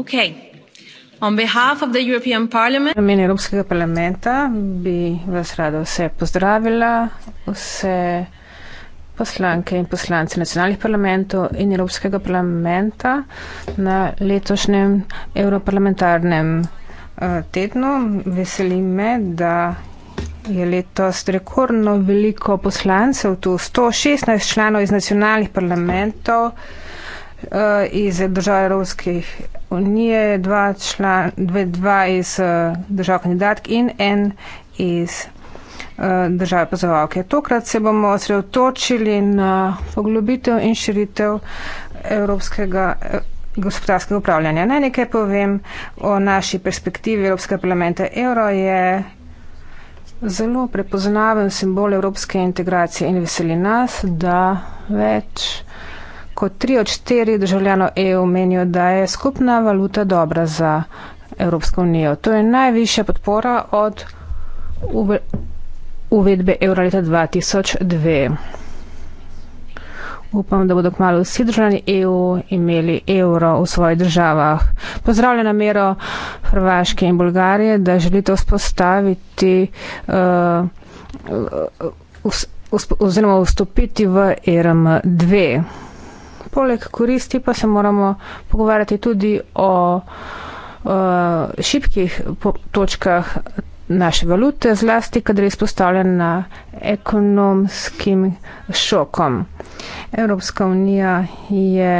Okay. On behalf of the European Parliament. Na imenu Evropskega parlamenta bi vas rada vse pozdravila, vse poslanke in poslance nacionalnih parlamentov in Evropskega parlamenta na letošnjem evroparlamentarnem uh, eh, tednu. Veseli me, da je letos rekordno veliko poslancev, tu 116 članov iz nacionalnih parlamentov. Uh, Eh, iz držav Evropske unije, dva, član, dve, dva iz eh, držav kandidatk in en iz eh, države pozovalke. Tokrat se bomo osredotočili na poglobitev in širitev evropskega gospodarskega upravljanja. Naj nekaj povem o naši perspektivi Evropskega parlamenta. Euro je zelo prepoznaven simbol evropske integracije in veseli nas, da več ko tri od štirih državljanov EU menijo, da je skupna valuta dobra za Evropsko unijo. To je najvišja podpora od uvedbe evra leta 2002. Upam, da bodo kmalo vsi državljani EU imeli evro v svojih državah. Pozdravljam namero Hrvaške in Bolgarije, da želite vzpostaviti uh, uh, uh, vz, oziroma vstopiti v ERM 2 poleg koristi pa se moramo pogovarjati tudi o, o šibkih točkah naše valute, zlasti, kadar je izpostavljena ekonomskim šokom. Evropska unija je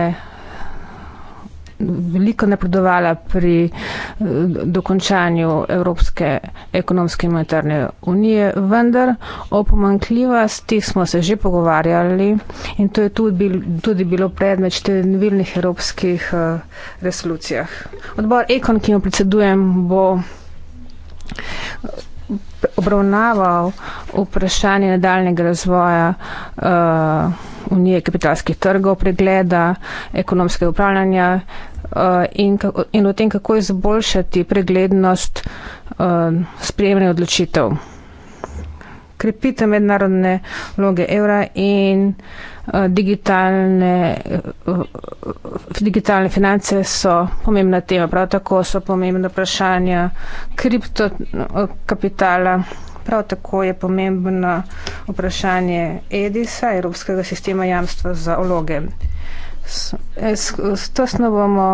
veliko napredovala pri eh, dokončanju Evropske ekonomske in monetarne unije, vendar o pomankljivostih smo se že pogovarjali in to je tudi bilo predmet številnih evropskih eh, resolucijah. Odbor Ekon, ki jo predsedujem, bo eh, obravnaval vprašanje nadaljnega razvoja uh, Unije kapitalskih trgov, pregleda ekonomskega upravljanja, uh, Eh, in, in o tem, kako izboljšati preglednost eh, sprejemanja odločitev. Krepite mednarodne vloge evra in eh, digitalne, digitalne finance so pomembna tema. Prav tako so pomembna vprašanja kriptokapitala. Prav tako je pomembno vprašanje EDIS-a, Evropskega sistema jamstva za vloge. Uh, Tesno bomo,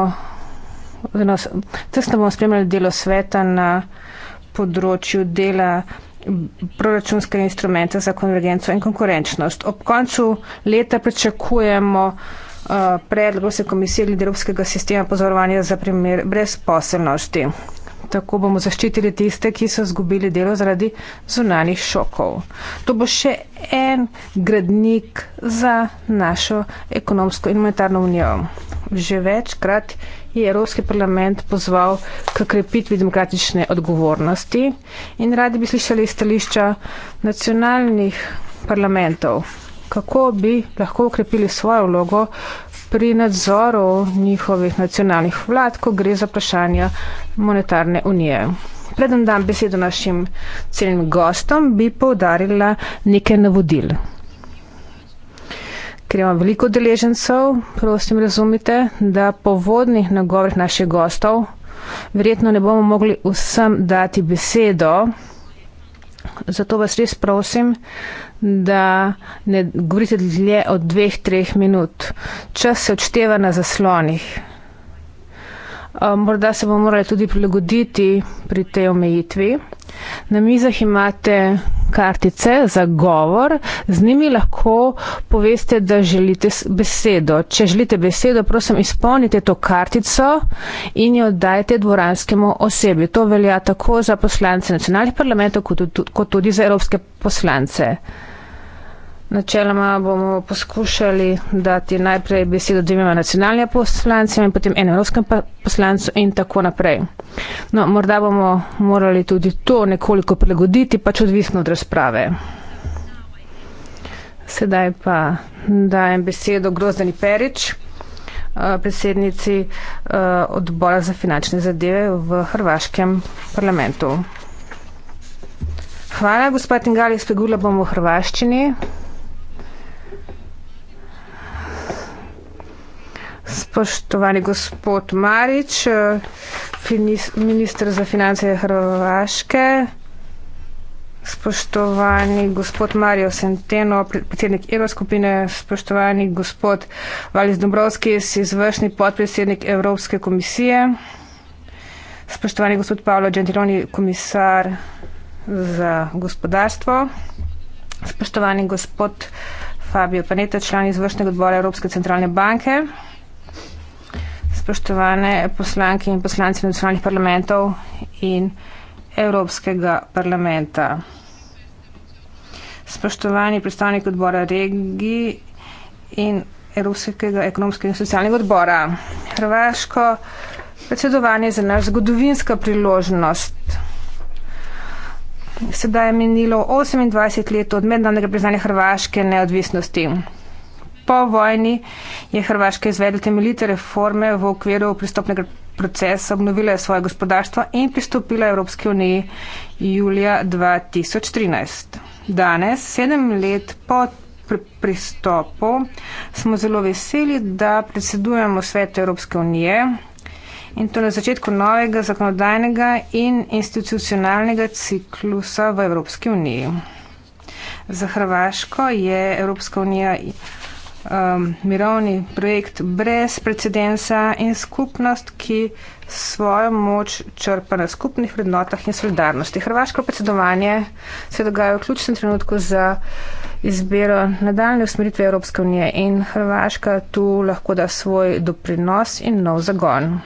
tesno bomo spremljali delo sveta na področju dela proračunske instrumente za konvergenco in konkurenčnost. Ob koncu leta pričakujemo uh, predlog se komisije glede evropskega sistema pozorovanja za primer brezposelnosti. Tako bomo zaščitili tiste, ki so zgubili delo zaradi zunanih šokov. To bo še en gradnik za našo ekonomsko in monetarno unijo. Že večkrat je Evropski parlament pozval k krepitvi demokratične odgovornosti in radi bi slišali stališča nacionalnih parlamentov, kako bi lahko ukrepili svojo vlogo pri nadzoru njihovih nacionalnih vlad, ko gre za vprašanja monetarne unije. Predem dam besedo našim celim gostom, bi povdarila nekaj navodil. Ker imam veliko deležencev, prosim razumite, da po vodnih nagovorih naših gostov verjetno ne bomo mogli vsem dati besedo. Zato vas res prosim, da ne govorite dlje od dveh, treh minut. Čas se odšteva na zaslonih. Morda se bomo morali tudi prilagoditi pri tej omejitvi. Na mizah imate kartice za govor, z njimi lahko poveste, da želite besedo. Če želite besedo, prosim, izpolnite to kartico in jo dajte dvoranskemu osebi. To velja tako za poslance nacionalnih parlamentov, kot tudi za evropske poslance. Načeloma bomo poskušali dati najprej besedo dvima nacionalnim poslancem in potem enem evropskem poslancu in tako naprej. No, morda bomo morali tudi to nekoliko prilagoditi, pač odvisno od razprave. Sedaj pa dajem besedo Grozdani Perič, eh, predsednici eh, odbora za finančne zadeve v Hrvaškem parlamentu. Hvala, gospod Tingali, spregula bomo v Hrvaščini. Spoštovani gospod Marič, eh, finis, ministr za finance Hrvaške, spoštovani gospod Marijo Senteno, predsednik Evroskupine, spoštovani gospod Valis Dombrovski, izvršni podpredsednik Evropske komisije, spoštovani gospod Pavlo Gentiloni, komisar za gospodarstvo, spoštovani gospod Fabio Paneta, član izvršnega odbora Evropske centralne banke spoštovane poslanke in poslanci nacionalnih parlamentov in Evropskega parlamenta. Spoštovani predstavnik odbora regi in Evropskega ekonomskega in socialnega odbora. Hrvaško predsedovanje je za naš zgodovinska priložnost. Sedaj je minilo 28 let od mednarodnega priznanja Hrvaške neodvisnosti po vojni je Hrvaška izvedla temeljite reforme v okviru pristopnega procesa, obnovila je svoje gospodarstvo in pristopila Evropski uniji julija 2013. Danes, sedem let po pristopu, smo zelo veseli, da predsedujemo svetu Evropske unije in to na začetku novega zakonodajnega in institucionalnega ciklusa v Evropski uniji. Za Hrvaško je Evropska unija um, mirovni projekt brez precedensa in skupnost, ki svojo moč črpa na skupnih vrednotah in solidarnosti. Hrvaško predsedovanje se dogaja v ključnem trenutku za izbiro nadaljne usmeritve Evropske unije in Hrvaška tu lahko da svoj doprinos in nov zagon.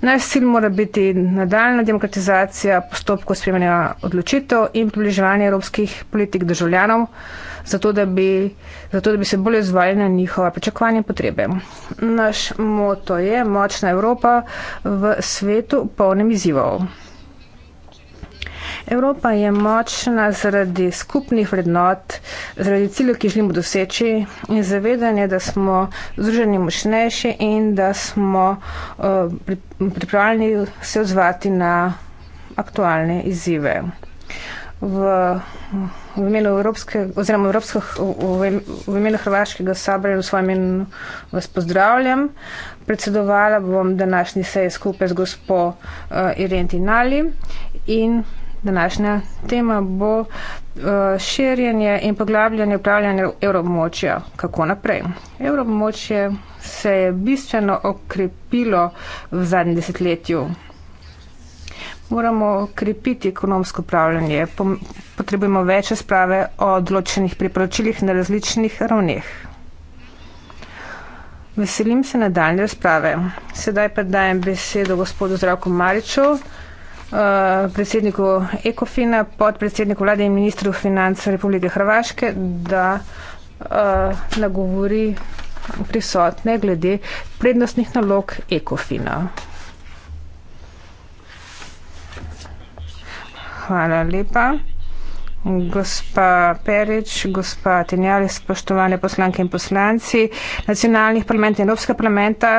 Naš cilj mora biti nadaljna demokratizacija postopkov spremenja odločitev in približevanje evropskih politik državljanov zato da bi, zato, da bi se bolje odzvali na njihova pričakovanja in potrebe. Naš moto je močna Evropa v svetu polnem izzivov. Evropa je močna zaradi skupnih vrednot, zaradi ciljev, ki želimo doseči in zavedanje, da smo združeni močnejši in da smo uh, pripravljeni se odzvati na aktualne izzive. Uh, v, v imenu Evropske, oziroma Evropskih, v, v, v imenu Hrvaškega sabra in v svojem imenu vas pozdravljam. Predsedovala bom današnji sej skupaj z gospo uh, eh, Irene Tinali in današnja tema bo uh, širjenje in poglabljanje upravljanja evromočja. Kako naprej? Evromočje se je bistveno okrepilo v zadnjem desetletju. Moramo krepiti ekonomsko upravljanje, potrebujemo več razprave o odločenih priporočilih na različnih ravneh. Veselim se nadaljne razprave. Sedaj pa dajem besedo gospodu Zdravku Mariču, eh, predsedniku Ekofina, podpredsedniku vlade in ministru financ Republike Hrvaške, da eh, nagovori prisotne glede prednostnih nalog Ekofina. Hvala lepa. Gospa Perič, gospa Tinjali, spoštovane poslanke in poslanci nacionalnih parlamentov in Evropskega parlamenta,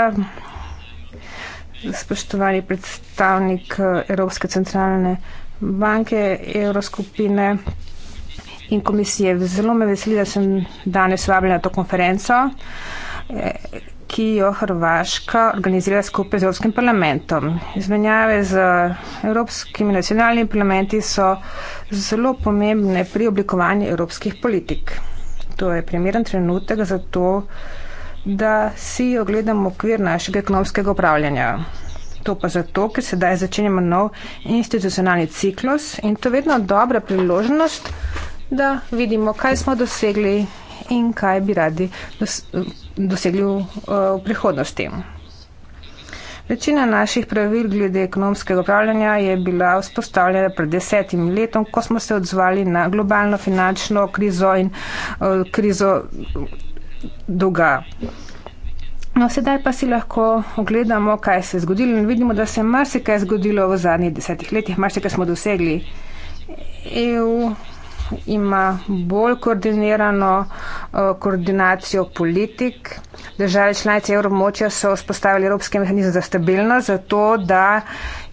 spoštovani predstavnik eh, Evropske centralne banke, Evroskupine in komisije. Zelo me veseli, da sem danes vabljena na to konferenco. Eh, ki jo Hrvaška organizira skupaj z Evropskim parlamentom. Izmenjave z Evropskimi nacionalnimi parlamenti so zelo pomembne pri oblikovanju evropskih politik. To je primeren trenutek za to, da si ogledamo okvir našega ekonomskega upravljanja. To pa zato, ker sedaj začenjamo nov institucionalni ciklus in to je vedno dobra priložnost, da vidimo, kaj smo dosegli in kaj bi radi dosegli v, v prihodnosti. Večina naših pravil glede ekonomskega upravljanja je bila vzpostavljena pred desetim letom, ko smo se odzvali na globalno finančno krizo in uh, krizo dolga. No, sedaj pa si lahko ogledamo, kaj se je zgodilo in vidimo, da se je marsikaj zgodilo v zadnjih desetih letih, marsikaj smo dosegli. EU ima bolj koordinirano eh, koordinacijo politik. Države članice evromočja so spostavili evropski mehanizem za stabilnost, zato da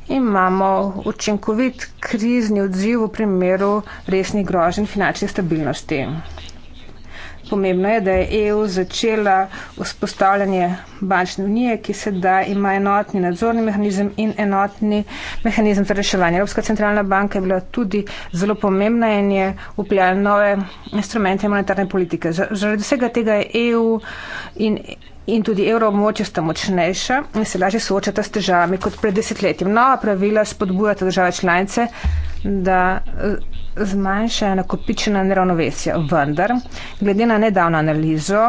imamo učinkovit krizni odziv v primeru resnih groženj finančne stabilnosti pomembno je, da je EU začela vzpostavljanje bančne unije, ki sedaj ima enotni nadzorni mehanizem in enotni mehanizem za reševanje. Evropska centralna banka je bila tudi zelo pomembna in je upljala nove instrumente monetarne politike. Zaradi vsega tega je EU in. In tudi evroobmočje sta močnejša in se lažje soočata s težavami kot pred desetletjem. Nova pravila spodbujata države članice, da zmanjšajo nakopičena neravnovesja. Vendar, glede na nedavno analizo,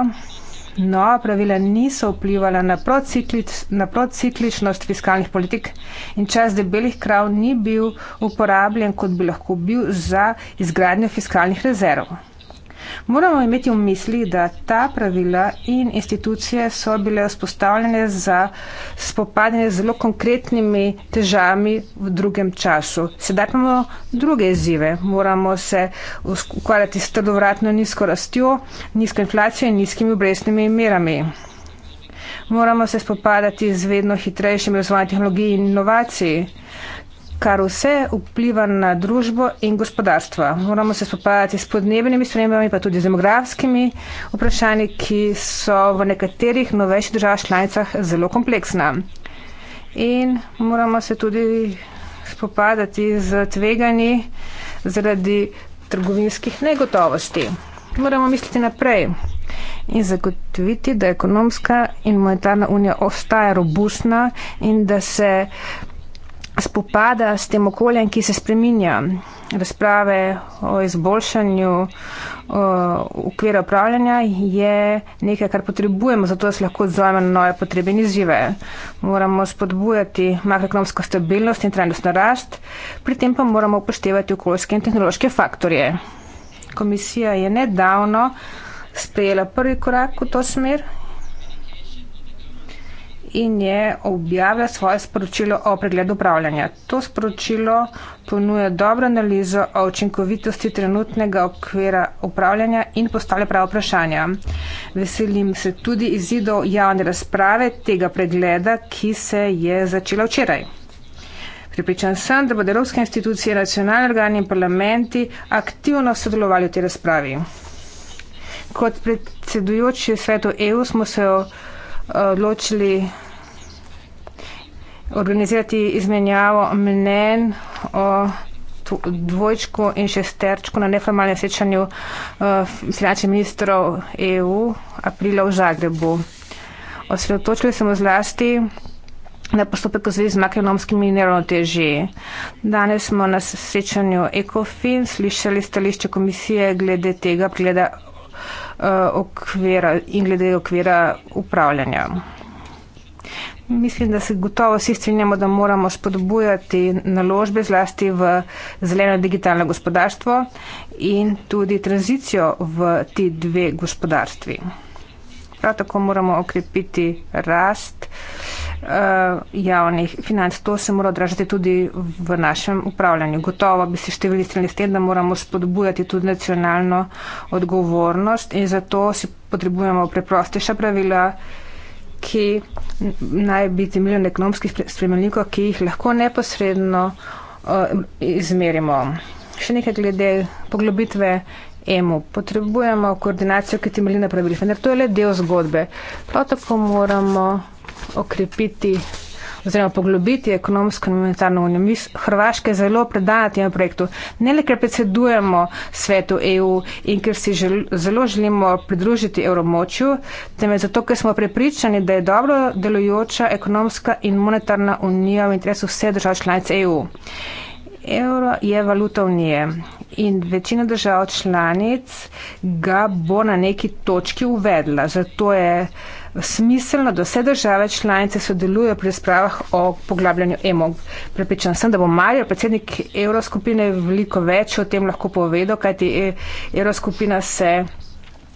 nova pravila niso vplivala na, prociklič, na procikličnost fiskalnih politik in čas debelih krav ni bil uporabljen, kot bi lahko bil za izgradnjo fiskalnih rezerv. Moramo imeti v misli, da ta pravila in institucije so bile vzpostavljene za spopadanje z zelo konkretnimi težavami v drugem času. Sedaj pa imamo druge izzive. Moramo se ukvarjati s trdovratno nizko rastjo, nizko inflacijo in nizkimi obrestnimi merami. Moramo se spopadati z vedno hitrejšim razvojem tehnologij in inovacij kar vse vpliva na družbo in gospodarstvo. Moramo se spopadati s podnebnimi spremembami, pa tudi z demografskimi vprašanji, ki so v nekaterih novejših državah članicah zelo kompleksna. In moramo se tudi spopadati z tveganji zaradi trgovinskih negotovosti. Moramo misliti naprej in zagotoviti, da ekonomska in monetarna unija ostaja robustna in da se spopada s tem okoljem, ki se spreminja. Razprave o izboljšanju okvira upravljanja je nekaj, kar potrebujemo, zato se lahko odzovemo na nove potrebe in izzive. Moramo spodbujati makroekonomsko stabilnost in trajnostno rast, pri tem pa moramo upoštevati okoljske in tehnološke faktorje. Komisija je nedavno sprejela prvi korak v to smer in je objavila svoje sporočilo o pregledu upravljanja. To sporočilo ponuja dobro analizo o učinkovitosti trenutnega okvira upravljanja in postavlja prava vprašanja. Veselim se tudi izidov javne razprave tega pregleda, ki se je začela včeraj. Pripričan sem, da bodo evropske institucije, nacionalni organi in parlamenti aktivno sodelovali v tej razpravi. Kot predsedujoči svetu EU smo se odločili organizirati izmenjavo mnen o dvojčku in šesterčku na neformalnem srečanju uh, finančnih ministrov EU aprila v Zagrebu. Osredotočili smo zlasti na postopek v zvezi z makronomskimi neravnotežji. Danes smo na srečanju ECOFIN slišali stališče komisije glede tega pregleda uh, eh, okvira in glede okvira upravljanja. Mislim, da se gotovo vsi strinjamo, da moramo spodbujati naložbe zlasti v zeleno digitalno gospodarstvo in tudi tranzicijo v ti dve gospodarstvi. Prav tako moramo okrepiti rast uh, javnih financ. To se mora odražati tudi v našem upravljanju. Gotovo bi se številni strinjali s tem, da moramo spodbujati tudi nacionalno odgovornost in zato si potrebujemo preprostejša pravila ki naj bi temeljil na ekonomskih spremenljivkah, ki jih lahko neposredno eh, izmerimo. Še nekaj glede poglobitve EMU. Potrebujemo koordinacijo, ki temelji na pravilih, vendar to je le del zgodbe. Prav tako moramo okrepiti oziroma poglobiti ekonomsko in monetarno unijo. Mi Hrvaške zelo predajamo temu projektu. Ne le, ker predsedujemo svetu EU in ker si žel, zelo želimo pridružiti evromočju, temveč zato, ker smo prepričani, da je dobro delujoča ekonomska in monetarna unija v interesu vse držav članic EU. Euro je valuta unije in večina držav članic ga bo na neki točki uvedla. Zato je smiselno, da vse države članice sodelujo pri spravah o poglabljanju emog. Prepričan sem, da bo Marijo, predsednik Evroskupine, veliko več o tem lahko povedal, kajti e, Evroskupina se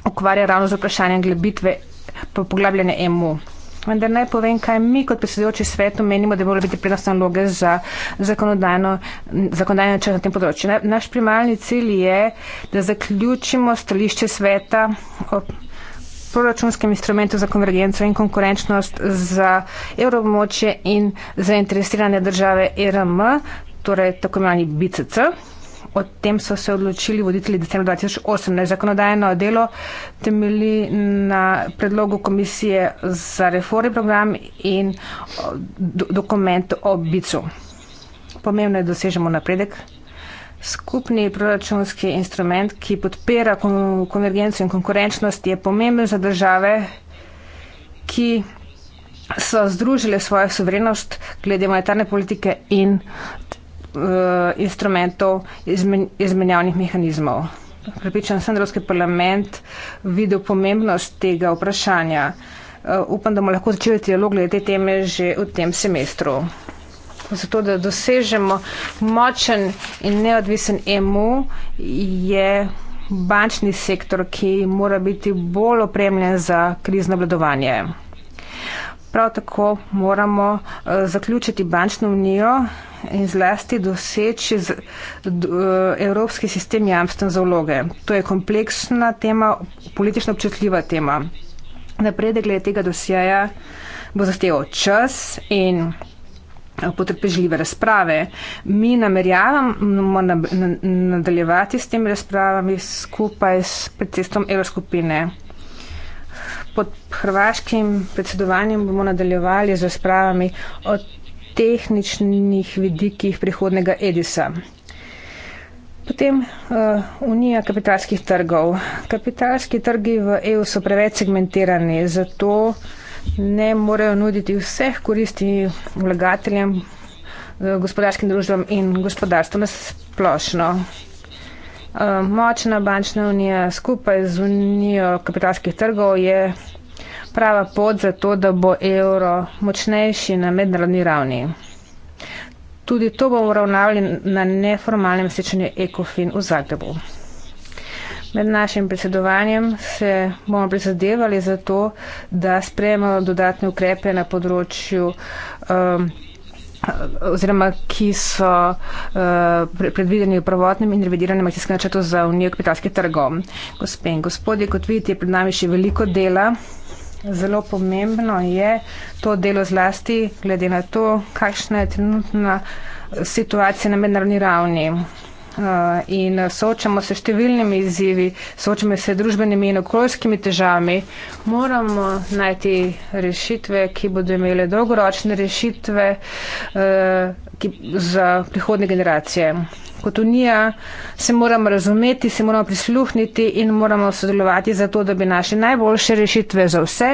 ukvarja ravno z vprašanjem glebitve poglabljanja emu. Vendar naj povem, kaj mi kot predsedujoči svetu menimo, da bi morali biti prednostne naloge za zakonodajno načrt na tem področju. Naš primarni cilj je, da zaključimo stališče sveta proračunskem instrumentu za konvergenco in konkurenčnost za evroobmočje in zainteresirane države ERM, torej tako imenovani BCC. O tem so se odločili voditelji decembra 2018. Zakonodajno delo temeli na predlogu komisije za reforme program in dokument o BICU. Pomembno je, da dosežemo napredek Skupni proračunski instrument, ki podpira konvergenco in konkurenčnost, je pomemben za države, ki so združile svojo suverenost glede monetarne politike in uh, instrumentov izmen, izmenjavnih mehanizmov. Pripričan sem, da Evropski parlament videl pomembnost tega vprašanja. Uh, upam, da bomo lahko začeli dialog glede te teme že v tem semestru zato da dosežemo močen in neodvisen EMU, je bančni sektor, ki mora biti bolj opremljen za krizno obladovanje. Prav tako moramo uh, zaključiti bančno unijo in zlasti doseči z, d, uh, evropski sistem jamstven za vloge. To je kompleksna tema, politično občutljiva tema. Napredek glede tega dosjeja bo zahteval čas in Eh, potrpežljive razprave. Mi nameravamo nadaljevati s temi razpravami skupaj s predsedstvom Evroskupine. Pod hrvaškim predsedovanjem bomo nadaljevali z razpravami o tehničnih vidikih prihodnega Edisa. Potem uh, Unija kapitalskih trgov. Kapitalski trgi v EU so preveč segmentirani, zato ne morejo nuditi vseh koristi vlagateljem, eh, gospodarskim družbam in gospodarstvu nasplošno. Eh, močna bančna unija skupaj z unijo kapitalskih trgov je prava pot za to, da bo evro močnejši na mednarodni ravni. Tudi to bomo uravnavali na neformalnem srečanju ECOFIN v Zagrebu. Med našim predsedovanjem se bomo prizadevali za to, da sprejemo dodatne ukrepe na področju um, oziroma, ki so uh, predvideni v prvotnem in revidiranem akcijskem načrtu za unijo kapitalske trgov. Gospe in gospodje, kot vidite, je pred nami še veliko dela. Zelo pomembno je to delo zlasti, glede na to, kakšna je trenutna situacija na mednarodni ravni. Eh, in soočamo se številnimi izzivi, soočamo se družbenimi in okoljskimi težavami, moramo najti rešitve, ki bodo imele dolgoročne rešitve eh, ki, za prihodne generacije. Kot unija se moramo razumeti, se moramo prisluhniti in moramo sodelovati za to, da bi naše najboljše rešitve za vse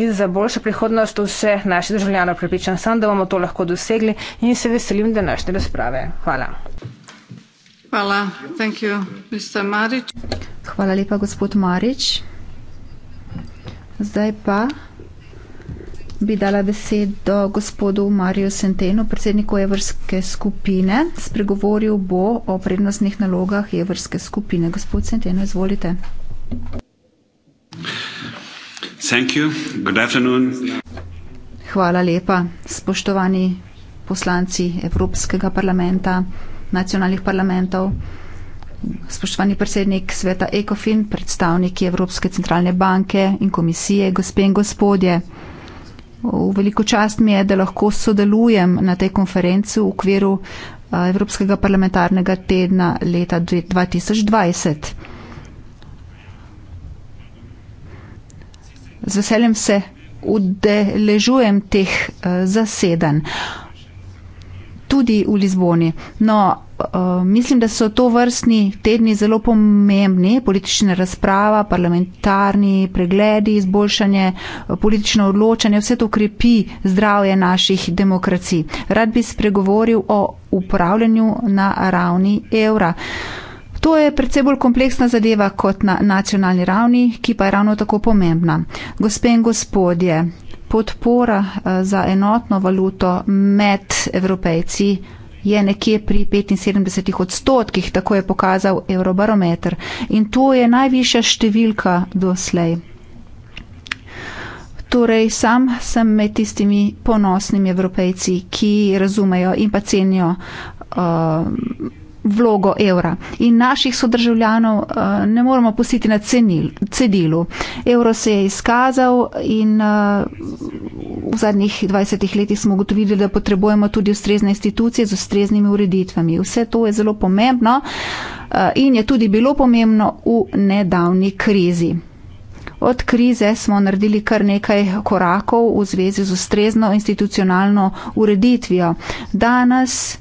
in za boljšo prihodnost vse naše državljane pripričan sam, da bomo to lahko dosegli in se veselim današnje razprave. Hvala. Hvala lepa, gospod Marič. Zdaj pa bi dala besedo gospodu Mariju Sentenu, predsedniku evrske skupine. Spregovoril bo o prednostnih nalogah evrske skupine. Gospod Senteno, izvolite. Thank you. Good afternoon. Hvala lepa, spoštovani poslanci Evropskega parlamenta nacionalnih parlamentov. Spoštovani predsednik sveta ECOFIN, predstavniki Evropske centralne banke in komisije, gospe in gospodje. V veliko čast mi je, da lahko sodelujem na tej konferenci v okviru Evropskega parlamentarnega tedna leta 2020. Z veseljem se udeležujem teh zasedanj tudi v Lizboni. No, uh, mislim, da so to vrstni tedni zelo pomembni, politična razprava, parlamentarni pregledi, izboljšanje, eh, politično odločanje, vse to krepi zdravje naših demokracij. Rad bi spregovoril o upravljanju na ravni evra. To je predvsej bolj kompleksna zadeva kot na nacionalni ravni, ki pa je ravno tako pomembna. Gospe in gospodje, podpora eh, za enotno valuto med evropejci je nekje pri 75 odstotkih, tako je pokazal Eurobarometer. In to je najvišja številka doslej. Torej, sam sem med tistimi ponosnimi evropejci, ki razumejo in pa cenijo. Uh, vlogo evra in naših sodržavljanov eh, ne moremo pustiti na cedilu. Evro se je izkazal in eh, v zadnjih 20 letih smo ugotovili, da potrebujemo tudi ustrezne institucije z ustreznimi ureditvami. Vse to je zelo pomembno eh, in je tudi bilo pomembno v nedavni krizi. Od krize smo naredili kar nekaj korakov v zvezi z ustrezno institucionalno ureditvijo. Danes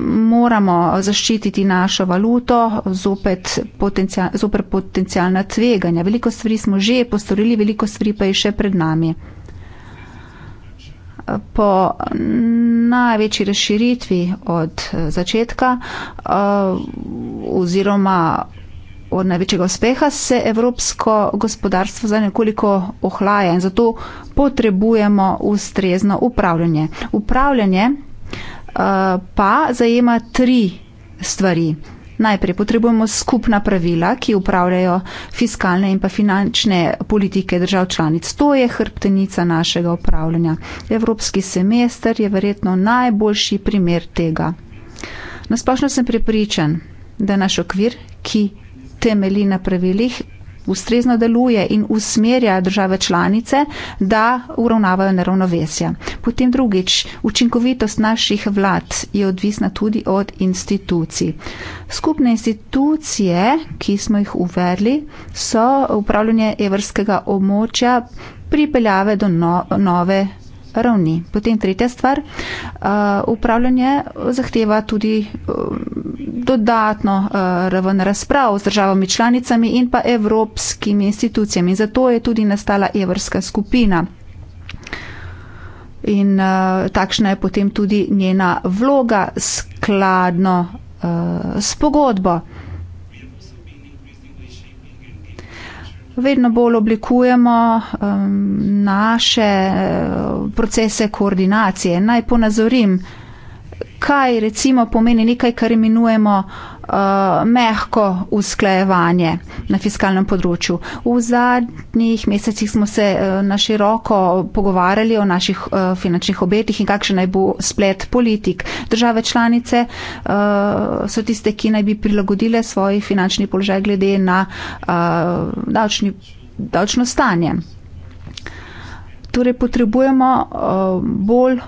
moramo zaščititi našo valuto zopet, potencial, zopet potencijalna tveganja. Veliko stvari smo že postorili, veliko stvari pa je še pred nami. Po največji razširitvi od eh, začetka eh, oziroma od največjega uspeha se evropsko gospodarstvo za nekoliko ohlaja in zato potrebujemo ustrezno upravljanje. Upravljanje pa zajema tri stvari. Najprej potrebujemo skupna pravila, ki upravljajo fiskalne in pa finančne politike držav članic. To je hrbtenica našega upravljanja. Evropski semester je verjetno najboljši primer tega. Nasplošno sem prepričan, da naš okvir, ki temelji na pravilih, ustrezno deluje in usmerja države članice, da uravnavajo neravnovesja. Potem drugič, učinkovitost naših vlad je odvisna tudi od institucij. Skupne institucije, ki smo jih uvedli, so upravljanje evrskega območja pripeljave do no, nove ravni. Potem tretja stvar, eh, upravljanje zahteva tudi eh, dodatno eh, raven razprav z državami članicami in pa evropskimi institucijami. Zato je tudi nastala evrska skupina. In uh, takšna je potem tudi njena vloga skladno uh, s pogodbo. vedno bolj oblikujemo um, naše eh, procese koordinacije. Naj ponazorim, kaj recimo pomeni nekaj, kar imenujemo uh, uh, mehko usklajevanje na fiskalnem področju. V zadnjih mesecih smo se uh, na široko pogovarjali o naših uh, finančnih obetih in kakšen naj bo splet politik. Države članice uh, so tiste, ki naj bi prilagodile svoj finančni položaj glede na uh, davčni, davčno stanje. Torej potrebujemo uh, bolj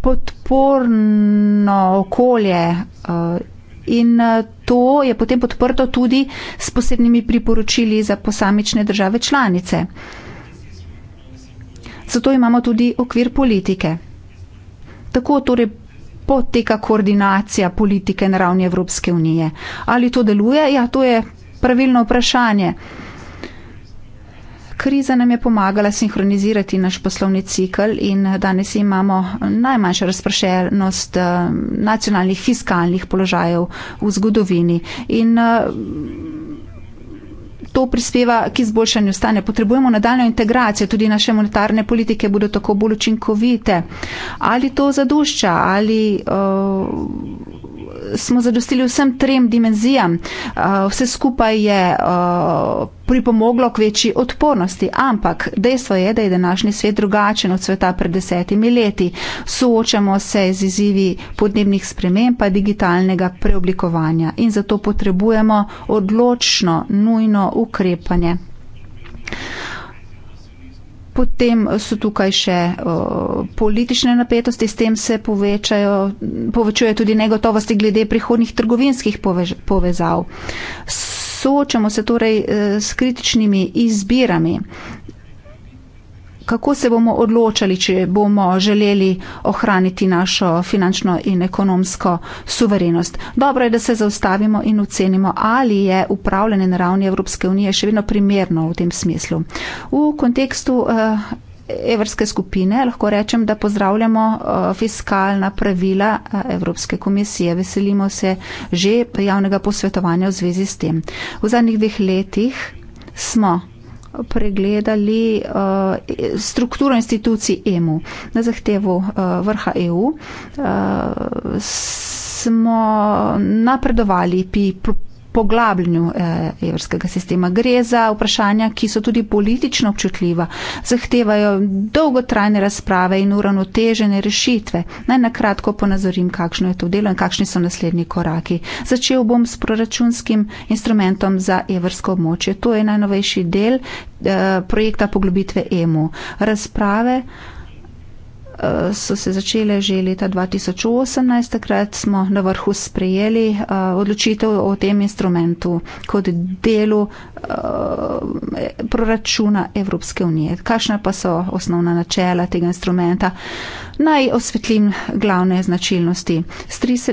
podporno okolje uh, In eh, to je potem podprto tudi s posebnimi priporočili za posamične države članice. Zato imamo tudi okvir politike. Tako torej poteka koordinacija politike na ravni Evropske unije. Ali to deluje? Ja, to je pravilno vprašanje. Kriza nam je pomagala sinhronizirati naš poslovni cikl in danes imamo najmanjšo razprašenost eh, nacionalnih fiskalnih položajev v zgodovini. In eh, to prispeva k izboljšanju stanja. Potrebujemo nadaljno integracijo, tudi naše monetarne politike bodo tako bolj učinkovite. Ali to zadušča ali. Uh, smo zadostili vsem trem dimenzijam. Vse skupaj je pripomoglo k večji odpornosti, ampak dejstvo je, da je današnji svet drugačen od sveta pred desetimi leti. Soočamo se z izzivi podnebnih sprememb, pa digitalnega preoblikovanja in zato potrebujemo odločno, nujno ukrepanje. Potem so tukaj še o, politične napetosti, s tem se povečajo, povečuje tudi negotovosti glede prihodnih trgovinskih povež, povezav. Soočamo se torej e, s kritičnimi izbirami, kako se bomo odločali, če bomo želeli ohraniti našo finančno in ekonomsko suverenost. Dobro je, da se zaustavimo in ocenimo, ali je upravljanje na ravni Evropske unije še vedno primerno v tem smislu. V kontekstu eh, Evropske skupine lahko rečem, da pozdravljamo eh, fiskalna pravila eh, Evropske komisije. Veselimo se že javnega posvetovanja v zvezi s tem. V zadnjih dveh letih smo pregledali uh, strukturo institucij EMU na zahtevo uh, vrha EU. Uh, eh, smo napredovali pri poglabljanju eh, evrskega sistema. Gre za vprašanja, ki so tudi politično občutljiva, zahtevajo dolgotrajne razprave in uravnotežene rešitve. Naj nakratko ponazorim, kakšno je to delo in kakšni so naslednji koraki. Začel bom s proračunskim instrumentom za evrsko območje. To je najnovejši del eh, projekta poglobitve EMU. Razprave. Eh, so se začele že leta 2018, takrat smo na vrhu sprejeli eh, odločitev o tem instrumentu kot delu eh, proračuna Evropske unije. Kakšna pa so osnovna načela tega instrumenta? Naj osvetlim glavne značilnosti.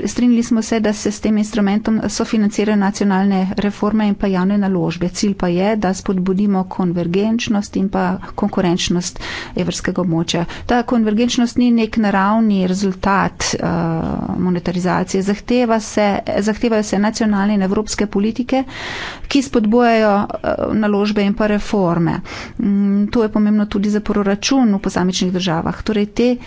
Strinili smo se, da se s tem instrumentom sofinancirajo nacionalne reforme in pa javne naložbe. Cilj pa je, da spodbudimo konvergenčnost in pa konkurenčnost evrskega območja. Ta konvergenčnost ni nek naravni rezultat uh, monetarizacije. Zahteva se, zahtevajo se nacionalne in evropske politike, ki spodbujajo uh, naložbe in pa reforme. Mm, to je pomembno tudi za proračun v posamičnih državah. Torej,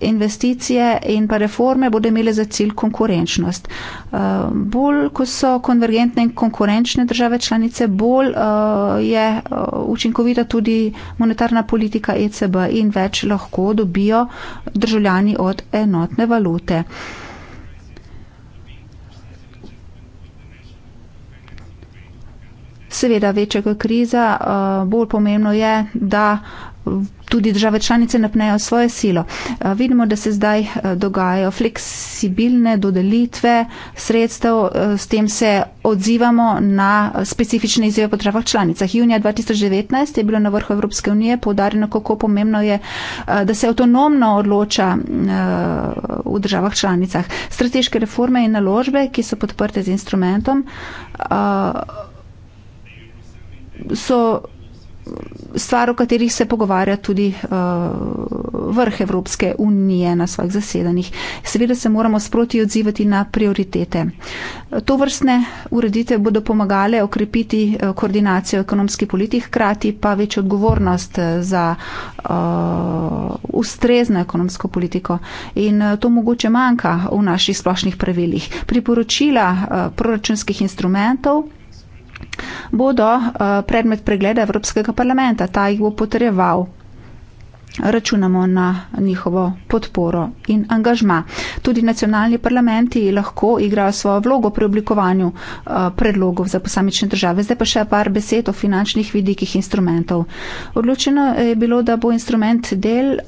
investicije in pa reforme bodo imele za cilj konkurenčnost. Eh, bolj, ko so konvergentne in konkurenčne države članice, bolj eh, je eh, učinkovita tudi monetarna politika ECB in več lahko dobijo državljani od enotne valute. Seveda, večja kriza, bolj pomembno je, da uh, tudi države članice napnejo svojo silo. Vidimo, da se zdaj dogajajo fleksibilne dodelitve sredstev, s tem se odzivamo na specifične izjave po državah članicah. Junija 2019 je bilo na vrhu Evropske unije povdarjeno, kako pomembno je, da se avtonomno odloča v državah članicah. Strateške reforme in naložbe, ki so podprte z instrumentom, so stvar, o katerih se pogovarja tudi eh, vrh Evropske unije na svojih zasedanjih. Seveda se moramo sproti odzivati na prioritete. To vrstne ureditev bodo pomagale okrepiti eh, koordinacijo ekonomskih politik, hkrati pa več odgovornost eh, za ustrezno ekonomsko politiko. In to mogoče manjka v naših splošnih pravilih. Priporočila proračunskih instrumentov bodo eh, predmet pregleda Evropskega parlamenta, ta jih bo potrjeval računamo na njihovo podporo in angažma. Tudi nacionalni parlamenti lahko igrajo svojo vlogo pri oblikovanju eh, predlogov za posamične države. Zdaj pa še par besed o finančnih vidikih instrumentov. Odločeno je bilo, da bo instrument del uh,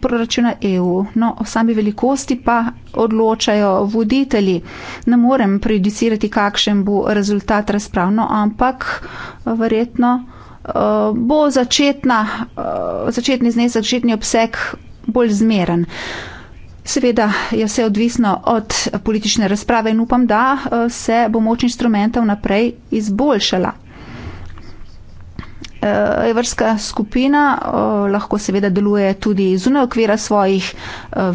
proračuna EU. No, o sami velikosti pa odločajo voditelji. Ne morem prejudicirati, kakšen bo rezultat razpravno, ampak verjetno uh, bo začetna, uh, začetni znes, začetni obseg bolj zmeren. Seveda je vse odvisno od politične razprave in upam, da uh, se bo moč instrumentov naprej izboljšala. Evropska skupina lahko seveda deluje tudi zunaj okvira svojih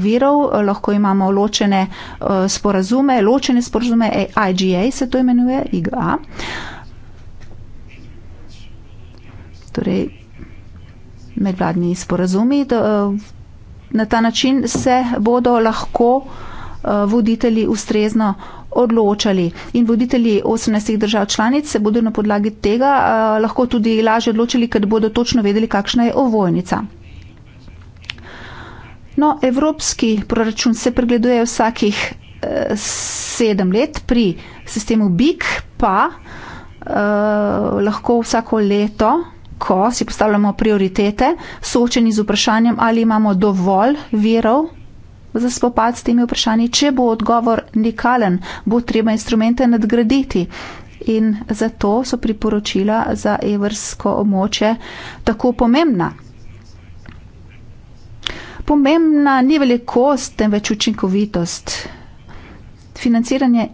virov, lahko imamo ločene sporazume, ločene sporazume IGA se to imenuje, IGA. Uh, torej medvladni sporazumi. Da, eh, na ta način se bodo lahko eh, voditelji ustrezno odločali in voditelji 18 držav članic se bodo na podlagi tega eh, lahko tudi lažje odločili, ker bodo točno vedeli, kakšna je ovojnica. No, evropski proračun se pregleduje vsakih sedem let, pri sistemu BIK pa uh, lahko vsako leto, ko si postavljamo prioritete, soočeni z vprašanjem, ali imamo dovolj verov za spopad s temi vprašanji. Če bo odgovor nikalen, bo treba instrumente nadgraditi. In zato so priporočila za evrsko območje tako pomembna. Pomembna ni velikost, temveč učinkovitost. Financiranje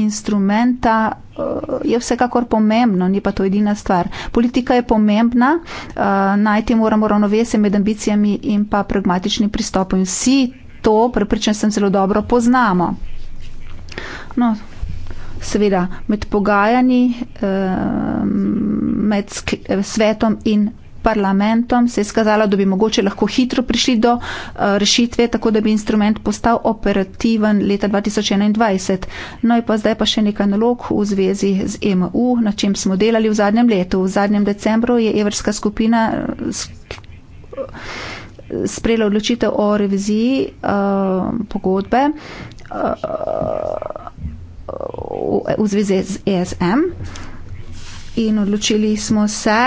instrumenta eh, je vsekakor pomembno, ni pa to edina stvar. Politika je pomembna, eh, najti moramo ravnovesje med ambicijami in pa pragmatičnim pristopom. Vsi to, prepričan sem, zelo dobro poznamo. No, seveda, med pogajanji, eh, med svetom in parlamentom, se je skazalo, da bi mogoče lahko hitro prišli do eh, rešitve, tako da bi instrument postal operativen leta 2021. No in pa zdaj pa še nekaj nalog v zvezi z EMU, na čem smo delali v zadnjem letu. V zadnjem decembru je evrska skupina eh, sprejela odločitev o reviziji uh, pogodbe. V zvezi z ESM in odločili smo se.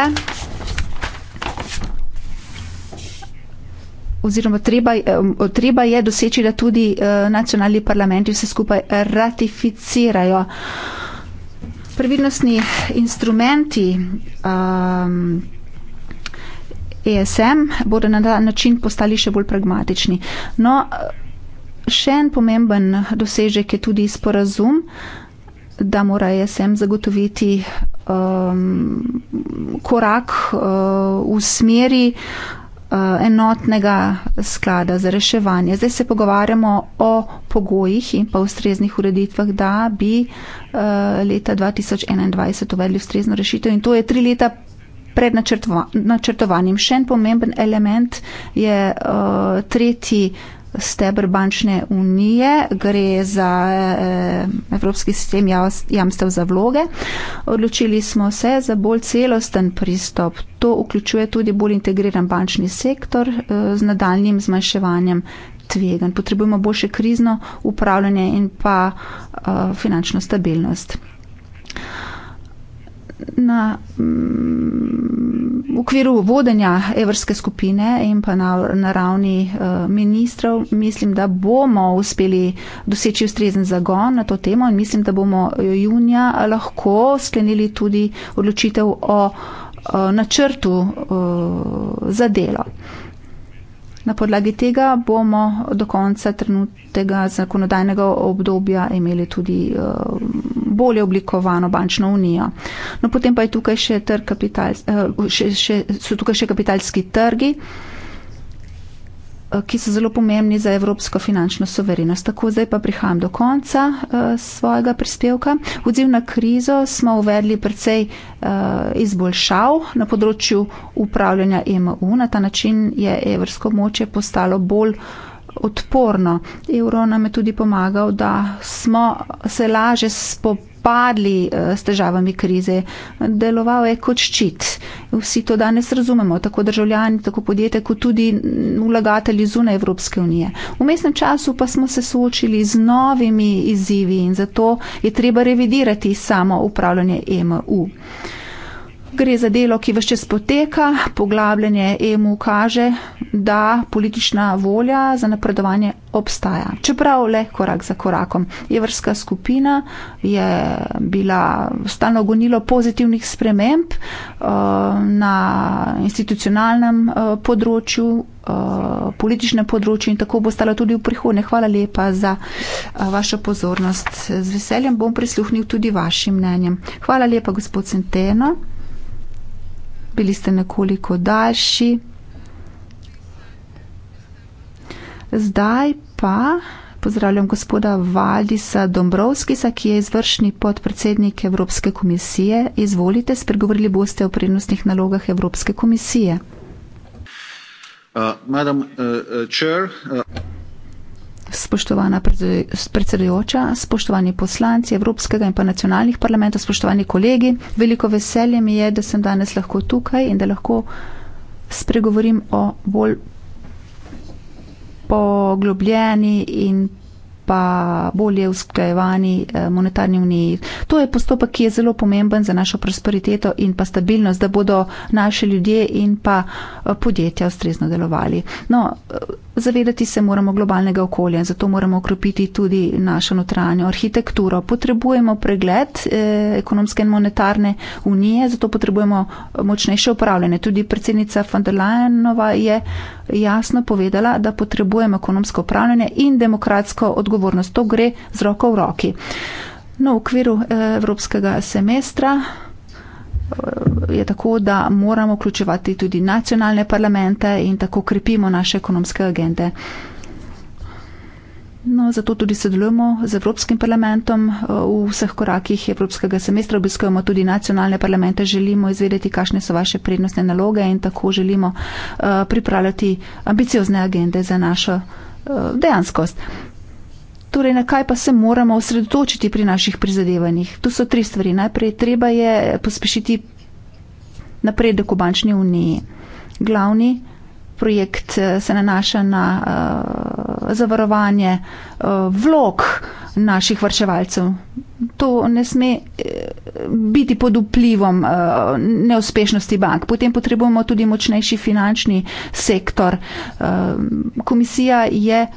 oziroma treba, treba je doseči, da tudi eh, nacionalni parlamenti vse skupaj ratificirajo. Previdnostni instrumenti um, ESM bodo na ta način postali še bolj pragmatični. No, še en pomemben dosežek je tudi sporazum, da mora ESM zagotoviti um, korak uh, v smeri uh, Eh, enotnega sklada za reševanje. Zdaj se pogovarjamo o pogojih in pa ustreznih ureditvah, da bi eh, leta 2021 uvedli ustrezno rešitev in to je tri leta pred načrtovanjem. Še en pomemben element je eh, tretji stebr bančne unije, gre za eh, Evropski sistem jamstev za vloge. Odločili smo se za bolj celosten pristop. To vključuje tudi bolj integriran bančni sektor eh, z nadaljnim zmanjševanjem tvegan. Potrebujemo boljše krizno upravljanje in pa eh, finančno stabilnost. Eh, na, mm, v okviru vodenja evrske skupine in pa na, na ravni eh, ministrov mislim, da bomo uspeli doseči ustrezen zagon na to temo in mislim, da bomo eh, junija lahko sklenili tudi odločitev o, o eh, načrtu o, za delo. Na podlagi tega bomo do konca trenutnega zakonodajnega obdobja imeli tudi eh, bolje oblikovano bančno unijo. No, potem pa tukaj še eh, še, še, so tukaj še kapitalski trgi. Eh, ki so zelo pomembni za evropsko finančno soverenost. Tako zdaj pa prihajam do konca uh, svojega prispevka. Odziv na krizo smo uvedli precej uh, izboljšav na področju upravljanja EMU. Na ta način je evrsko moče postalo bolj odporno. Euro nam je tudi pomagal, da smo se laže spopadali spopadli eh, s težavami krize, deloval je kot ščit. Vsi to danes razumemo, tako državljani, tako podjetje, kot tudi vlagatelji zunaj Evropske unije. V mestnem času pa smo se soočili z novimi izzivi in zato je treba revidirati samo upravljanje EMU gre za delo, ki vse čas poteka, poglabljanje EMU kaže, da politična volja za napredovanje obstaja. Čeprav le korak za korakom. Evrska skupina je bila stalno gonilo pozitivnih sprememb eh, na institucionalnem eh, področju, eh, političnem področju in tako bo stala tudi v prihodnje. Hvala lepa za vašo pozornost. Z veseljem bom prisluhnil tudi vašim mnenjem. Hvala lepa, gospod Centeno bili ste nekoliko daljši. Zdaj pa pozdravljam gospoda Valdisa Dombrovskisa, ki je izvršni podpredsednik Evropske komisije. Izvolite, spregovorili boste o prednostnih nalogah Evropske komisije. Uh, madam uh, uh, chair, uh spoštovana predsedujoča, spoštovani poslanci Evropskega in pa nacionalnih parlamentov, spoštovani kolegi. Veliko veselje mi je, da sem danes lahko tukaj in da lahko spregovorim o bolj poglobljeni in pa bolje usklajevani eh, monetarni uniji. To je postopek, ki je zelo pomemben za našo prosperiteto in pa stabilnost, da bodo naše ljudje in pa eh, podjetja ustrezno delovali. No, eh, zavedati se moramo globalnega okolja in zato moramo okrepiti tudi našo notranjo arhitekturo. Potrebujemo pregled ekonomske in monetarne unije, zato potrebujemo močnejše upravljanje. Tudi predsednica von der Leyenova je jasno povedala, da potrebujem ekonomsko upravljanje in demokratsko odgovornost. To gre z roko v roki. No, v okviru eh, evropskega semestra eh, je tako, da moramo vključevati tudi nacionalne parlamente in tako krepimo naše ekonomske agende. No, zato tudi sodelujemo z Evropskim parlamentom eh, v vseh korakih Evropskega semestra, obiskujemo tudi nacionalne parlamente, želimo izvedeti, kakšne so vaše prednostne naloge in tako želimo eh, pripravljati ambiciozne agende za našo eh, dejanskost. Torej, na kaj pa se moramo osredotočiti pri naših prizadevanjih? Tu so tri stvari. Najprej treba je pospešiti napredek v bančni uniji. Glavni projekt eh, se nanaša na uh, zavarovanje uh, vlog naših vrčevalcev. To ne sme biti pod vplivom uh, neuspešnosti bank. Potem potrebujemo tudi močnejši finančni sektor. Uh, komisija je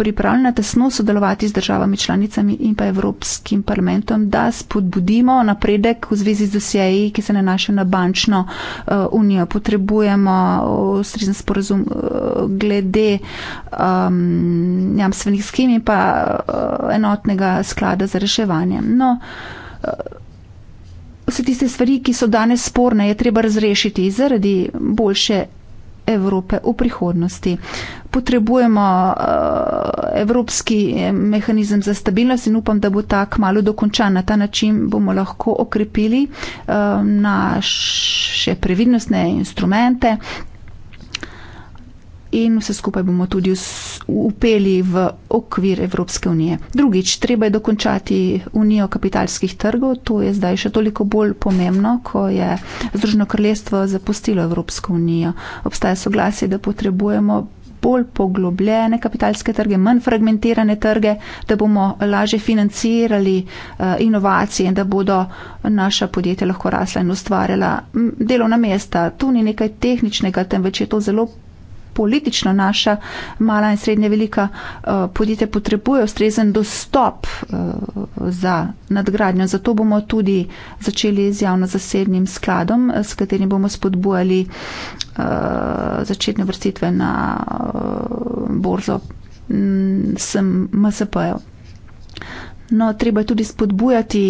pripravljena tesno sodelovati z državami članicami in pa Evropskim parlamentom, da spodbudimo napredek v zvezi z dosjeji, ki se nanašajo na bančno uh, unijo. Potrebujemo eh, ustrezen sporozum uh, eh, glede um, jamstvenih skim in pa uh, enotnega sklada za reševanje. No, uh, Vse tiste stvari, ki so danes sporne, je treba razrešiti zaradi boljše Evrope v prihodnosti. Potrebujemo eh, evropski eh, mehanizem za stabilnost in upam, da bo ta kmalo dokončan. Na ta način bomo lahko okrepili eh, naše previdnostne instrumente, in vse skupaj bomo tudi upeli v okvir Evropske unije. Drugič, treba je dokončati unijo kapitalskih trgov, to je zdaj še toliko bolj pomembno, ko je Združeno krljestvo zapustilo Evropsko unijo. Obstaja soglasje, da potrebujemo bolj poglobljene kapitalske trge, manj fragmentirane trge, da bomo lažje financirali eh, inovacije in da bodo naša podjetja lahko rasla in ustvarjala delovna mesta. To ni nekaj tehničnega, temveč je to zelo politično naša mala in srednje velika eh, podjetja potrebujejo strezen dostop eh, za nadgradnjo. Zato bomo tudi začeli z javno-zasebnim skladom, eh, s katerim bomo spodbujali začetne vrstitve na borzo MSP-jo. Mm, no, treba je tudi spodbujati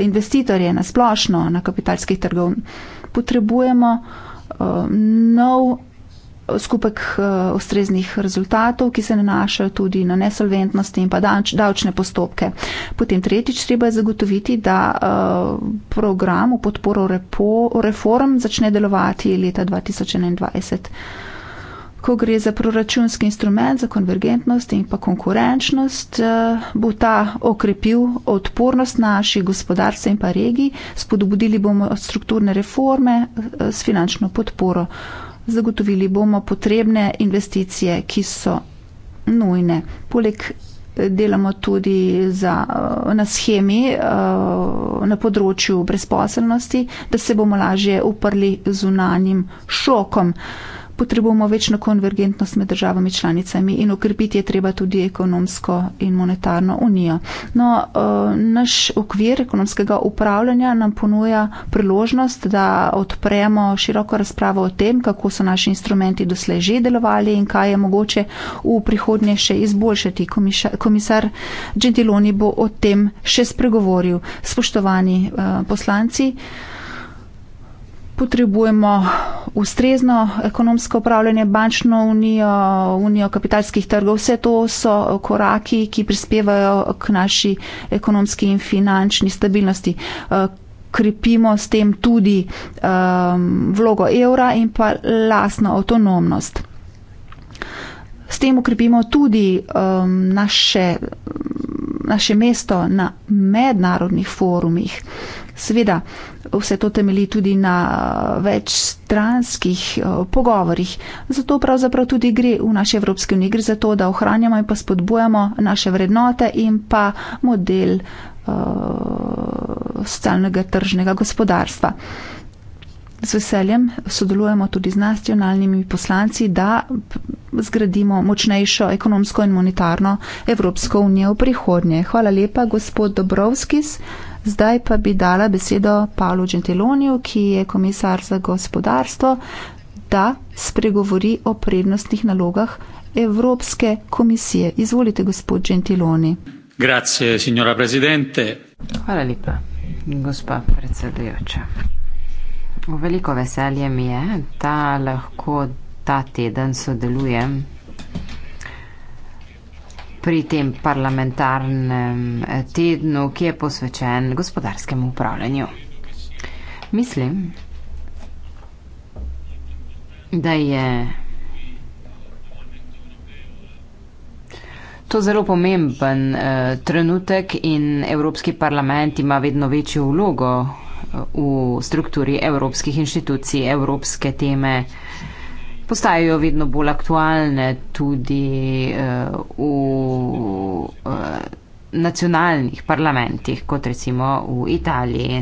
investitorje na splošno na kapitalskih trgov. Potrebujemo nov skupek eh, ustreznih rezultatov, ki se nanašajo tudi na nesolventnost in pa davčne postopke. Potem tretjič treba je zagotoviti, da eh, program v podporo reform začne delovati leta 2021. Ko gre za proračunski instrument, za konvergentnost in pa konkurenčnost, eh, bo ta okrepil odpornost naših gospodarstva in pa regij, spodobudili bomo strukturne reforme s finančno podporo zagotovili bomo potrebne investicije, ki so nujne. Poleg eh, delamo tudi za, eh, na schemi eh, na področju brezposelnosti, da se bomo lažje uprli zunanjim šokom potrebujemo večno konvergentnost med državami članicami in okrepiti je treba tudi ekonomsko in monetarno unijo. No, eh, naš okvir ekonomskega upravljanja nam ponuja priložnost, da odpremo široko razpravo o tem, kako so naši instrumenti doslej že delovali in kaj je mogoče v prihodnje še izboljšati. Komisar Gentiloni bo o tem še spregovoril. Spoštovani eh, poslanci, potrebujemo ustrezno ekonomsko upravljanje, bančno unijo, unijo kapitalskih trgov. Vse to so koraki, ki prispevajo k naši ekonomski in finančni stabilnosti. Krepimo s tem tudi um, vlogo evra in pa lasno avtonomnost. S tem ukrepimo tudi um, naše, naše mesto na mednarodnih forumih. Seveda, vse to temelji tudi na večstranskih eh, pogovorih. Zato pravzaprav tudi gre v naši Evropski uniji, gre za to, da ohranjamo in pa spodbujamo naše vrednote in pa model uh, socialnega tržnega gospodarstva. Z veseljem sodelujemo tudi z nacionalnimi poslanci, da zgradimo močnejšo ekonomsko in monetarno Evropsko unijo v prihodnje. Hvala lepa, gospod Dobrovskis. Zdaj pa bi dala besedo Paolo Gentiloniju, ki je komisar za gospodarstvo, da spregovori o prednostnih nalogah Evropske komisije. Izvolite, gospod Gentiloni. Grazie, signora presidente. Hvala lepa, gospa predsedujoča. Veliko veselje mi je, da lahko ta teden sodelujem pri tem parlamentarnem eh, tednu, ki je posvečen gospodarskemu upravljanju. Mislim, da je to zelo pomemben eh, trenutek in Evropski parlament ima vedno večjo vlogo eh, v strukturi evropskih inštitucij, evropske teme. Eh, postajajo vedno bolj aktualne tudi uh, v uh, nacionalnih parlamentih, kot recimo v Italiji.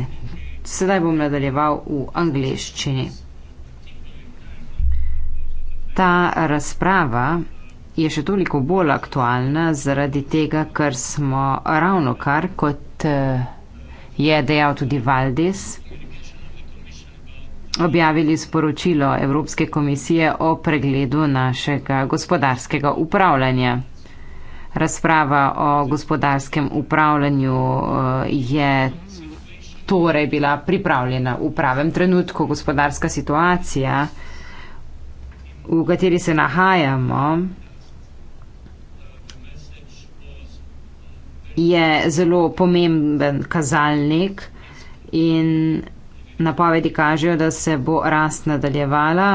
Sedaj bom nadaljeval v angliščini. Ta razprava je še toliko bolj aktualna zaradi tega, ker smo ravno kar, kot eh, je dejal tudi Valdis, objavili sporočilo Evropske komisije o pregledu našega gospodarskega upravljanja. Razprava o gospodarskem upravljanju eh, je torej bila pripravljena v pravem trenutku. Gospodarska situacija, v kateri se nahajamo, je zelo pomemben kazalnik in Napovedi kažejo, da se bo rast nadaljevala.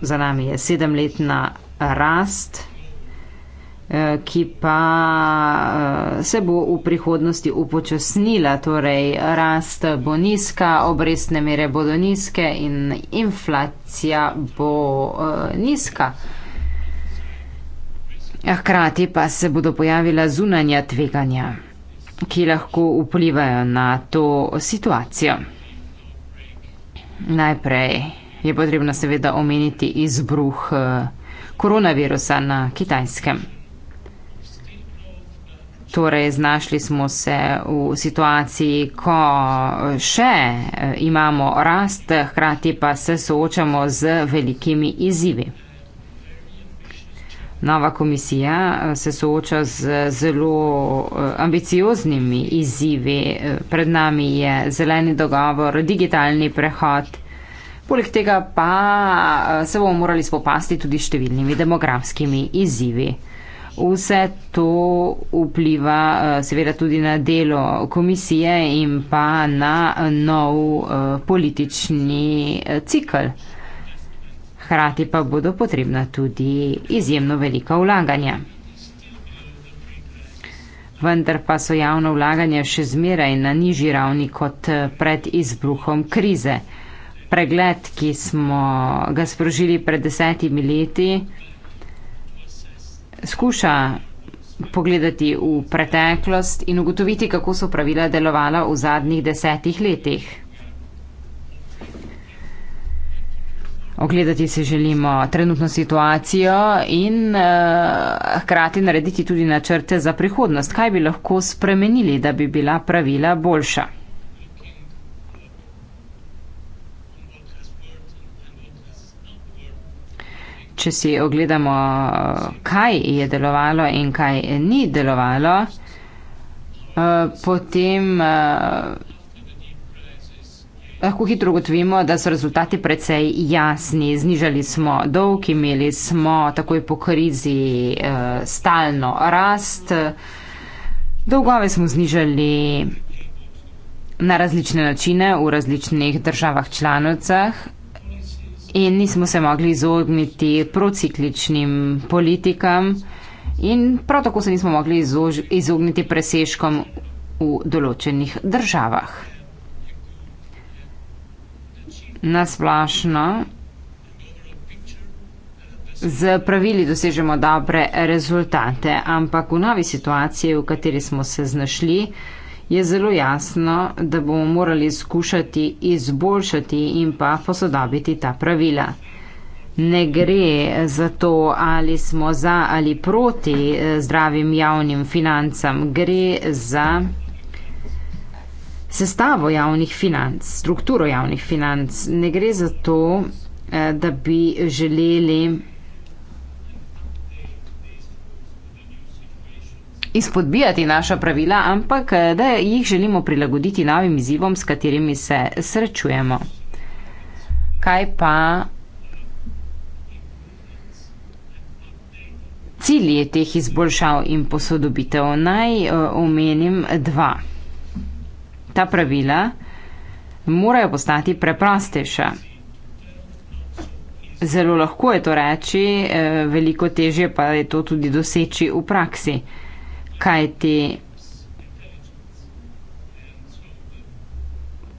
Za nami je sedemletna rast, eh, ki pa eh, se bo v prihodnosti upočasnila. Torej, rast bo nizka, obrestne mere bodo nizke in inflacija bo eh, nizka. Hkrati pa se bodo pojavila zunanja tveganja, ki lahko vplivajo na to situacijo. Najprej je potrebno seveda omeniti izbruh eh, koronavirusa na kitajskem. Torej, znašli smo se v situaciji, ko še eh, imamo rast, hkrati pa se soočamo z velikimi izzivi. Nova komisija eh, se sooča z zelo eh, ambicioznimi izzivi. Eh, pred nami je zeleni dogovor, digitalni prehod. Poleg tega pa se bomo morali spopasti tudi s številnimi demografskimi izzivi. Vse to vpliva seveda tudi na delo komisije in pa na nov politični cikl hkrati pa bodo potrebna tudi izjemno velika vlaganja. Vendar pa so javno vlaganje še zmeraj na nižji ravni kot eh, pred izbruhom krize. Pregled, ki smo ga sprožili pred desetimi leti, skuša pogledati v preteklost in ugotoviti, kako so pravila delovala v zadnjih desetih letih. ogledati si želimo trenutno situacijo in uh, hkrati narediti tudi načrte za prihodnost. Kaj bi lahko spremenili, da bi bila pravila boljša? Če si ogledamo, eh, kaj je delovalo in kaj ni delovalo, eh, potem Lahko hitro ugotovimo, da so rezultati precej jasni. Znižali smo dolg, imeli smo takoj po krizi eh, stalno rast. Dolgove smo znižali na različne načine v različnih državah članicah in nismo se mogli izogniti procikličnim politikam in prav tako se nismo mogli izogniti presežkom v določenih državah na splašno z pravili dosežemo dobre rezultate, ampak v novi situaciji, v kateri smo se znašli, je zelo jasno, da bomo morali skušati izboljšati in pa posodobiti ta pravila. Ne gre za to, ali smo za ali proti eh, zdravim javnim financam, gre za sestavo javnih financ, strukturo javnih financ. Ne gre za to, eh, da bi želeli izpodbijati naša pravila, ampak eh, da jih želimo prilagoditi novim izzivom, s katerimi se srečujemo. Kaj pa cilje teh izboljšav in posodobitev? Naj eh, omenim dva. Ta pravila morajo postati preprostejša. Zelo lahko je to reči, eh, veliko težje pa je to tudi doseči v praksi. Kaj ti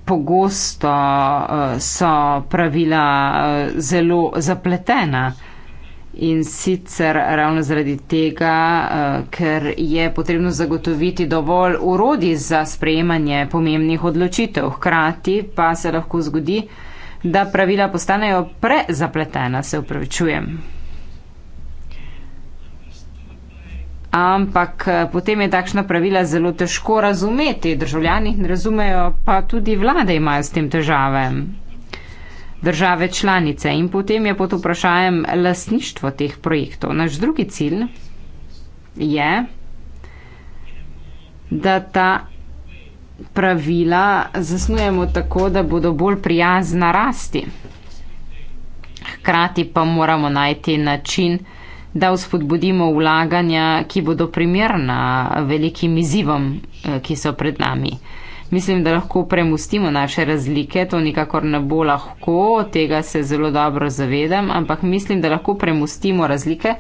pogosto eh, so pravila eh, zelo zapletena? In sicer ravno zaradi tega, eh, ker je potrebno zagotoviti dovolj urodi za sprejemanje pomembnih odločitev. Hkrati pa se lahko zgodi, da pravila postanejo prezapletena, se upravičujem. Ampak eh, potem je takšna pravila zelo težko razumeti, državljani ne razumejo, pa tudi vlade imajo s tem težave države članice in potem je pod vprašanjem lasništvo teh projektov. Naš drugi cilj je, da ta pravila zasnujemo tako, da bodo bolj prijazna rasti. Hkrati pa moramo najti način, da vzpodbudimo vlaganja, ki bodo primerna velikim izzivom, eh, ki so pred nami mislim, da lahko premustimo naše razlike, to nikakor ne bo lahko, tega se zelo dobro zavedam, ampak mislim, da lahko premustimo razlike,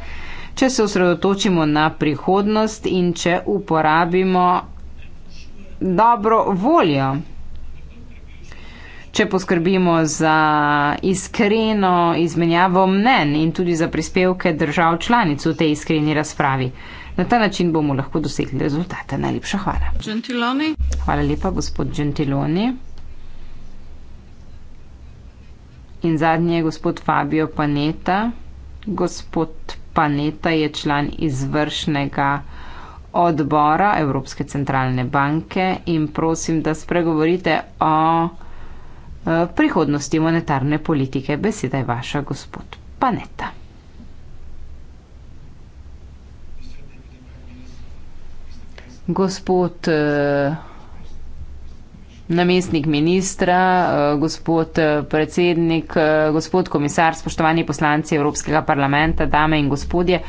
če se osredotočimo na prihodnost in če uporabimo dobro voljo. Če poskrbimo za iskreno izmenjavo mnen in tudi za prispevke držav članic v tej iskreni razpravi. Na ta način bomo lahko dosegli rezultate. Najlepša hvala. Gentiloni. Hvala lepa, gospod Gentiloni. In zadnji je gospod Fabio Paneta. Gospod Paneta je član izvršnega odbora Evropske centralne banke in prosim, da spregovorite o eh, prihodnosti monetarne politike. Beseda je vaša, gospod Paneta. gospod eh, namestnik ministra, eh, gospod eh, predsednik, gospod komisar, spoštovani poslanci Evropskega parlamenta, dame in gospodje.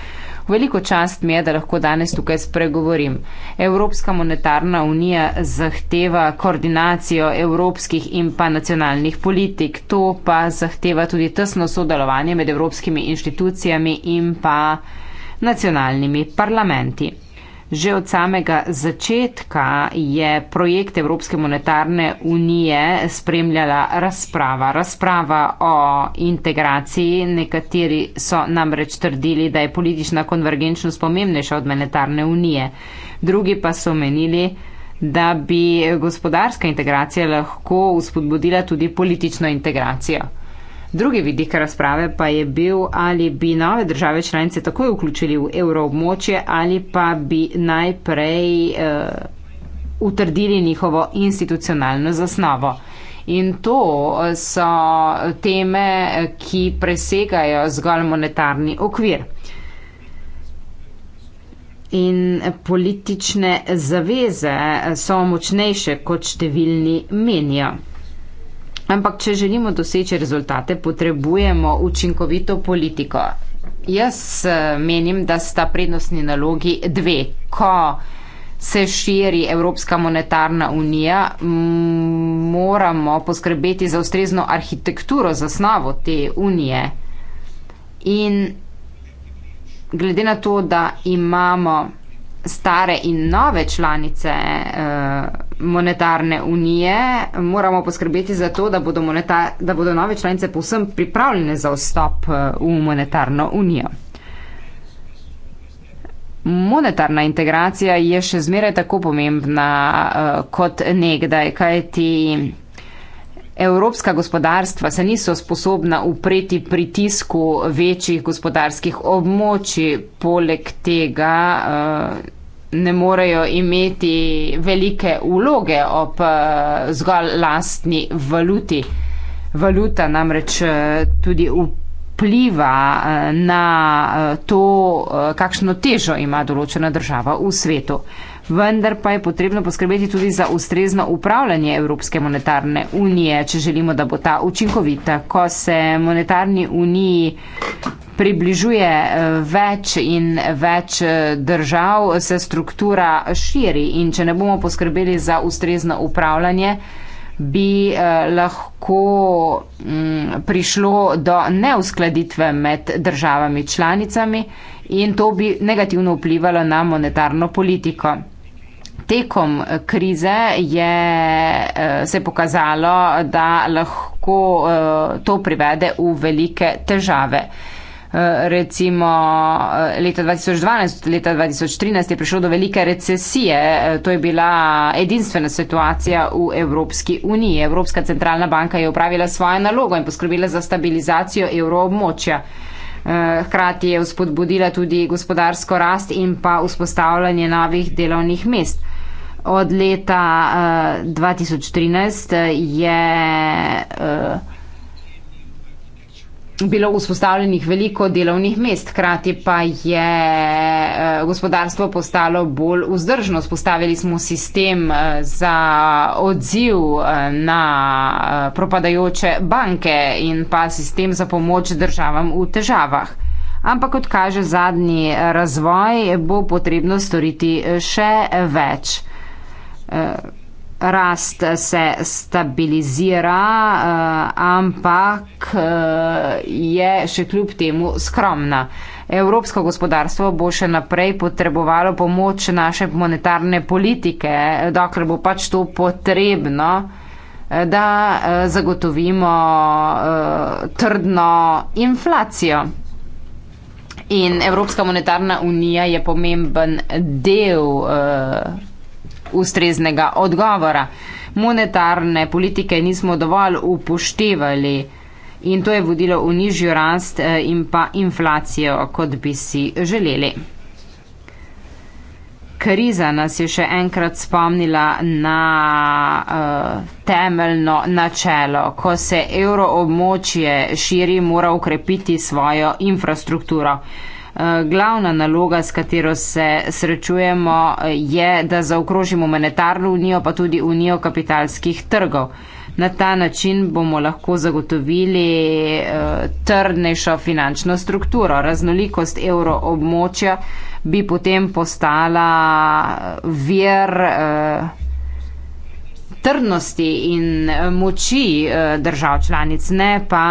Veliko čast mi je, da lahko danes tukaj spregovorim. Evropska monetarna unija zahteva koordinacijo evropskih in pa nacionalnih politik. To pa zahteva tudi tesno sodelovanje med evropskimi inštitucijami in pa nacionalnimi parlamenti. Že od samega začetka je projekt Evropske monetarne unije spremljala razprava. Razprava o integraciji. Nekateri so namreč trdili, da je politična konvergenčnost pomembnejša od monetarne unije. Drugi pa so menili, da bi gospodarska integracija lahko uspodbudila tudi politično integracijo. Drugi vidik razprave pa je bil, ali bi nove države članice takoj vključili v evroobmočje ali pa bi najprej uh, utrdili njihovo institucionalno zasnovo. In to eh, so teme, ki presegajo zgolj monetarni okvir. In politične zaveze eh, so močnejše, kot številni menijo. Ampak, če želimo doseči rezultate, potrebujemo učinkovito politiko. Jaz eh, menim, da sta prednostni nalogi dve. Ko se širi Evropska monetarna unija, moramo poskrbeti za ustrezno arhitekturo, zasnovo te unije. In glede na to, da imamo stare in nove članice. Uh, monetarne unije, moramo poskrbeti za to, da bodo, moneta, da bodo nove članice povsem pripravljene za vstop eh, v monetarno unijo. Monetarna integracija je še zmeraj tako pomembna uh, kot nekdaj, kajti evropska gospodarstva se niso sposobna upreti pritisku večjih gospodarskih območij, poleg tega uh, ne morejo imeti velike vloge ob uh, zgolj lastni valuti. Valuta namreč uh, tudi vpliva uh, na uh, to, uh, kakšno težo ima določena država v svetu. Uh, vendar pa je potrebno poskrbeti tudi za ustrezno upravljanje Evropske monetarne unije, če želimo, da bo ta učinkovita. Ko se monetarni uniji približuje eh, več in več eh, držav, se struktura širi in če ne bomo poskrbeli za ustrezno upravljanje, bi eh, lahko mm, prišlo do neuskladitve med državami članicami in to bi negativno vplivalo na monetarno politiko. Tekom eh, krize je eh, se pokazalo, da lahko eh, to privede v velike težave. Recimo leta 2012, leta 2013 je prišlo do velike recesije. To je bila edinstvena situacija v Evropski uniji. Evropska centralna banka je upravila svojo nalogo in poskrbila za stabilizacijo evroobmočja. Eh, hkrati je vzpodbudila tudi gospodarsko rast in pa vzpostavljanje novih delovnih mest. Od leta 2013 eh, je eh, bilo vzpostavljenih veliko delovnih mest, hkrati pa je eh, gospodarstvo postalo bolj vzdržno. Spostavili smo sistem eh, za odziv eh, na propadajoče banke in pa sistem za pomoč državam v težavah. Ampak, kot kaže zadnji razvoj, bo potrebno storiti še več rast se stabilizira, eh, ampak eh, je še kljub temu skromna. Evropsko gospodarstvo bo še naprej potrebovalo pomoč naše monetarne politike, dokler bo pač to potrebno, eh, da zagotovimo trdno inflacijo. In Evropska monetarna unija je pomemben del ustreznega odgovora. Monetarne politike nismo dovolj upoštevali in to je vodilo v nižjo rast eh, in pa inflacijo, kot bi si želeli. Kriza nas je še enkrat spomnila na uh, temeljno načelo, ko se evroobmočje širi, mora ukrepiti svojo infrastrukturo. Uh, Eh, glavna naloga, s katero se srečujemo, je, da zaokrožimo monetarno unijo, pa tudi unijo kapitalskih trgov. Na ta način bomo lahko zagotovili uh, trdnejšo finančno strukturo. Raznolikost evroobmočja bi potem postala eh, vir. Uh, trdnosti in eh, moči eh, držav članic, ne pa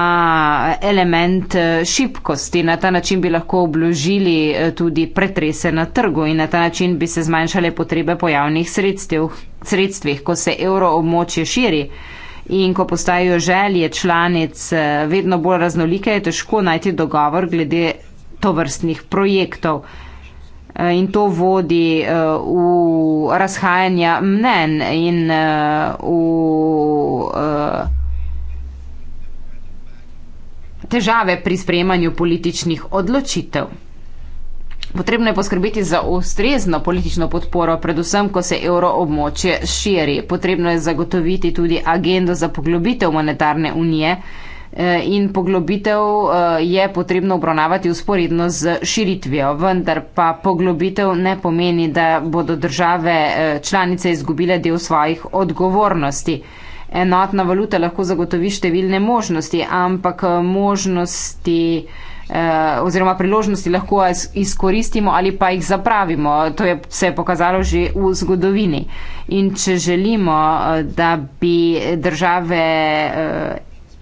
eh, element šibkosti. Na ta način bi lahko obložili tudi pretrese na trgu in na ta način bi se zmanjšale potrebe po javnih sredstev, sredstvih, ko se evro območje širi. In ko postajajo želje članic vedno bolj raznolike, je težko najti dogovor glede tovrstnih projektov. Eh, in to vodi uh, v razhajanja mnen in uh, v uh, težave pri sprejemanju političnih odločitev. Potrebno je poskrbeti za ustrezno politično podporo, predvsem, ko se evroobmočje širi. Potrebno je zagotoviti tudi agendo za poglobitev monetarne unije Eh, in poglobitev eh, je potrebno obravnavati usporedno z širitvijo, vendar pa poglobitev ne pomeni, da bodo države eh, članice izgubile del svojih odgovornosti. Enotna valuta lahko zagotovi številne možnosti, ampak možnosti oziroma priložnosti lahko izkoristimo ali pa jih zapravimo. To je se je pokazalo že v zgodovini. In če želimo, da bi države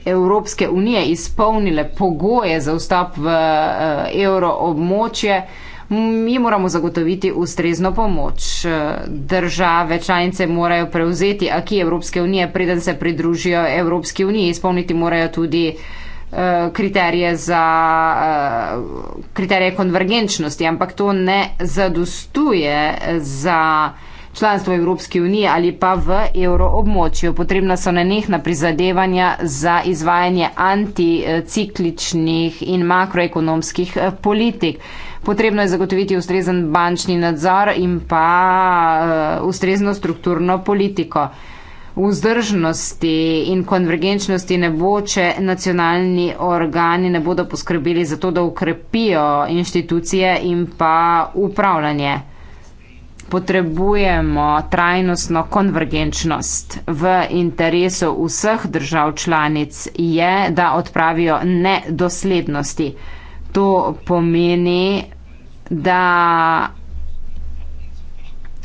Evropske unije izpolnile pogoje za vstop v eh, evroobmočje, mi moramo zagotoviti ustrezno pomoč. Države članice morajo prevzeti aki Evropske unije, preden se pridružijo Evropski uniji, izpolniti morajo tudi eh, kriterije za eh, kriterije konvergenčnosti, ampak to ne zadostuje za članstvo Evropske unije ali pa v evroobmočju. Potrebna so nenehna prizadevanja za izvajanje anticikličnih in makroekonomskih eh, politik. Potrebno je zagotoviti ustrezen bančni nadzor in pa eh, ustrezno strukturno politiko. Vzdržnosti in konvergenčnosti ne bo, če nacionalni organi ne bodo poskrbeli za to, da ukrepijo inštitucije in pa upravljanje potrebujemo trajnostno konvergenčnost v interesu vseh držav članic, je, da odpravijo nedoslednosti. To pomeni, da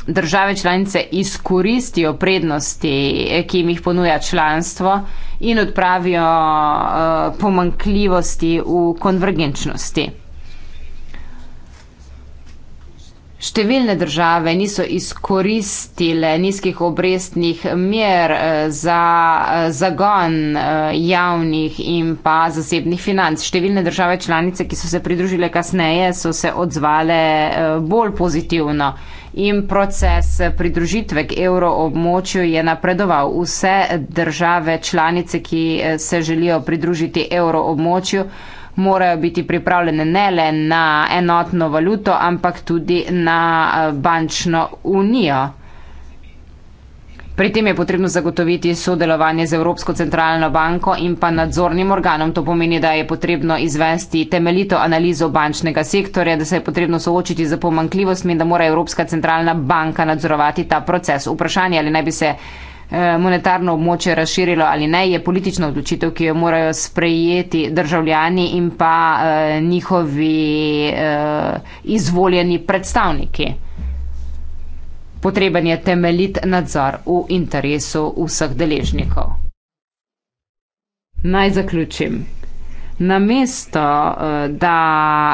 države članice izkoristijo prednosti, ki jim jih ponuja članstvo in odpravijo uh, eh, pomankljivosti v konvergenčnosti. Številne države niso izkoristile nizkih obrestnih mer eh, za eh, zagon eh, javnih in pa zasebnih financ. Številne države članice, ki so se pridružile kasneje, so se odzvale bolj pozitivno in proces pridružitve k evroobmočju je napredoval. Vse države članice, ki se želijo pridružiti evroobmočju, morajo biti pripravljene ne le na enotno valuto, ampak tudi na eh, bančno unijo. Pri tem je potrebno zagotoviti sodelovanje z Evropsko centralno banko in pa nadzornim organom. To pomeni, da je potrebno izvesti temeljito analizo bančnega sektorja, da se je potrebno soočiti z pomankljivostmi in da mora Evropska centralna banka nadzorovati ta proces. Vprašanje, ali naj bi se. Eh, monetarno območje razširilo ali ne, je politična odločitev, ki jo morajo sprejeti državljani in pa eh, njihovi eh, izvoljeni predstavniki. Potreben je temeljit nadzor v interesu vseh deležnikov. Naj zaključim. Namesto, da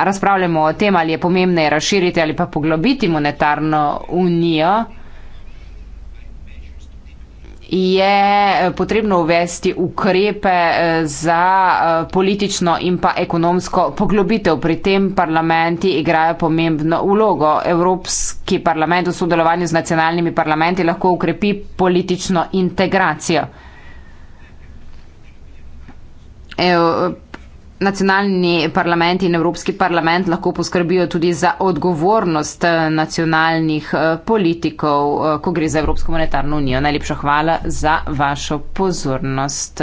razpravljamo o tem, ali je pomembno je razširiti ali pa poglobiti monetarno unijo, je eh, potrebno uvesti ukrepe eh, za eh, politično in pa ekonomsko poglobitev. Pri tem parlamenti igrajo pomembno vlogo. Evropski parlament v sodelovanju z nacionalnimi parlamenti lahko ukrepi politično integracijo. Evo, nacionalni parlamenti in Evropski parlament lahko poskrbijo tudi za odgovornost eh, nacionalnih eh, politikov, eh, ko gre za Evropsko monetarno unijo. Najlepša hvala za vašo pozornost.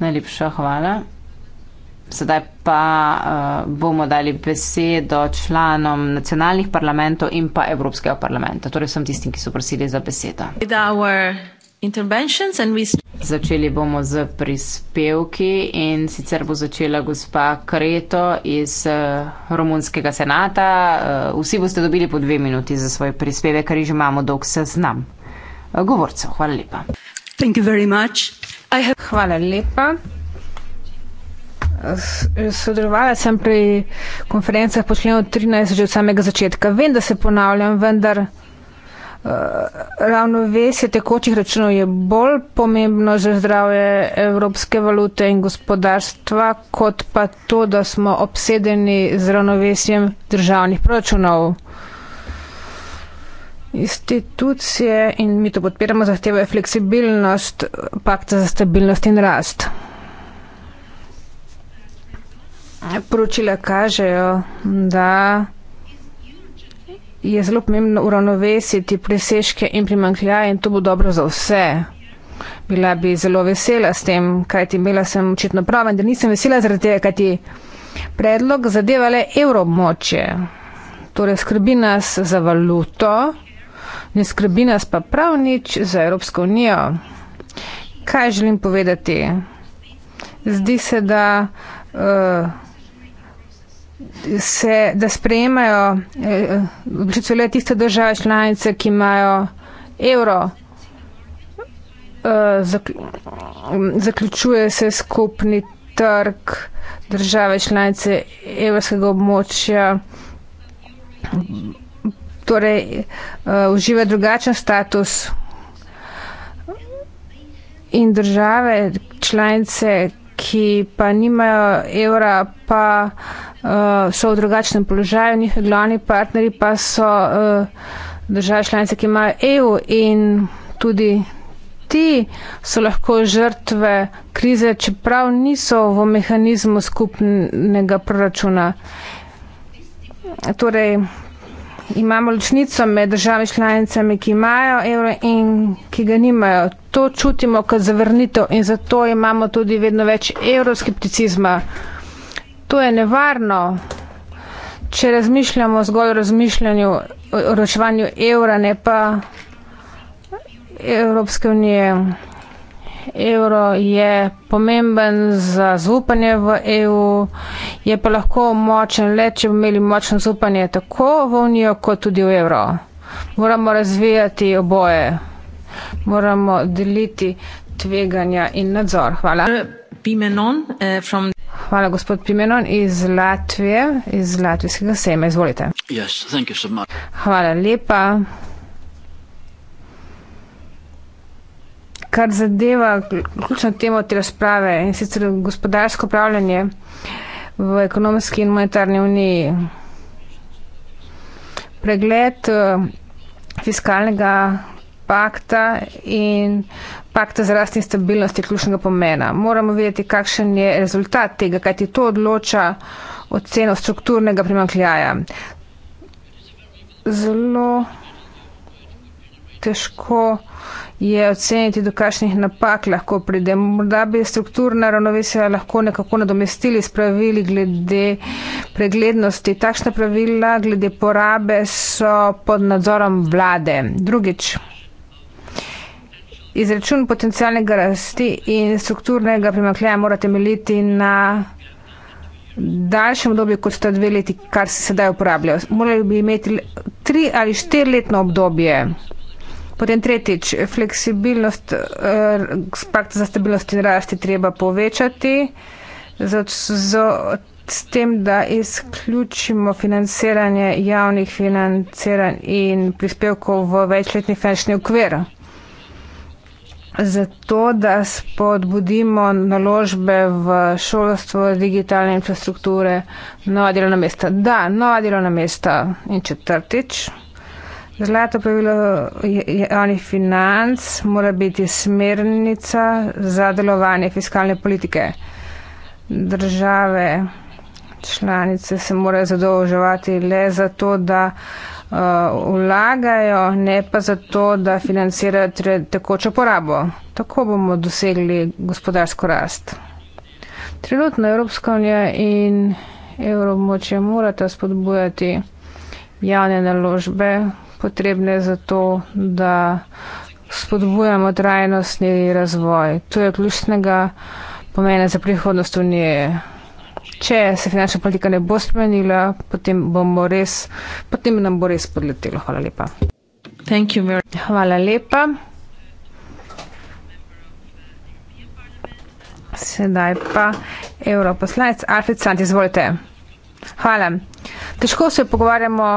Najlepša hvala. Sedaj pa uh, bomo dali besedo članom nacionalnih parlamentov in pa Evropskega parlamenta, torej vsem tistim, ki so prosili za besedo. Začeli bomo z prispevki in sicer bo začela gospa Kreto iz eh, Romunskega senata. Eh, vsi boste dobili po dve minuti za svoj prispevek, ker že imamo dolg seznam eh, govorcev. Hvala lepa. Hvala lepa. Sodelovala sem pri konferencah po členu 13 že od samega začetka. Vem, da se ponavljam, vendar ravnovesje tekočih računov je bolj pomembno za zdravje evropske valute in gospodarstva, kot pa to, da smo obsedeni z ravnovesjem državnih proračunov. Institucije in mi to podpiramo, zahtevajo fleksibilnost pakta za stabilnost in rast. Poročila kažejo, da je zelo pomembno uravnovesiti presežke in primankljaje in to bo dobro za vse. Bila bi zelo vesela s tem, kaj ti imela sem očitno prav, vendar nisem vesela zaradi tega, kaj ti predlog zadeva le evromoče. Torej skrbi nas za valuto, ne skrbi nas pa prav nič za Evropsko unijo. Kaj želim povedati? Zdi se, da. Uh, se, da sprejemajo eh, le tiste države članice, ki imajo evro, eh, zaključuje se skupni trg države članice evropskega območja, torej eh, uživa drugačen status. In države članice, ki pa nimajo evra, pa uh, uh, so v drugačnem položaju, njihovi glavni partneri pa so uh, države članice, ki imajo EU in tudi ti so lahko žrtve krize, čeprav niso v mehanizmu skupnega proračuna. Torej, imamo ločnico med državami članicami, ki imajo evro in ki ga nimajo. To čutimo kot zavrnitev in zato imamo tudi vedno več evroskepticizma. Uh, To je nevarno, če razmišljamo zgolj o razmišljanju o ročevanju evra, ne pa Evropske unije. Evro je pomemben za zupanje v EU, je pa lahko močen le, če bomo imeli močno zupanje tako v Unijo, kot tudi v Evro. Moramo razvijati oboje, moramo deliti tveganja in nadzor. Hvala. Uh, Hvala, gospod Pimenon iz Latvije, iz latvijskega sejma. Izvolite. Yes, thank you so much. Hvala lepa. Kar zadeva ključno temo te razprave in sicer gospodarsko upravljanje v ekonomski in monetarni uniji. Pregled eh, fiskalnega pakta in pakta za rast in stabilnost je ključnega pomena. Moramo vedeti, kakšen je rezultat tega, kajti to odloča oceno strukturnega primankljaja. Zelo težko je oceniti, do kakšnih napak lahko pride. Morda bi strukturna ravnovesja lahko nekako nadomestili s pravili glede preglednosti. Takšna pravila glede porabe so pod nadzorom vlade. Drugič izračun potencijalnega rasti in strukturnega primakljaja mora temeljiti na daljšem obdobju, kot sta dve leti, kar se sedaj uporablja. Morali bi imeti tri ali štirletno obdobje. Potem tretjič, fleksibilnost, eh, pakt za stabilnost in rasti treba povečati z, z, s tem, da izključimo financiranje javnih financiranj in prispevkov v večletni finančni okvir. Zato, da spodbudimo naložbe v šolstvo, digitalne infrastrukture, nova delovna mesta. Da, nova delovna mesta in četrtič. Zlato pravilo javnih financ mora biti smernica za delovanje fiskalne politike. Države članice se morajo zadolževati le za to, da Eh, vlagajo, ne pa zato, da financirajo tekočo porabo. Tako bomo dosegli gospodarsko rast. Trenutno Evropska unija in evromoče morata spodbujati javne naložbe, potrebne za to, da spodbujamo trajnostni razvoj. To je ključnega pomena za prihodnost unije če se finančna politika ne bo spremenila, potem bomo res, potem nam bo res podletelo. Hvala lepa. You, Hvala lepa. Sedaj pa europoslanec Alfred Sant, izvolite. Hvala. Težko se pogovarjamo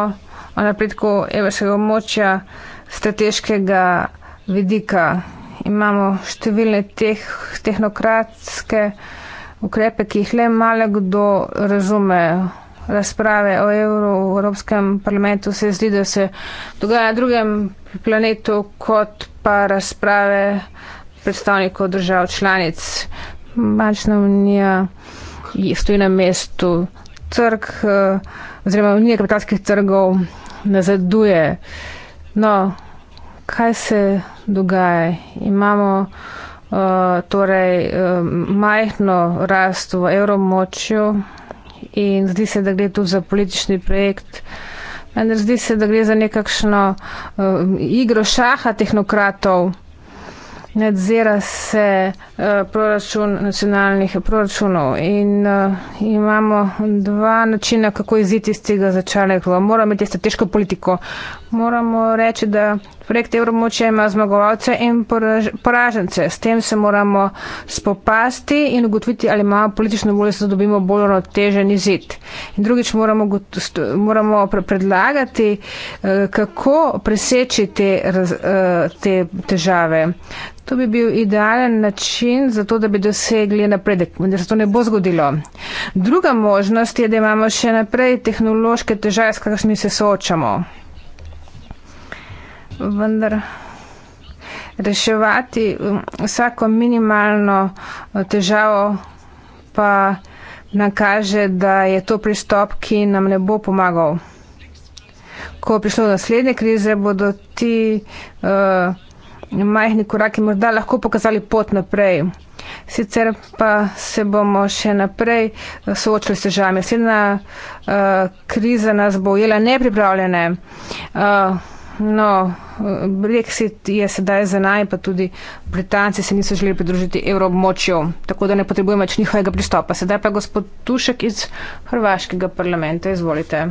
o napredku evropskega območja strateškega vidika. Imamo številne teh, tehnokratske ukrepe, ki jih le malo kdo razume. Razprave o evru v Evropskem parlamentu se zdi, da se dogaja na drugem planetu, kot pa razprave predstavnikov držav članic. Bančna unija stoji na mestu trg eh, oziroma unija kapitalskih trgov nazaduje. No, kaj se dogaja? Imamo Eh, torej uh, majhno rast v evromočju in zdi se, da gre tu za politični projekt. Vendar zdi se, da gre za nekakšno uh, igro šaha tehnokratov. Nadzira se uh, proračun nacionalnih proračunov in uh, imamo dva načina, kako iziti iz tega začalnega. Moramo imeti strateško politiko. Moramo reči, da Prek Evromoče ima zmagovalce in poraž poražence. S tem se moramo spopasti in ugotoviti, ali imamo politično voljo, da dobimo bolj otežen izid. In drugič moramo, moramo pre predlagati, eh, kako preseči te, eh, te težave. To bi bil idealen način za to, da bi dosegli napredek, vendar se to ne bo zgodilo. Druga možnost je, da imamo še naprej tehnološke težave, s kakšnimi se soočamo vendar reševati um, vsako minimalno uh, težavo pa nakaže, da je to pristop, ki nam ne bo pomagal. Ko prišlo naslednje krize, bodo ti uh, majhni koraki morda lahko pokazali pot naprej. Sicer pa se bomo še naprej uh, soočili s težavami. Naslednja uh, kriza nas bo ujela nepripravljene. Uh, No, Brexit je sedaj za naj, pa tudi Britanci se niso želeli pridružiti evroobmočju, tako da ne potrebujemo več njihovega pristopa. Sedaj pa gospod Tušek iz Hrvaškega parlamenta, izvolite.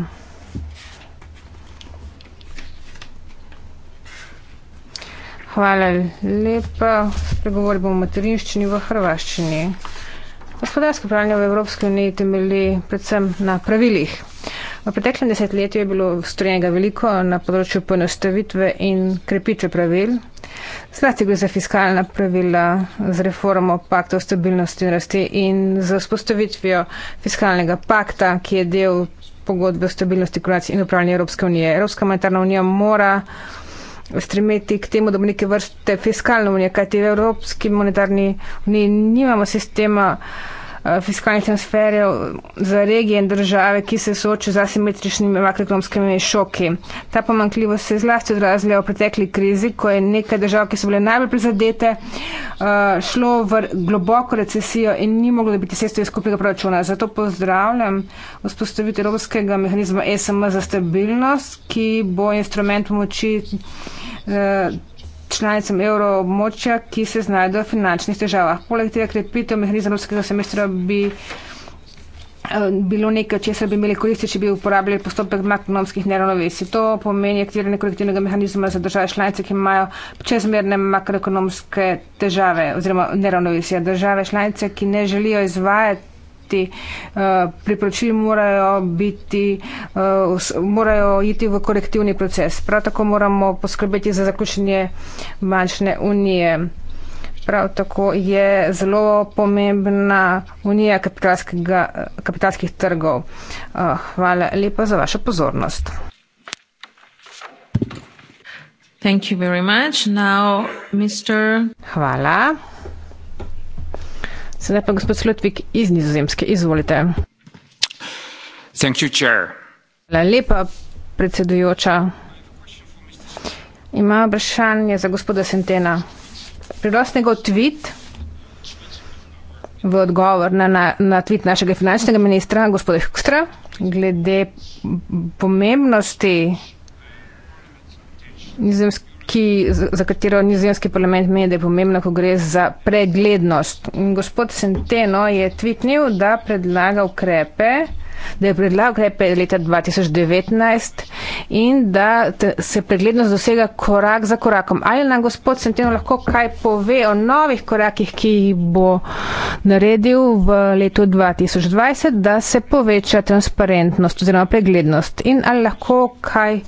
Hvala lepa. Spregovorimo o materinščini v Hrvaščini. Gospodarsko pravljanje v Evropski uniji temelji predvsem na pravilih. V preteklem desetletju je bilo strojenega veliko na področju ponostavitve in krepitve pravil. Zlasti gre za fiskalna pravila, z reformo pakta o stabilnosti in rasti in z vzpostavitvijo fiskalnega pakta, ki je del pogodbe o stabilnosti, koordinaciji in upravljanju Evropske unije. Evropska monetarna unija mora stremeti k temu, da bo neke vrste fiskalna unija, kajti v Evropski monetarni uniji nimamo sistema. Eh, fiskalnih transferjev za regije in države, ki se soočajo z asimetričnimi makroekonomskimi šoki. Ta pomankljivost se je zlasti odrazila v pretekli krizi, ko je nekaj držav, ki so bile najbolj prizadete, eh, šlo v globoko recesijo in ni moglo biti sesto iz skupnega proračuna. Zato pozdravljam vzpostavitev evropskega mehanizma e SM za stabilnost, ki bo instrument pomoči eh, članicam evroobmočja, ki se znajdejo v finančnih težavah. Poleg tega krepitev mehanizma evropskega semestra bi eh, bilo nekaj, česar bi imeli koristi, če bi uporabljali postopek makronomskih neravnovesij. To pomeni aktiviranje kolektivnega mehanizma za države članice, ki imajo čezmerne makroekonomske težave oziroma neravnovesija. Države članice, ki ne želijo izvajati biti, eh, priporočili morajo biti, eh, morajo iti v korektivni proces. Prav tako moramo poskrbeti za zaključenje bančne unije. Prav tako je zelo pomembna unija kapitalskih trgov. Eh, hvala lepa za vašo pozornost. Thank you very much. Now, Mr. Hvala. Sedaj pa gospod Slotvik iz Nizozemske, izvolite. Lepa predsedujoča. Ima vprašanje za gospoda Sentena. Prilostnega tweet v odgovor na, na, na tweet našega finančnega ministra, gospoda Hukstra, glede pomembnosti nizozemske ki, za katero nizozemski parlament meni, da je pomembno, ko gre za preglednost. In gospod Centeno je tvitnil, da predlaga ukrepe da je predlagal ukrepe leta 2019 in da se preglednost dosega korak za korakom. Ali nam gospod Centeno lahko kaj pove o novih korakih, ki jih bo naredil v letu 2020, da se poveča transparentnost oziroma preglednost? In ali lahko kaj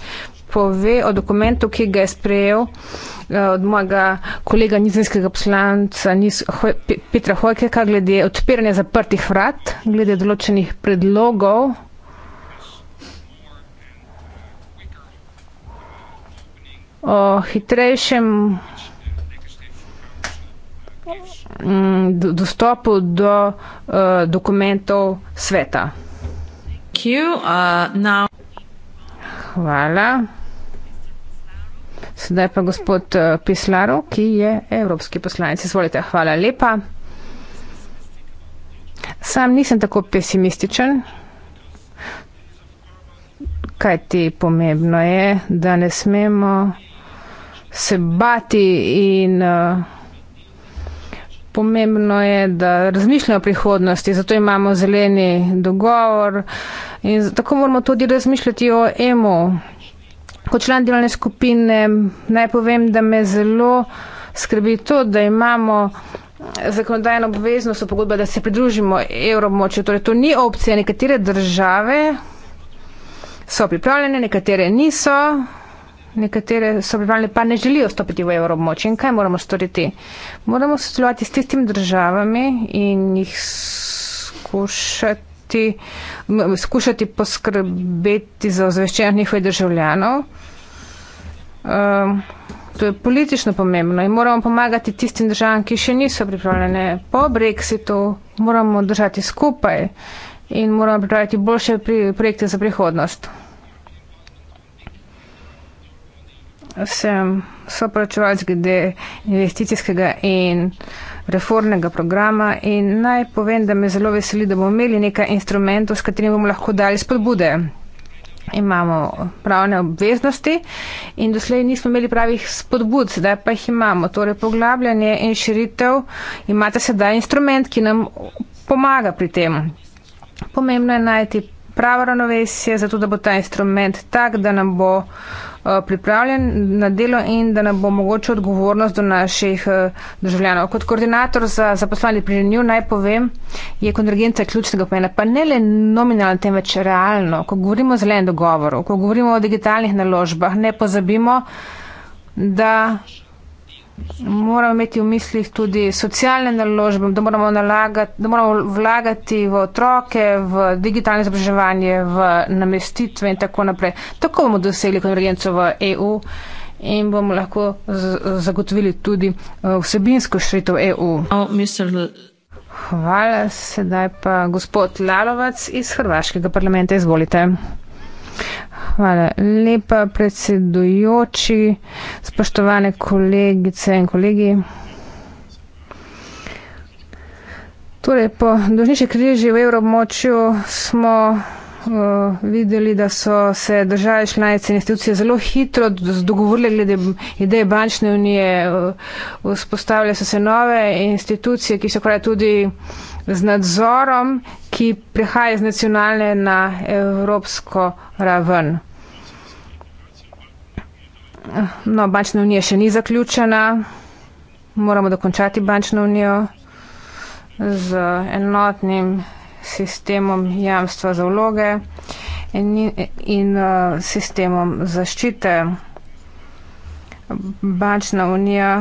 pove o dokumentu, ki ga je sprejel eh, od mojega kolega nizinskega poslanca Niz, Ho, Petra Hojkeka glede odpiranja zaprtih vrat, glede določenih predlogov. O hitrejšem mm, dostopu do uh, dokumentov sveta. Uh, Hvala. Sedaj pa gospod eh, Pislarov, ki je evropski poslanec. Izvolite, hvala lepa. Sam nisem tako pesimističen, kaj ti pomembno je, da ne smemo se bati in eh, pomembno je, da razmišljamo o prihodnosti, zato imamo zeleni dogovor in tako moramo tudi razmišljati o emu. Kot član delovne skupine naj povem, da me zelo skrbi to, da imamo zakonodajno obveznost v pogodbi, da se pridružimo evromočju. Torej, to ni opcija. Nekatere države so pripravljene, nekatere niso, nekatere so pripravljene, pa ne želijo vstopiti v evromočje. In kaj moramo storiti? Moramo sodelovati s tistimi državami in jih skušati skušati poskrbeti za ozveščenje njihovih državljanov. Um, to je politično pomembno in moramo pomagati tistim državam, ki še niso pripravljene. Po brexitu moramo držati skupaj in moramo pripraviti boljše pri, projekte za prihodnost. Sem soporočevalc glede investicijskega in uh, reformnega programa in naj povem, da me zelo veseli, da bomo imeli nekaj instrumentov, s katerim bomo lahko dali spodbude. Imamo pravne obveznosti in doslej nismo imeli pravih spodbud, zdaj pa jih imamo. Torej, poglabljanje in širitev imate sedaj instrument, ki nam pomaga pri tem. Pomembno je najti pravo ravnovesje, zato da bo ta instrument tak, da nam bo. Eh, pripravljen na delo in da nam bo mogoče odgovornost do naših eh, državljanov. Kot koordinator za zaposlovanje pri njiju naj povem, je konvergenca ključnega pomena, pa ne le nominalno, temveč realno. Ko govorimo o zelenem dogovoru, ko govorimo o digitalnih naložbah, ne pozabimo, da moramo imeti v mislih tudi socialne naložbe, da moramo, nalagati, da moramo vlagati v otroke, v digitalno izobraževanje, v namestitve in tako naprej. Tako bomo dosegli konvergenco v EU in bomo lahko zagotovili tudi eh, vsebinsko širitev EU. Oh, Hvala, sedaj pa gospod Lalovac iz Hrvaškega parlamenta, izvolite. Hvala lepa, predsedujoči, spoštovane kolegice in kolegi. Torej, po dolžniški križi v evroobmočju smo uh, videli, da so se države članice in institucije zelo hitro dogovorile glede ideje bančne unije. Uh, eh, Vzpostavljajo se nove institucije, ki se ukvarjajo tudi uh, z nadzorom, ki prihaja iz nacionalne na evropsko raven. No, bančna unija še ni zaključena, moramo dokončati bančno unijo z enotnim sistemom jamstva za vloge in, in, in uh, sistemom zaščite. Bančna unija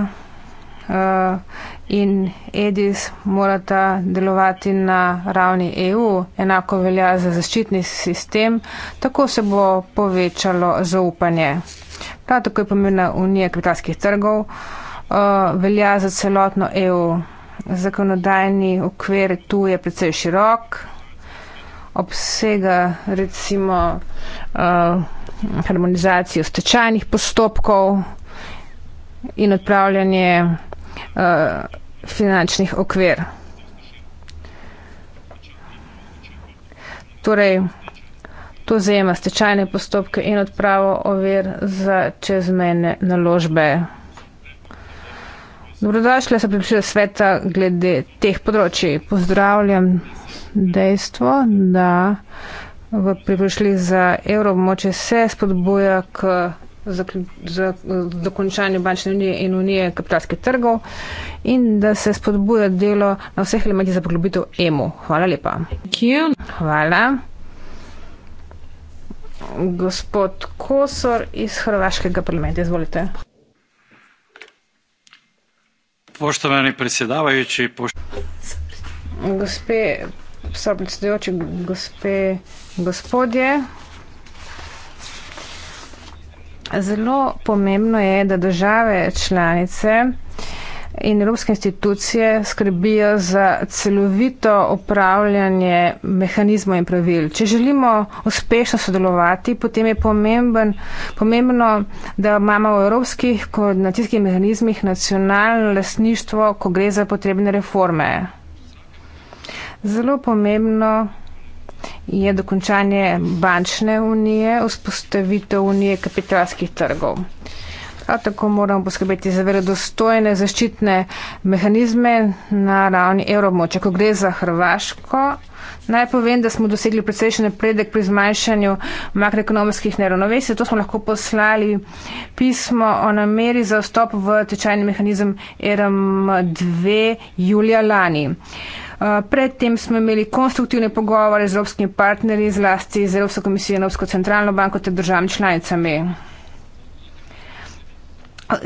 Eh, in EDIS morata delovati na ravni EU, enako velja za zaščitni sistem, tako se bo povečalo zaupanje. Prav tako je pomembna unija kapitalskih trgov, eh, velja za celotno EU. Zakonodajni okvir tu je precej širok, obsega recimo uh, harmonizacijo stečajnih postopkov in odpravljanje uh, finančnih okvir. Torej, to zajema stečajne postopke in odpravo ovir za čezmene naložbe. Dobrodošli, sem pripričala sveta glede teh področji. Pozdravljam dejstvo, da v priprošli za evroobmoče se spodbuja k za, za dokončanje bančne unije in unije kapitalskih trgov in da se spodbuja delo na vseh elementih za poglobitev EMU. Hvala lepa. Hvala. Gospod Kosor iz Hrvaškega parlamenta, izvolite. Poštovani predsedavajoči, poštovani. Gospe, predsedujoči, gospe, gospodje. Zelo pomembno je, da države članice in evropske institucije skrbijo za celovito upravljanje mehanizmov in pravil. Če želimo uspešno sodelovati, potem je pomemben, pomembno, da imamo v evropskih koordinacijskih mehanizmih nacionalno lasništvo, ko gre za potrebne reforme. Zelo pomembno je, je dokončanje bančne unije, vzpostavitev unije kapitalskih trgov. Prav tako moramo poskrbeti za verodostojne zaščitne mehanizme na ravni evromoča. Ko gre za Hrvaško, naj povem, da smo dosegli precejšen napredek pri zmanjšanju makroekonomskih neravnovesij. To smo lahko poslali pismo o nameri za vstop v tečajni mehanizem RM2 julija lani. Eh, predtem smo imeli konstruktivne pogovore z evropskimi partnerji, zlasti z Evropsko komisijo in Evropsko centralno banko ter državami članicami. Eh,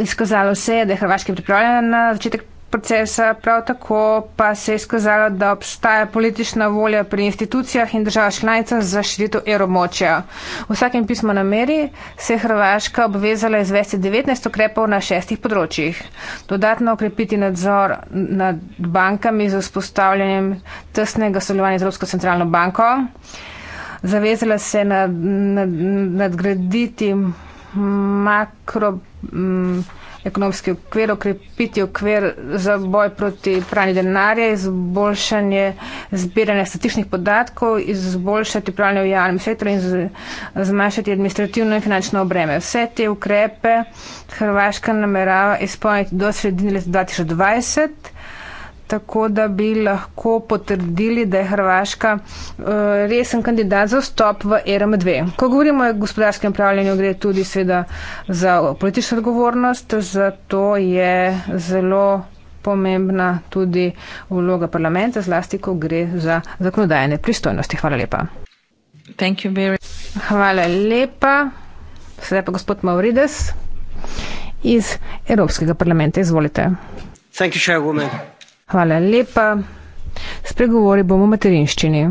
izkazalo se je, da je Hrvaška pripravljena na začetek procesa, prav tako pa se je skazalo, da obstaja politična volja pri institucijah in državah članicah za širitev evromočja. V vsakem pismu na meri se je Hrvaška obvezala izvesti 19 ukrepov na šestih področjih. Dodatno okrepiti nadzor nad bankami z vzpostavljanjem tesnega sodelovanja z Evropsko centralno banko. Zavezala se nad, nad, nadgraditi makro. Mm, ekonomski okvir, okrepiti okvir za boj proti pranju denarja, izboljšanje zbiranja statičnih podatkov, izboljšati pranje v javnem sektorju in zmanjšati administrativno in finančno breme. Vse te ukrepe Hrvaška namerava izpolniti do sredine leta 2020 tako da bi lahko potrdili, da je Hrvaška eh, resen kandidat za vstop v RM2. Ko govorimo o gospodarskem upravljanju, gre tudi seveda za politično odgovornost, zato je zelo pomembna tudi vloga parlamenta, zlasti ko gre za zakonodajne pristojnosti. Hvala lepa. Hvala lepa. Sedaj pa gospod Maurides iz Evropskega parlamenta. Izvolite. Thank you, chairwoman. Hvala lepa. Spregovori bomo o materinščini.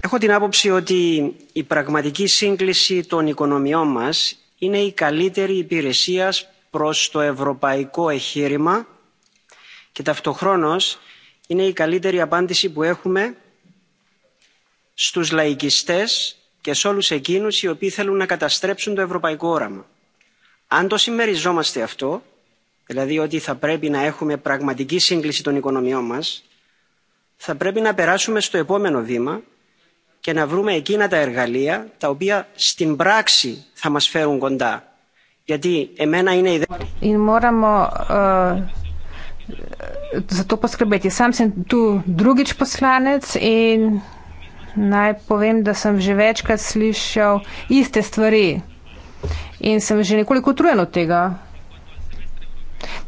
Έχω την άποψη ότι η πραγματική σύγκληση των οικονομιών μας είναι η καλύτερη υπηρεσία προς το ευρωπαϊκό εγχείρημα και ταυτοχρόνως είναι η καλύτερη απάντηση που έχουμε στους λαϊκιστές και σε όλους εκείνους οι οποίοι θέλουν να καταστρέψουν το ευρωπαϊκό όραμα. Αν το συμμεριζόμαστε αυτό, δηλαδή ότι θα πρέπει να έχουμε πραγματική σύγκληση των οικονομιών μας, θα πρέπει να περάσουμε στο επόμενο βήμα και να βρούμε εκείνα τα εργαλεία τα οποία στην πράξη θα μας φέρουν κοντά. Γιατί εμένα είναι η ιδέα... Η μόρα μου... Za to poskrbeti. Sam sem tu drugič poslanec in naj povem, da sem že večkrat slišal iste stvari in sem že nekoliko utrujen od tega.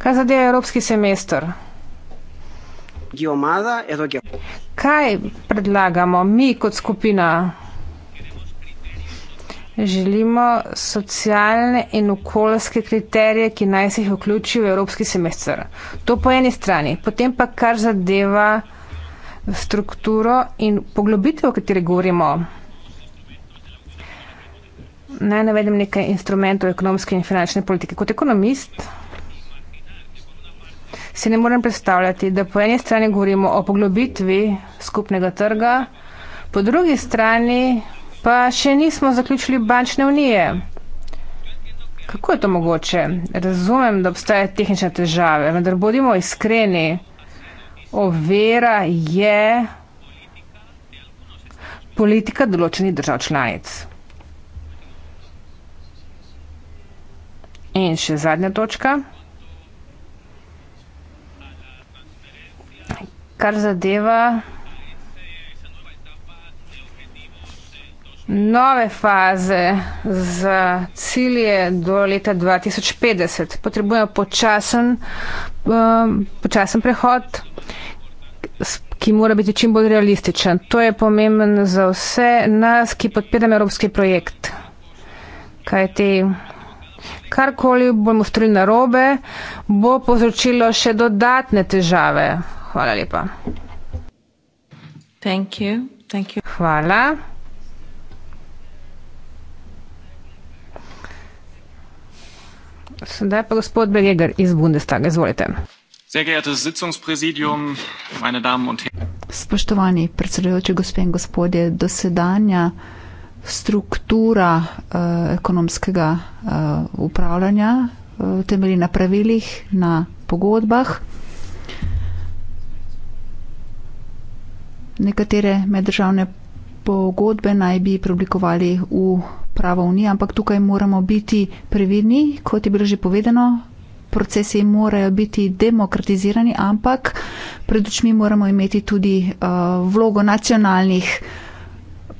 Kaj zadeva evropski semester? Kaj predlagamo mi kot skupina? Želimo socialne in okoljske kriterije, ki naj se jih vključi v evropski semester. To po eni strani. Potem pa kar zadeva strukturo in poglobitev, o kateri govorimo. Naj navedem nekaj instrumentov ekonomske in finančne politike. Kot ekonomist si ne morem predstavljati, da po eni strani govorimo o poglobitvi skupnega trga, po drugi strani pa še nismo zaključili bančne unije. Kako je to mogoče? Razumem, da obstaja tehnične težave, vendar bodimo iskreni. Overa je politika določenih držav članic. In še zadnja točka. kar zadeva nove faze za cilje do leta 2050. Potrebujemo počasen, um, počasen prehod, ki mora biti čim bolj realističen. To je pomemben za vse nas, ki podpiramo evropski projekt. Kaj ti, karkoli bomo storili narobe, bo povzročilo še dodatne težave. Hvala lepa. Thank you. Thank you. Hvala. Sedaj pa gospod Breger iz Bundestaga, izvolite. Spoštovani predsedujoči, gospe in gospodje, dosedanja struktura uh, ekonomskega uh, upravljanja uh, temelji na pravilih, na pogodbah. Nekatere meddržavne pogodbe naj bi preoblikovali v pravo unijo, ampak tukaj moramo biti previdni, kot je bilo že povedano. Procesi morajo biti demokratizirani, ampak pred očmi moramo imeti tudi uh, vlogo nacionalnih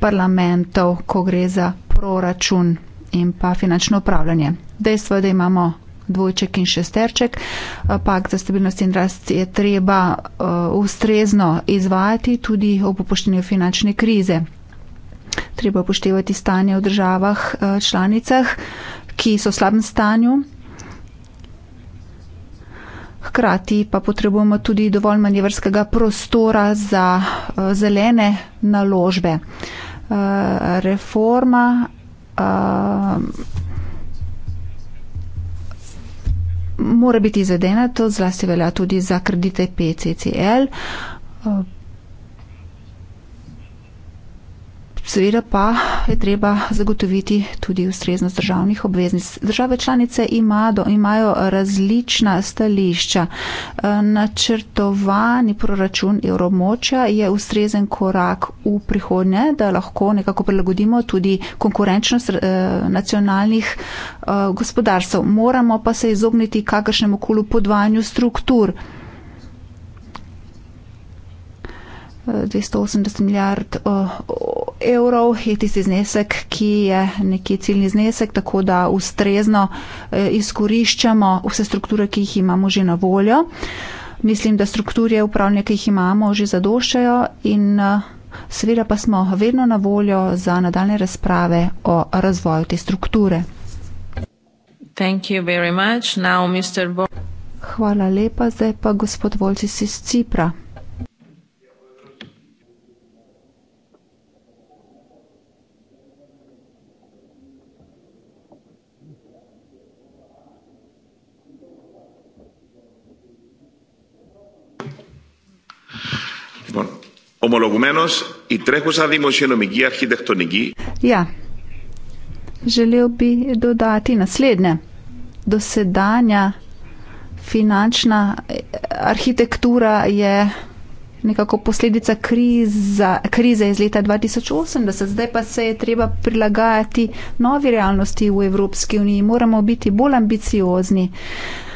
parlamentov, ko gre za proračun in pa finančno upravljanje. Dejstvo je, da imamo dvojček in šesterček. Eh, pakt za stabilnost in rast je treba eh, ustrezno izvajati tudi ob upoštenju finančne krize. Treba upoštevati stanje v državah eh, članicah, ki so v slabem stanju. Hkrati pa potrebujemo tudi dovolj manjevrskega prostora za zelene naložbe. Reforma mora biti izvedena, to zlasti velja tudi za kredite PCCL. Seveda pa je treba zagotoviti tudi ustreznost državnih obveznic. Države članice ima do, imajo različna stališča. E, načrtovani proračun evromoča je ustrezen korak v prihodnje, da lahko nekako prilagodimo tudi konkurenčnost e, nacionalnih e, gospodarstv. Moramo pa se izogniti kakršnemu kulu podvajanju struktur. 280 milijard eh, evrov je tisti znesek, ki je neki ciljni znesek, tako da ustrezno eh, izkoriščamo vse strukture, ki jih imamo že na voljo. Mislim, da strukture upravljanja, ki jih imamo, že zadoščajo in eh, seveda pa smo vedno na voljo za nadaljne razprave o razvoju te strukture. Hvala lepa, zdaj pa gospod Volci iz Cipra. Omologumeno in treh ozadimošenomigi arhitektoniki. Ja, želel bi dodati naslednje. Dosedanja finančna e, arhitektura je nekako posledica kriza, krize iz leta 2080, zdaj pa se je treba prilagajati novi realnosti v Evropski uniji. Moramo biti bolj ambiciozni. Uh,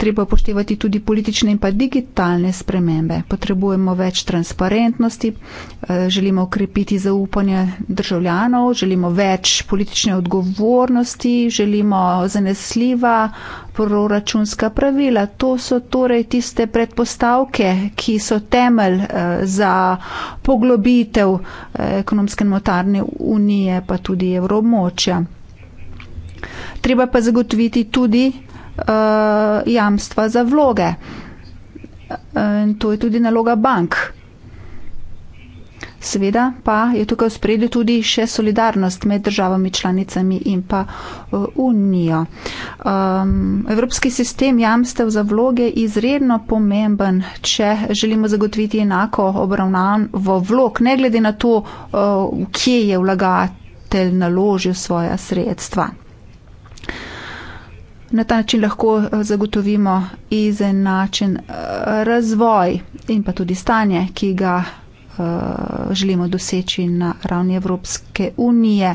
treba upoštevati tudi politične in pa digitalne spremembe. Potrebujemo več transparentnosti, eh, želimo ukrepiti zaupanje državljanov, želimo več politične odgovornosti, želimo zanesljiva proračunska pravila. To so torej tiste predpostavke, ki so temelj eh, za poglobitev eh, ekonomske notarne unije, pa tudi evromočja. Treba pa zagotoviti tudi uh, jamstva za vloge. Eh, in to je tudi naloga bank. Seveda pa je tukaj v spredju tudi še solidarnost med državami članicami in pa eh, unijo. Um, evropski sistem jamstev za vloge je izredno pomemben, če želimo zagotoviti enako obravnavo vlog, ne glede na to, uh, kje je vlagatelj naložil svoja sredstva. Uh, na ta način lahko eh, zagotovimo izenačen eh, razvoj in pa tudi stanje, ki ga eh, želimo doseči na ravni Evropske unije.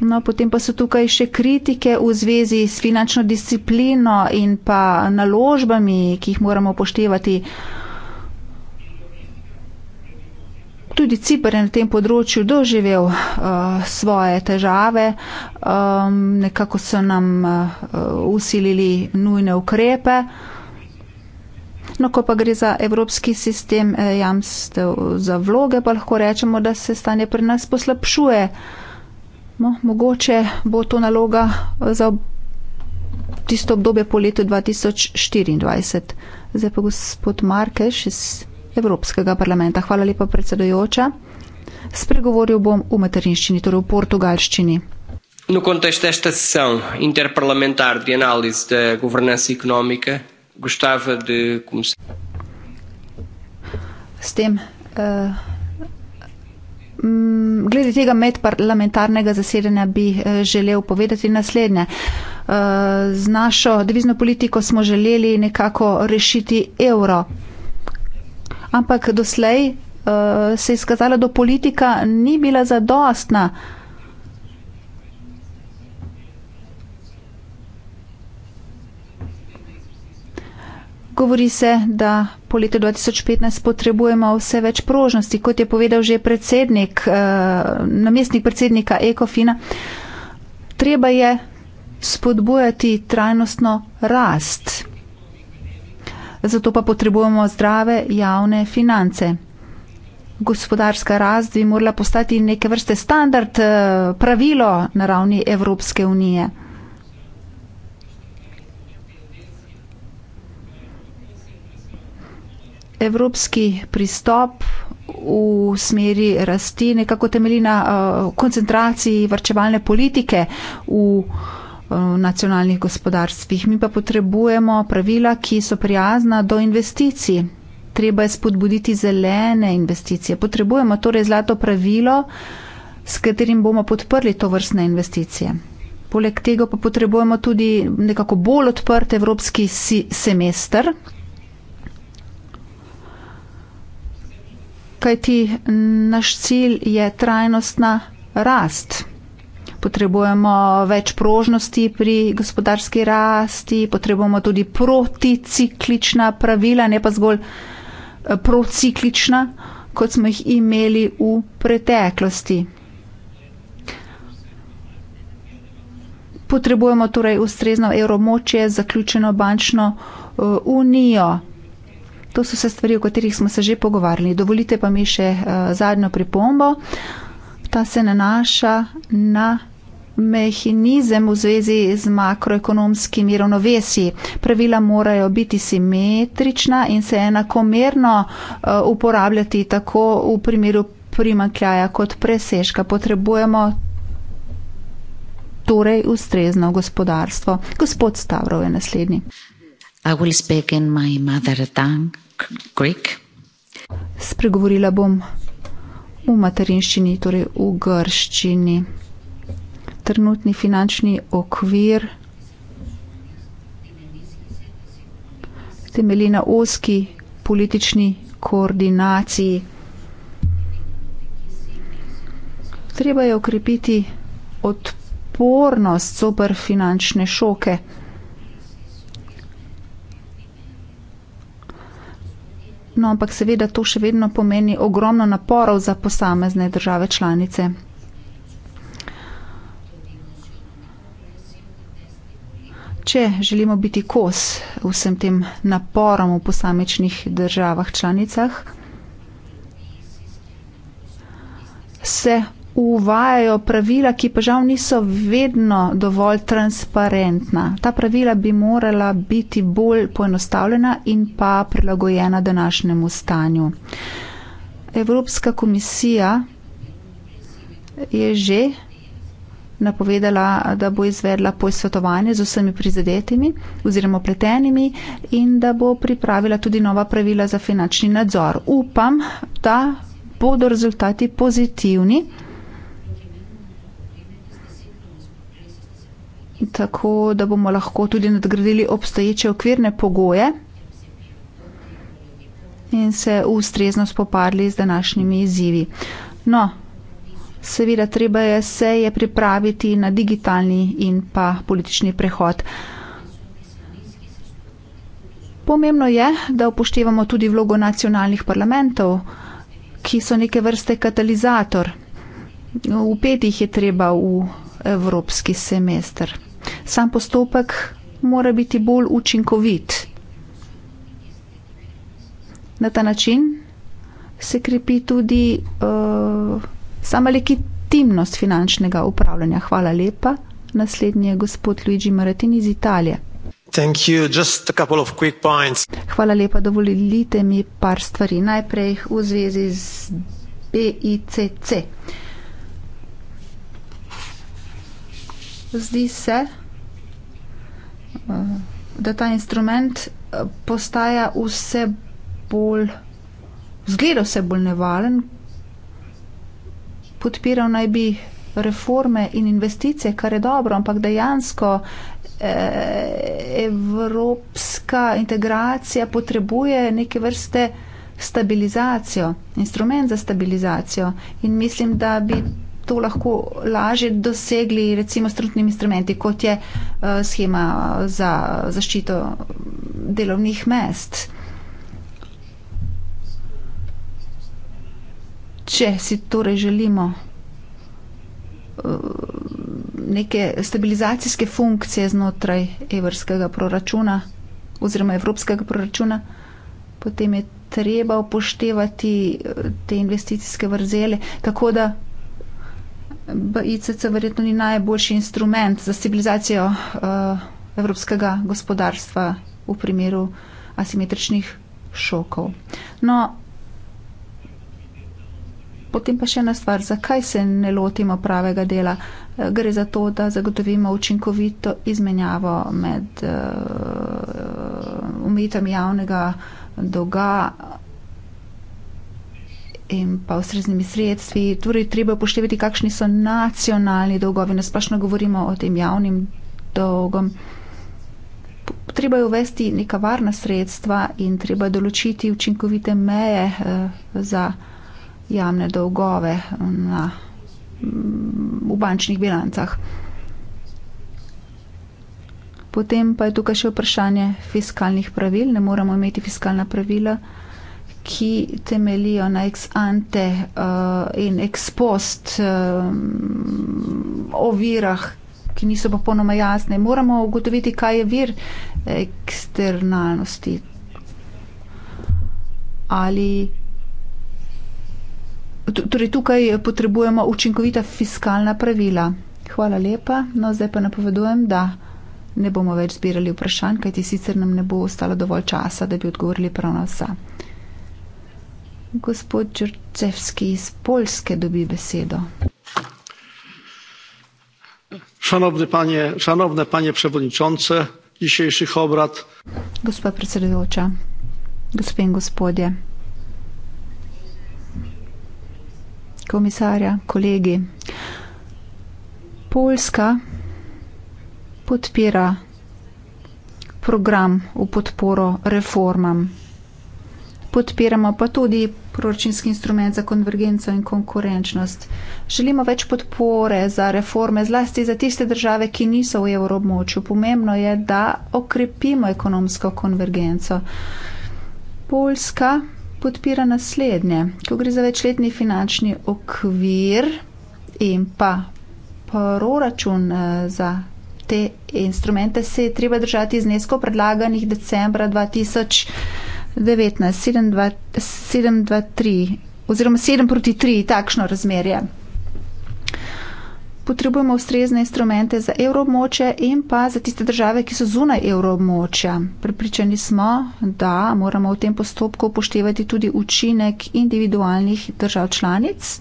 No, potem pa so tukaj še kritike v zvezi s finančno disciplino in pa naložbami, ki jih moramo upoštevati. tudi Cipr je na tem področju doživel uh, svoje težave, um, nekako so nam uh, usilili nujne ukrepe. No, ko pa gre za evropski sistem eh, jamstev za vloge, pa lahko rečemo, da se stanje pri nas poslabšuje. No, mogoče bo to naloga eh, za tisto obdobje po letu 2024. Zdaj pa gospod Markeš iz. Evropskega parlamenta. Hvala lepa, predsedujoča. Spregovoril bom v materinščini, torej v portugalščini. No contexto desta sessão interparlamentar de análise da governança económica, gostava de começar. S tem, uh, glede tega medparlamentarnega zasedanja bi eh, želel povedati naslednje. Uh, z našo devizno politiko smo želeli nekako rešiti evro ampak doslej uh, se je skazalo, da politika ni bila zadostna. Govori se, da po letu 2015 potrebujemo vse več prožnosti, kot je povedal že predsednik, eh, namestnik predsednika Ekofina. Treba je spodbujati trajnostno rast zato pa potrebujemo zdrave javne finance. Gospodarska rast bi morala postati neke vrste standard, eh, pravilo na ravni Evropske unije. Evropski pristop v smeri rasti nekako temelji na uh, koncentraciji vrčevalne politike v uh, v eh, nacionalnih gospodarstvih. Mi pa potrebujemo pravila, ki so prijazna do investicij. Treba je spodbuditi zelene investicije. Potrebujemo torej zlato pravilo, s katerim bomo podprli to vrstne investicije. Poleg tega pa potrebujemo tudi nekako bolj odprt evropski si semester. Kajti naš cilj je trajnostna rast potrebujemo več prožnosti pri gospodarski rasti, potrebujemo tudi proticiklična pravila, ne pa zgolj eh, prociklična, kot smo jih imeli v preteklosti. Potrebujemo torej ustrezno evromočje, zaključeno bančno eh, unijo. To so vse stvari, o katerih smo se že pogovarjali. Dovolite pa mi še uh, zadnjo pripombo. Ta se nanaša na mehinizem v zvezi z makroekonomskimi ravnovesi. Pravila morajo biti simetrična in se enakomerno eh, uporabljati tako v primeru primankljaja kot presežka. Potrebujemo torej ustrezno gospodarstvo. Gospod Stavrov je naslednji. I will speak in my mother tongue, Greek. Spregovorila bom v materinščini, torej v grščini trenutni finančni okvir temelji na oski politični koordinaciji. Treba je okrepiti odpornost zoper finančne šoke. No, ampak seveda to še vedno pomeni ogromno naporov za posamezne države članice. če želimo biti kos vsem tem naporom v posamečnih državah članicah, se uvajajo pravila, ki pa žal niso vedno dovolj transparentna. Ta pravila bi morala biti bolj poenostavljena in pa prilagojena današnjemu stanju. Evropska komisija je že napovedala, da bo izvedla posvetovanje z vsemi prizadetimi oziroma pletenimi in da bo pripravila tudi nova pravila za finančni nadzor. Upam, da bodo rezultati pozitivni. Tako da bomo lahko tudi nadgradili obstoječe okvirne pogoje in se ustrezno spopadli z današnjimi izzivi. No, Seveda treba je se je pripraviti na digitalni in pa politični prehod. Pomembno je, da upoštevamo tudi vlogo nacionalnih parlamentov, ki so neke vrste katalizator. Upeti jih je treba v evropski semester. Sam postopek mora biti bolj učinkovit. Na ta način se krepi tudi uh, Sama legitimnost finančnega upravljanja. Hvala lepa. Naslednji je gospod Luigi Maratin iz Italije. Hvala lepa, dovolite mi par stvari. Najprej v zvezi z BICC. Zdi se, eh, da ta instrument eh, postaja vse bolj, zgleda vse bolj nevaren, podpiral naj bi reforme in investicije, kar je dobro, ampak dejansko eh, evropska integracija potrebuje neke vrste stabilizacijo, instrument za stabilizacijo in mislim, da bi to lahko lažje dosegli recimo s trenutnimi instrumenti, kot je eh, schema za zaščito delovnih mest. Če si torej želimo eh, neke stabilizacijske funkcije znotraj evrskega proračuna oziroma evropskega proračuna, potem je treba upoštevati eh, te investicijske vrzele, tako da ICC verjetno ni najboljši instrument za stabilizacijo uh, evropskega gospodarstva v primeru asimetričnih šokov. No, Potem pa še ena stvar, zakaj se ne lotimo pravega dela? Eh, gre za to, da zagotovimo učinkovito izmenjavo med uh, umetom javnega dolga in pa ustreznimi sredstvi. Torej, treba upoštevati, kakšni so nacionalni dolgovi. Nasplošno govorimo o tem javnim dolgom. Treba je uvesti neka varna sredstva in treba določiti učinkovite meje uh, za javne dolgove um, na, v bančnih bilancah. Potem pa je tukaj še vprašanje fiskalnih pravil. Ne moramo imeti fiskalna pravila, ki temelijo na ex ante uh, in ex post uh, ovirah, ki niso popolnoma jasne. Moramo ugotoviti, kaj je vir eksternalnosti. Ali Torej, tukaj potrebujemo učinkovita fiskalna pravila. Hvala lepa. No, zdaj pa napovedujem, da ne bomo več zbirali vprašanj, kajti sicer nam ne bo ostalo dovolj časa, da bi odgovorili prav na vsa. Gospod Črcevski iz Polske dobi besedo. Szanowny panie, szanowne panie przewodniczące dzisiejszych obrad. Gospa predsedujoča, gospe in gospodje. komisarja, kolegi. Poljska podpira program v podporo reformam. Podpiramo pa tudi proračunski instrument za konvergenco in konkurenčnost. Želimo več podpore za reforme, zlasti za tiste države, ki niso v evroobmočju. Pomembno je, da okrepimo ekonomsko konvergenco. Poljska podpira naslednje. Tu gre za večletni finančni okvir in pa proračun eh, za te instrumente se je treba držati zneskov predlaganih decembra 2019, 7, 2, 7, 2, 3, oziroma 7 proti 3, takšno razmerje potrebujemo ustrezne instrumente za evroobmoče in pa za tiste države, ki so zunaj evroobmoča. Pripričani smo, da moramo v tem postopku upoštevati tudi učinek individualnih držav članic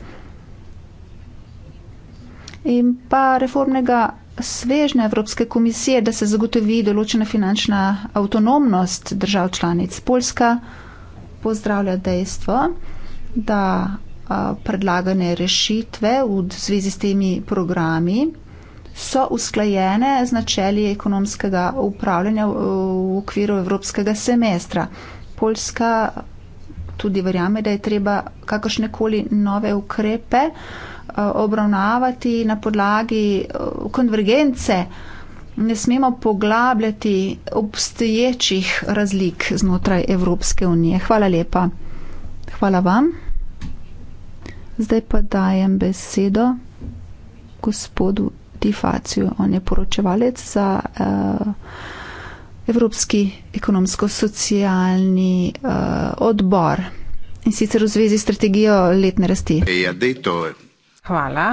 in pa reformnega svežne Evropske komisije, da se zagotovi določena finančna avtonomnost držav članic. Poljska pozdravlja dejstvo, da predlagane rešitve v zvezi s temi programi so usklajene z načeli ekonomskega upravljanja v okviru evropskega semestra. Poljska tudi verjame, da je treba kakršnekoli nove ukrepe obravnavati na podlagi konvergence. Ne smemo poglabljati obstoječih razlik znotraj Evropske unije. Hvala lepa. Hvala vam. Zdaj pa dajem besedo gospodu Tifaciju. On je poročevalec za uh, Evropski ekonomsko-socialni uh, odbor in sicer v zvezi s strategijo letne rasti. Hvala.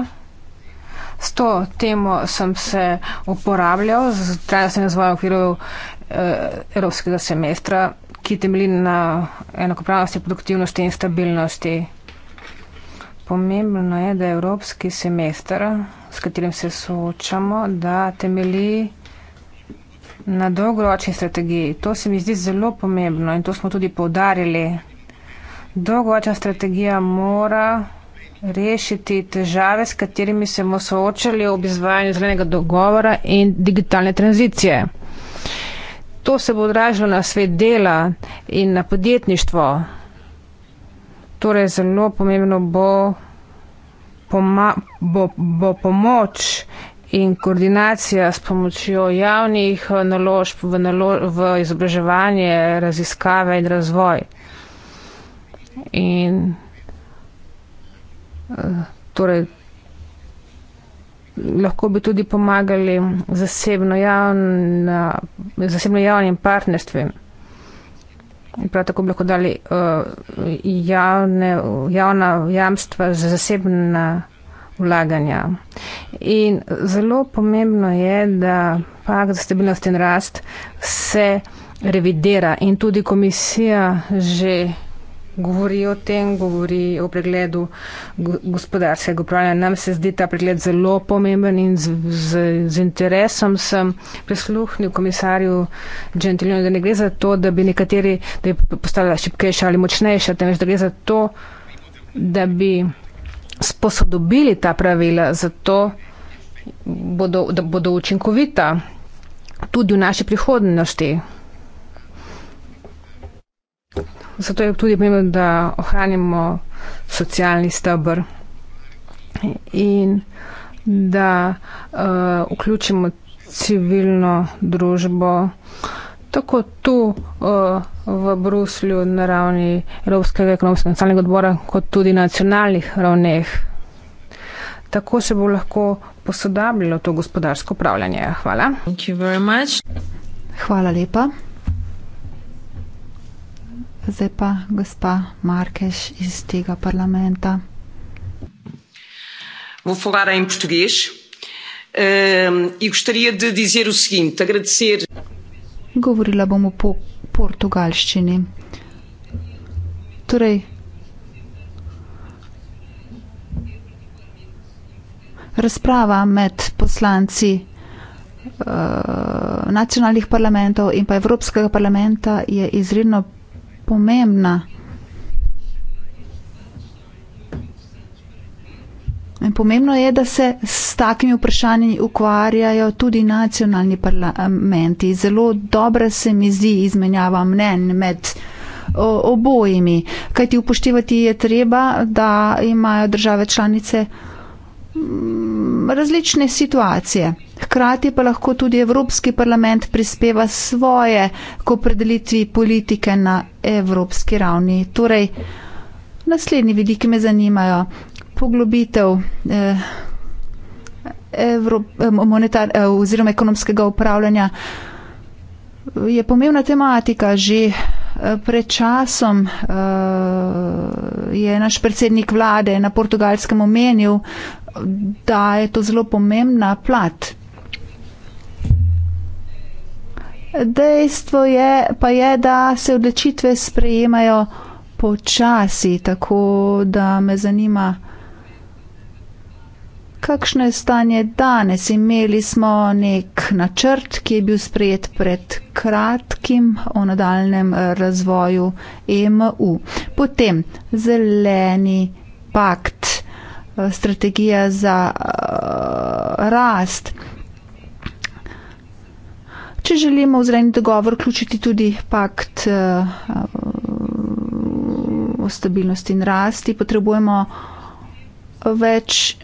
S to temo sem se uporabljal, trajal sem razvoj v okviru eh, evropskega semestra, ki temelji na enakopravnosti, produktivnosti in stabilnosti pomembno je, da je evropski semester, s katerim se soočamo, da temeli na dolgoročni strategiji. To se mi zdi zelo pomembno in to smo tudi povdarjali. Dolgoročna strategija mora rešiti težave, s katerimi se bomo soočali ob izvajanju zelenega dogovora in digitalne tranzicije. To se bo odražalo na svet dela in na podjetništvo torej zelo pomembno bo, poma, bo, bo pomoč in koordinacija s pomočjo javnih eh, naložb v, nalož, v izobraževanje, raziskave in razvoj. In eh, torej, lahko bi tudi pomagali zasebno-javnim zasebno partnerstvem. In prav tako bi lahko dali uh, javne, javna jamstva za zasebna vlaganja. In zelo pomembno je, da pak za stabilnost in rast se revidira in tudi komisija že govori o tem, govori o pregledu gospodarskega upravljanja. Nam se zdi ta pregled zelo pomemben in z, z, z interesom sem prisluhnil komisarju Gentilino, da ne gre za to, da bi nekateri, da bi postala šipkejša ali močnejša, temveč da gre za to, da bi sposodobili ta pravila za to, bodo, da bodo učinkovita tudi v naši prihodnosti. Zato je tudi pomembno, da ohranimo socialni stebr in da uh, vključimo civilno družbo, tako tu uh, v Bruslju na ravni Evropskega ekonomskega in socialnega odbora, kot tudi na nacionalnih ravneh. Tako se bo lahko posodabljalo to gospodarsko upravljanje. Hvala. Hvala lepa. Zdaj pa gospa Markeš iz tega parlamenta. Vou falar em português uh, e gostaria de dizer o seguinte: agradecer. Govorila bom o po portugalsčini. Torej, razprava med poslanci uh, nacionalnih parlamentov in pa Evropskega parlamenta je izredno pomembna. In pomembno je, da se s takimi vprašanji ukvarjajo tudi nacionalni parlamenti. Zelo dobra se mi zdi izmenjava mnenj med obojimi, kajti upoštevati je treba, da imajo države članice. Mm, različne situacije. Hkrati pa lahko tudi Evropski parlament prispeva svoje k opredelitvi politike na evropski ravni. Torej, naslednji vidiki me zanimajo. Poglobitev eh, eh, eh oziroma ekonomskega upravljanja je pomembna tematika že. Eh, pred časom uh, je naš predsednik vlade na portugalskem omenil, uh, da je to zelo pomembna plat. Dejstvo je, pa je, da se odločitve sprejemajo počasi, tako da me zanima, kakšno je stanje danes. Imeli smo nek načrt, ki je bil sprejet pred kratkim o nadaljem razvoju EMU. Potem zeleni pakt strategija za uh, rast. Če želimo v zreni dogovor vključiti tudi pakt uh, o stabilnosti in rasti, potrebujemo več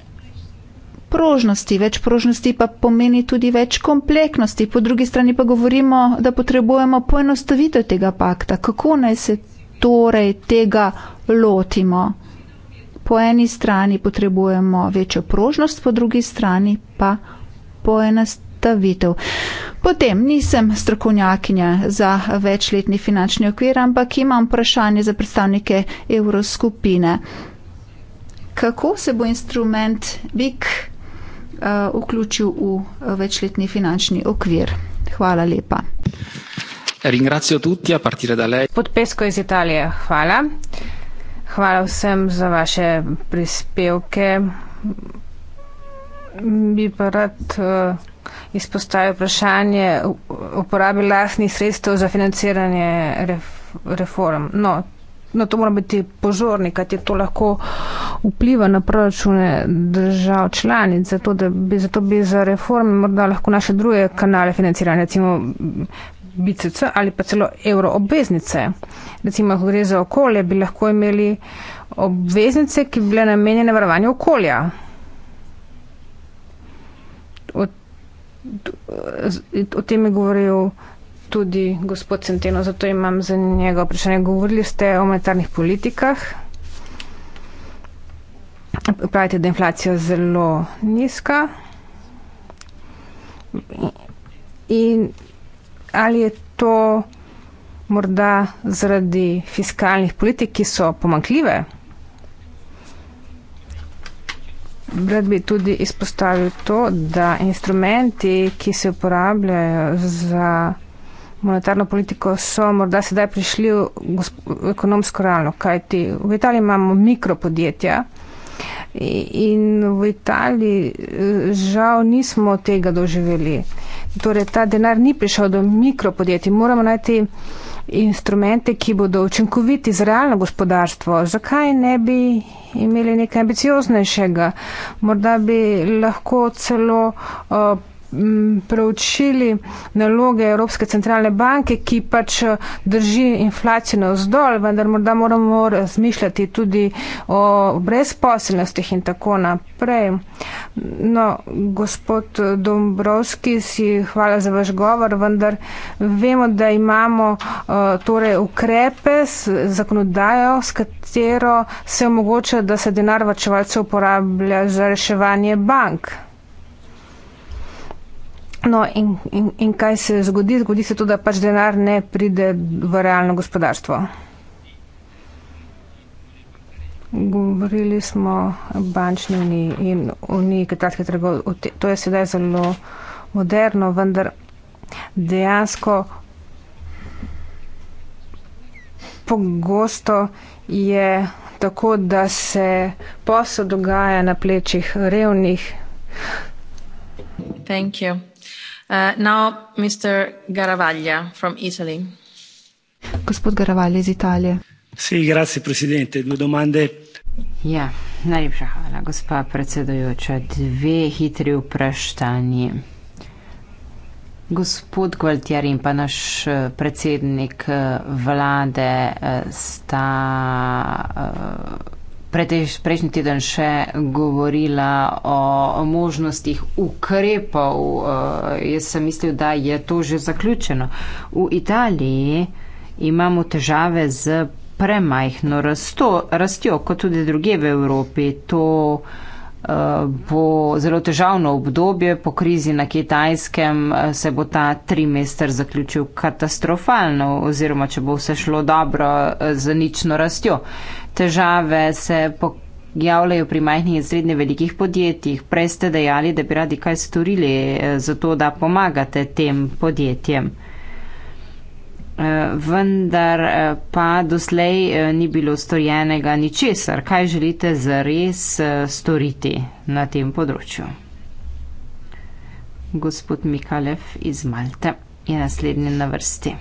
prožnosti. Več prožnosti pa pomeni tudi več kompleksnosti. Po drugi strani pa govorimo, da potrebujemo poenostavitev tega pakta. Kako naj se torej tega lotimo? Po eni strani potrebujemo večjo prožnost, po drugi strani pa poenostavitev. Potem nisem strokovnjakinja za večletni finančni okvir, ampak imam vprašanje za predstavnike evroskupine. Kako se bo instrument BIK uh, vključil v uh, večletni finančni okvir? Hvala lepa. Ringrazio tutti a partire da lei. Pod pesko iz Italije, hvala. Hvala vsem za vaše prispevke. Bi pa rad uh, izpostavil vprašanje uporabe lastnih sredstev za financiranje ref, reform. No, na no, to moramo biti pozorni, kaj je to lahko vpliva na proračune držav članic, zato, bi, zato bi za reforme morda lahko našli druge kanale financiranja, recimo BCC ali pa celo evro obveznice. Recimo, ko gre za okolje, bi lahko imeli obveznice, ki bi bile namenjene varovanju okolja. O, o tem je govoril tudi gospod Centeno, zato imam za njega vprašanje. Govorili ste o monetarnih politikah. Pravite, da je inflacija zelo nizka. In ali je to morda zaradi fiskalnih politik, ki so pomankljive? Rad bi tudi izpostavil to, da instrumenti, ki se uporabljajo za monetarno politiko, so morda sedaj prišli v ekonomsko realno, kajti v Italiji imamo mikropodjetja, In v Italiji eh, žal nismo tega doživeli. Torej, ta denar ni prišel do mikropodjetij. Moramo najti instrumente, ki bodo učinkoviti za realno gospodarstvo. Zakaj ne bi imeli nekaj ambicioznejšega? Morda bi lahko celo uh, preučili naloge Evropske centralne banke, ki pač eh, drži inflacijo na vzdolj, vendar morda moramo razmišljati tudi o brezposelnostih in tako naprej. No, gospod Dombrovski, si hvala za vaš govor, vendar vemo, da imamo eh, torej ukrepe, zakonodajo, s katero se omogoča, da se denar vačevalcev uporablja za reševanje bank. No, in, in, in kaj se zgodi? Zgodi se to, da pač denar ne pride v realno gospodarstvo. Govorili smo o bančni uniji in uniji kratke trgovine. To je sedaj zelo moderno, vendar dejansko pogosto je tako, da se posel dogaja na plečih revnih. Thank you. Uh, gospod Garavaglia iz Italije. Sì, grazie presidente, due domande. Ja, najlepša hvala, gospa predsedujoča. Dve hitri vprašanji. Gospod Gualtieri in pa naš eh, predsednik eh, vlade eh, sta. Uh, prejšnji teden še govorila o, o možnostih ukrepov. Uh, jaz sem mislil, da je to že zaključeno. V Italiji imamo težave z premajhno rasto, rastjo, kot tudi druge v Evropi. To uh, bo zelo težavno obdobje. Po krizi na kitajskem eh, se bo ta trimester zaključil katastrofalno oziroma, če bo vse šlo dobro, z nično rastjo. Uh, težave se pojavljajo pri majhnih in srednje velikih podjetjih. Prej ste dejali, da bi radi kaj storili eh, za to, da pomagate tem podjetjem. Eh, vendar eh, pa doslej ni bilo storjenega ničesar. Kaj želite zares storiti na tem področju? Gospod Mikalev iz Malte je naslednji na vrsti.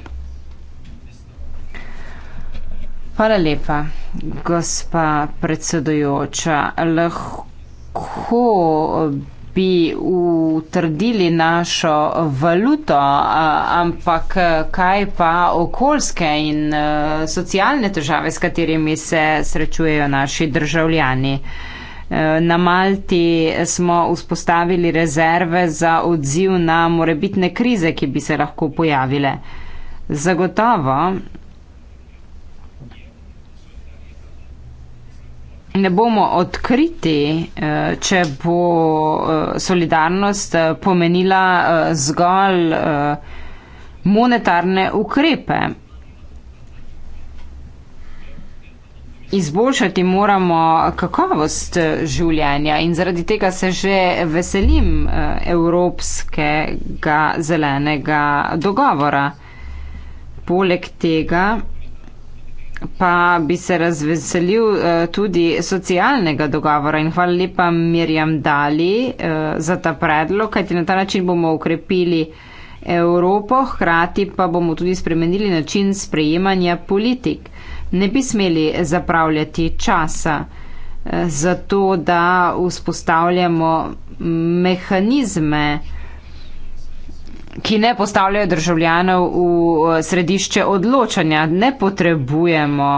Hvala lepa, gospa predsedujoča. Lahko bi utrdili našo valuto, ampak kaj pa okoljske in e, socialne težave, s katerimi se srečujejo naši državljani? E, na Malti smo vzpostavili rezerve za odziv na morebitne krize, ki bi se lahko pojavile. Zagotovo ne bomo odkriti, eh, če bo eh, solidarnost eh, pomenila zgolj monetarne ukrepe. Izboljšati moramo kakovost življenja in zaradi tega se že veselim evropskega zelenega dogovora. Poleg tega pa bi se razveselil eh, tudi socialnega dogovora in hvala lepa Mirjam Dali eh, za ta predlog, kajti na ta način bomo ukrepili Evropo, hkrati pa bomo tudi spremenili način sprejemanja politik. Ne bi smeli zapravljati časa eh, za to, da vzpostavljamo mehanizme, ki ne postavljajo državljanov v eh, središče odločanja. Ne potrebujemo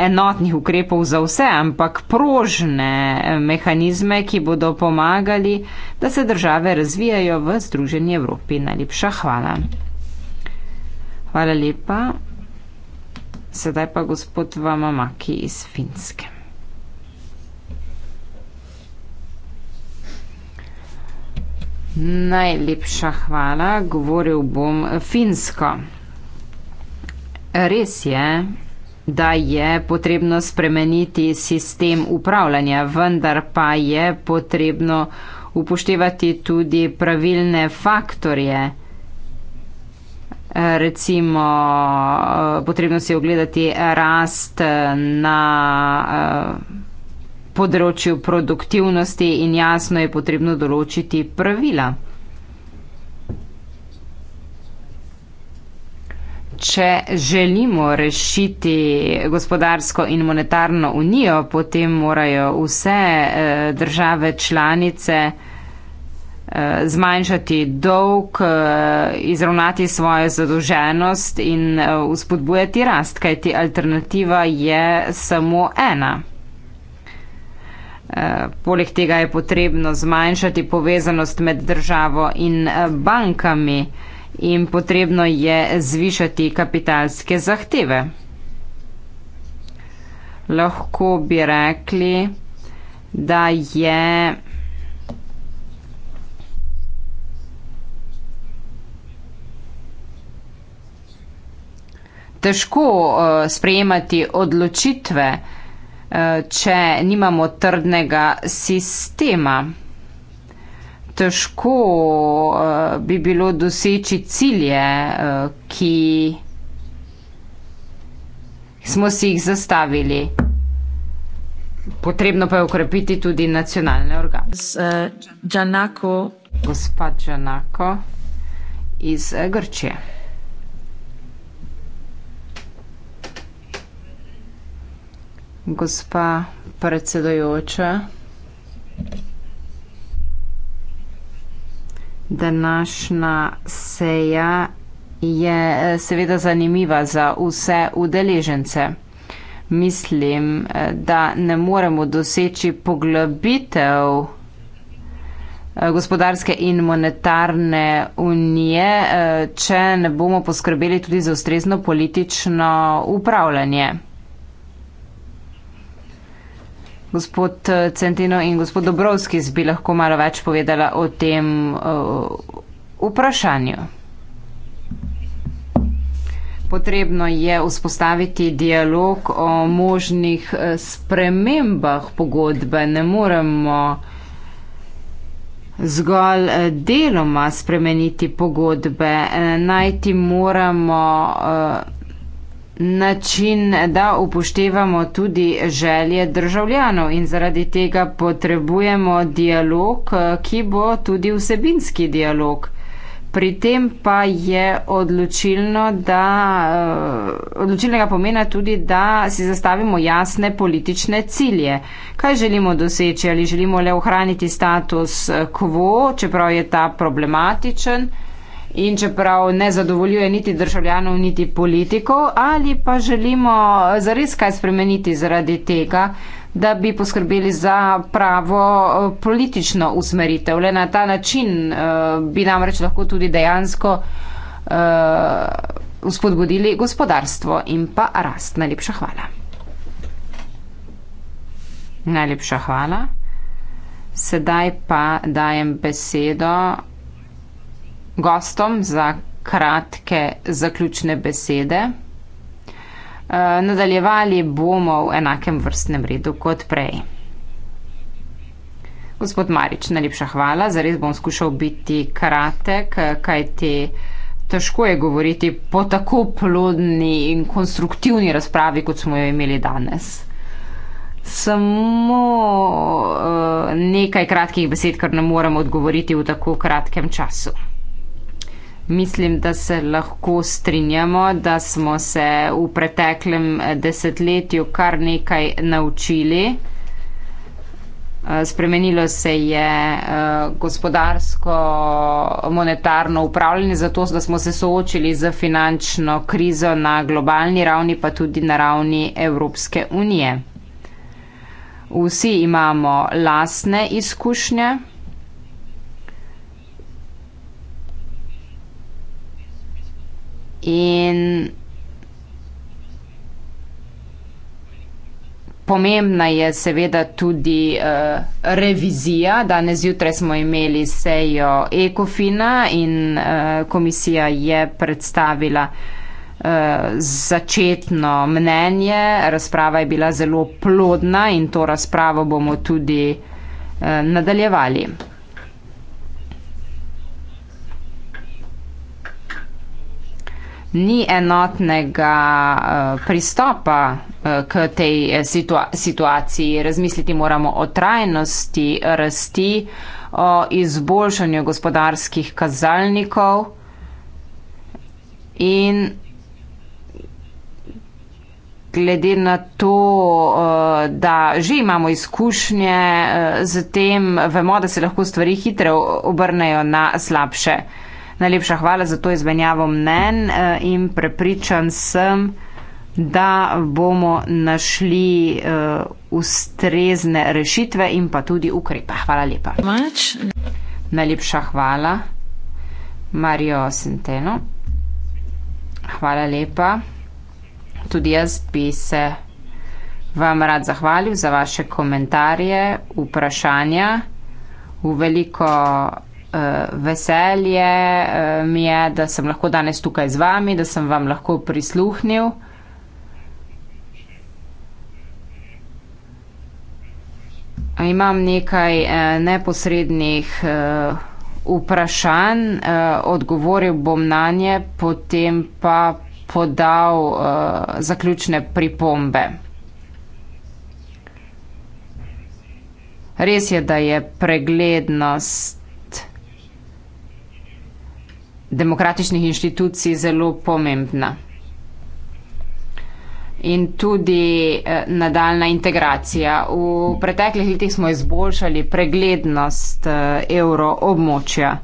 enotnih ukrepov za vse, ampak prožne eh, mehanizme, ki bodo pomagali, da se države razvijajo v Združeni Evropi. Najlepša hvala. Hvala lepa. Sedaj pa gospod Vamamaki iz Finske. Najlepša hvala, govoril bom finsko. Res je, da je potrebno spremeniti sistem upravljanja, vendar pa je potrebno upoštevati tudi pravilne faktorje. Recimo, potrebno si ogledati rast na področju produktivnosti in jasno je potrebno določiti pravila. Če želimo rešiti gospodarsko in monetarno unijo, potem morajo vse eh, države članice eh, zmanjšati dolg, eh, izravnati svojo zadolženost in uspodbujati rast, kajti alternativa je samo ena. Eh, poleg tega je potrebno zmanjšati povezanost med državo in eh, bankami in potrebno je zvišati kapitalske zahteve. Lahko bi rekli, da je težko uh, sprejemati odločitve, Eh, če nimamo trdnega sistema. Težko eh, bi bilo doseči cilje, eh, ki smo si jih zastavili. Potrebno pa je ukrepiti tudi nacionalne organe. Gospod Džanako iz Grčije. gospa predsedojoča. Današnja seja je seveda zanimiva za vse udeležence. Mislim, da ne moremo doseči poglobitev eh, gospodarske in monetarne unije, eh, če ne bomo poskrbeli tudi za ustrezno politično upravljanje. Gospod eh, Centino in gospod Dobrovski bi lahko malo več povedala o tem uh, vprašanju. Potrebno je vzpostaviti dialog o možnih eh, spremembah pogodbe. Ne moremo zgolj deloma spremeniti pogodbe. Najti moramo. Uh, način, da upoštevamo tudi želje državljanov in zaradi tega potrebujemo dialog, ki bo tudi vsebinski dialog. Pri tem pa je odločilno, da, eh, odločilnega pomena tudi, da si zastavimo jasne politične cilje. Kaj želimo doseči? Ali želimo le ohraniti status eh, quo, čeprav je ta problematičen? in čeprav ne zadovoljuje niti državljanov, niti politikov, ali pa želimo zares kaj spremeniti zaradi tega, da bi poskrbeli za pravo eh, politično usmeritev. Le na ta način eh, bi nam reč lahko tudi dejansko uspodbudili eh, gospodarstvo in pa rast. Najlepša hvala. Najlepša hvala. Sedaj pa dajem besedo gostom za kratke zaključne besede. Eh, nadaljevali bomo v enakem vrstnem redu kot prej. Gospod Marič, najlepša hvala. Zares bom skušal biti kratek, eh, kajti težko je govoriti po tako plodni in konstruktivni razpravi, kot smo jo imeli danes. Samo uh, nekaj kratkih besed, kar ne morem odgovoriti v tako kratkem času. Mislim, da se lahko strinjamo, da smo se v preteklem desetletju kar nekaj naučili. Eh, spremenilo se je eh, gospodarsko monetarno upravljanje, zato da smo se soočili z finančno krizo na globalni ravni, pa tudi na ravni Evropske unije. Vsi imamo lasne izkušnje. In pomembna je seveda tudi uh, revizija. Danes jutraj smo imeli sejo Ekofina in uh, komisija je predstavila eh, začetno mnenje. Razprava je bila zelo plodna in to razpravo bomo tudi nadaljevali. ni enotnega uh, pristopa uh, k tej eh, situa situaciji. Razmisliti moramo o trajnosti rasti, o izboljšanju gospodarskih kazalnikov in glede na to, uh, da že imamo izkušnje uh, z tem, vemo, da se lahko stvari hitro obrnejo na slabše. Uh, Najlepša hvala za to izmenjavo mnen eh, in prepričan sem, da bomo našli eh, ustrezne rešitve in pa tudi ukrepe. Hvala lepa. Mač. Najlepša hvala, Marijo Senteno. Hvala lepa. Tudi jaz bi se vam rad zahvalil za vaše komentarje, vprašanja. V veliko Eh, veselje eh, mi je, da sem lahko danes tukaj z vami, da sem vam lahko prisluhnil. Imam nekaj eh, neposrednih vprašanj, odgovoril bom na nje, potem pa podal zaključne pripombe. Res je, da je preglednost demokratičnih inštitucij zelo pomembna. In tudi eh, nadaljna integracija. V preteklih letih smo izboljšali preglednost eh, evroobmočja.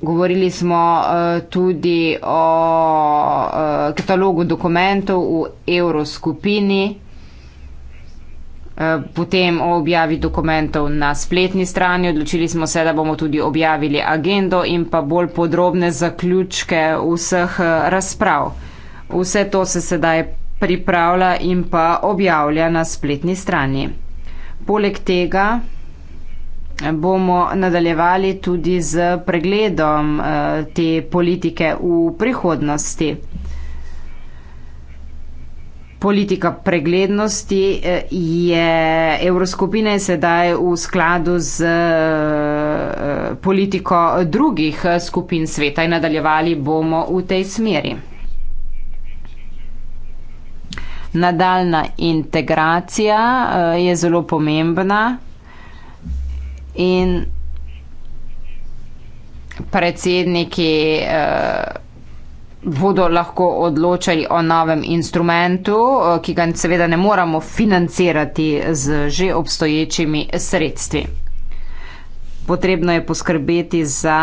Govorili smo eh, tudi o katalogu dokumentov v evroskupini. Eh, potem o objavi dokumentov na spletni strani. Odločili smo se, da bomo tudi objavili agendo in pa bolj podrobne zaključke vseh eh, razprav. Vse to se sedaj pripravlja in pa objavlja na spletni strani. Poleg tega eh, bomo nadaljevali tudi z pregledom te politike v prihodnosti politika preglednosti eh, je Evroskupine sedaj v skladu z eh, politiko drugih eh, skupin sveta in nadaljevali bomo v tej smeri. Nadaljna integracija je zelo pomembna in predsedniki bodo lahko odločali o novem instrumentu, eh, ki ga seveda ne moramo financirati z že obstoječimi sredstvi. Potrebno je poskrbeti za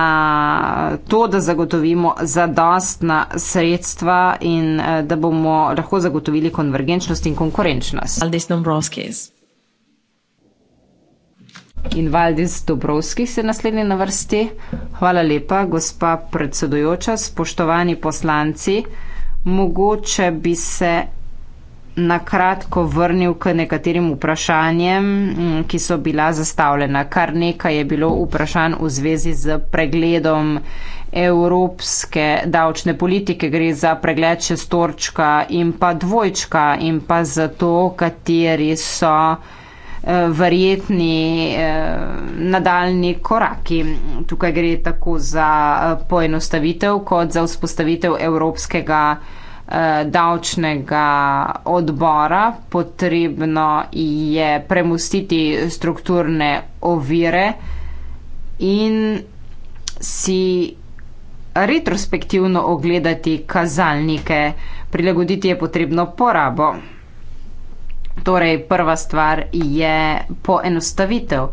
to, da zagotovimo zadostna sredstva in eh, da bomo lahko zagotovili konvergenčnost in konkurenčnost. Aldis Dombrovskis in Valdis Dobrovski se naslednji na vrsti. Hvala lepa, gospa predsedujoča, spoštovani poslanci. Mogoče bi se nakratko vrnil k nekaterim vprašanjem, mm, ki so bila zastavljena. Kar nekaj je bilo vprašanj v zvezi z pregledom evropske davčne politike. Gre za pregled šestorčka in pa dvojčka in pa za to, kateri so verjetni eh, nadaljni koraki. Tukaj gre tako za eh, poenostavitev, kot za vzpostavitev evropskega eh, davčnega odbora. Potrebno je premustiti strukturne ovire in si retrospektivno ogledati kazalnike, prilagoditi je potrebno porabo. Torej, prva stvar je poenostavitev.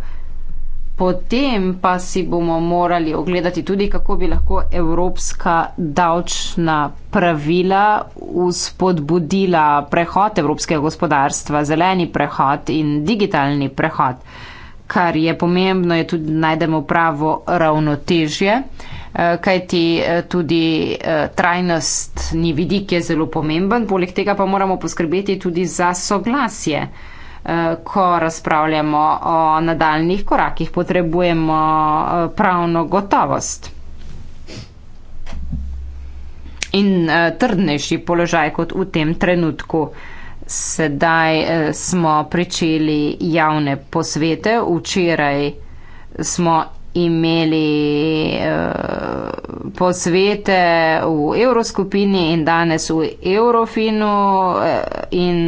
Potem pa si bomo morali ogledati tudi, kako bi lahko evropska davčna pravila uspodbudila prehod evropskega gospodarstva, zeleni prehod in digitalni prehod. Kar je pomembno, je tudi najdemo pravo ravnotežje. Eh, kajti eh, tudi eh, trajnostni vidik je zelo pomemben. Poleg tega pa moramo poskrbeti tudi za soglasje. Ko razpravljamo o nadaljnih korakih, potrebujemo pravno gotovost. In trdnejši položaj kot v tem trenutku. Sedaj smo pričeli javne posvete, včeraj smo imeli uh, posvete v Evroskupini in danes v Eurofinu eh, in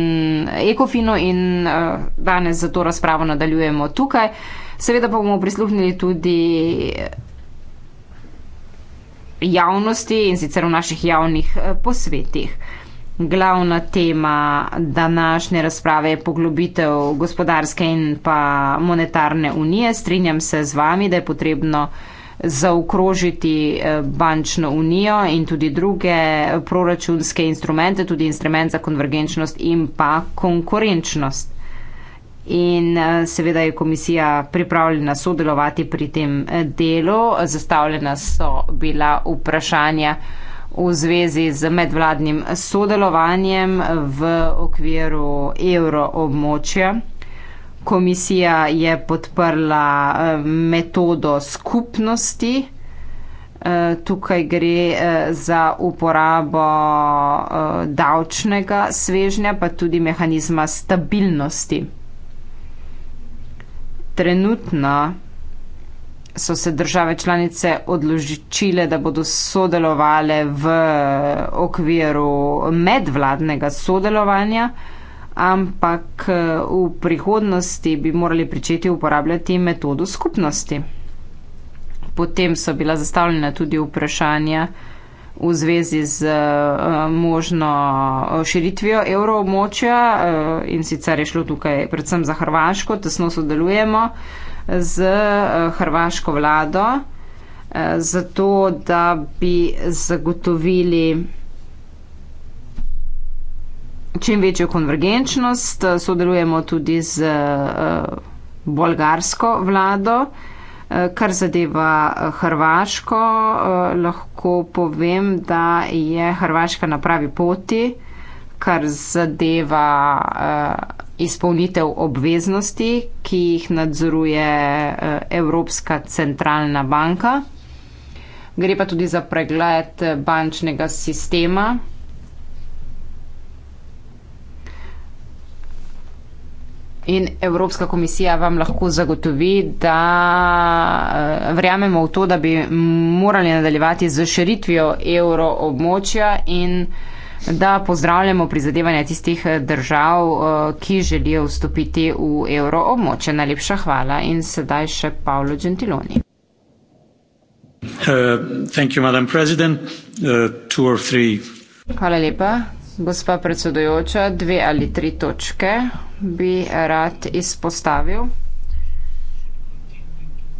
Ekofinu in uh, danes za to razpravo nadaljujemo tukaj. Seveda pa bomo prisluhnili tudi javnosti in sicer v naših javnih posvetih glavna tema današnje razprave je poglobitev gospodarske in pa monetarne unije. Strinjam se z vami, da je potrebno zaokrožiti eh, bančno unijo in tudi druge proračunske instrumente, tudi instrument za konvergenčnost in pa konkurenčnost. In eh, seveda je komisija pripravljena sodelovati pri tem eh, delu. Zastavljena so bila vprašanja v zvezi z medvladnim sodelovanjem v okviru evroobmočja. Komisija je podprla eh, metodo skupnosti. Eh, tukaj gre eh, za uporabo davčnega svežnja, pa tudi mehanizma stabilnosti. Trenutno so se države članice odločile, da bodo sodelovali v okviru medvladnega sodelovanja, ampak eh, v prihodnosti bi morali pričeti uporabljati metodo skupnosti. Potem so bila zastavljena tudi vprašanja v zvezi z eh, možno širitvijo evroobmočja eh, in sicer je šlo tukaj predvsem za Hrvaško, tesno sodelujemo z eh, hrvaško vlado, eh, zato da bi zagotovili čim večjo konvergenčnost. Sodelujemo tudi z eh, bolgarsko vlado. Kar zadeva Hrvaško, lahko povem, da je Hrvaška na pravi poti, kar zadeva izpolnitev obveznosti, ki jih nadzoruje e, Evropska centralna banka. Gre pa tudi za pregled e, bančnega sistema. In Evropska komisija vam lahko zagotovi, da e, verjamemo v to, da bi morali nadaljevati z širitvijo evroobmočja in da pozdravljamo prizadevanja tistih eh, držav, eh, ki želijo vstopiti v evro območje. Najlepša hvala in sedaj še Paolo Gentiloni. Uh, uh, hvala lepa, gospa predsedujoča. Dve ali tri točke bi rad izpostavil.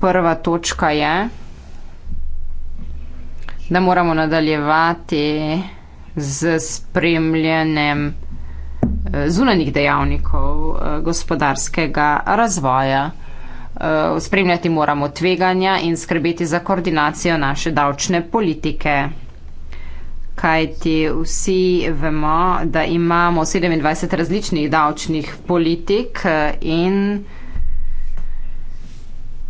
Prva točka je, da moramo nadaljevati z spremljenjem eh, zunanjih dejavnikov eh, gospodarskega razvoja. Eh, spremljati moramo tveganja in skrbeti za koordinacijo naše davčne politike. Kajti vsi vemo, da imamo 27 različnih davčnih politik in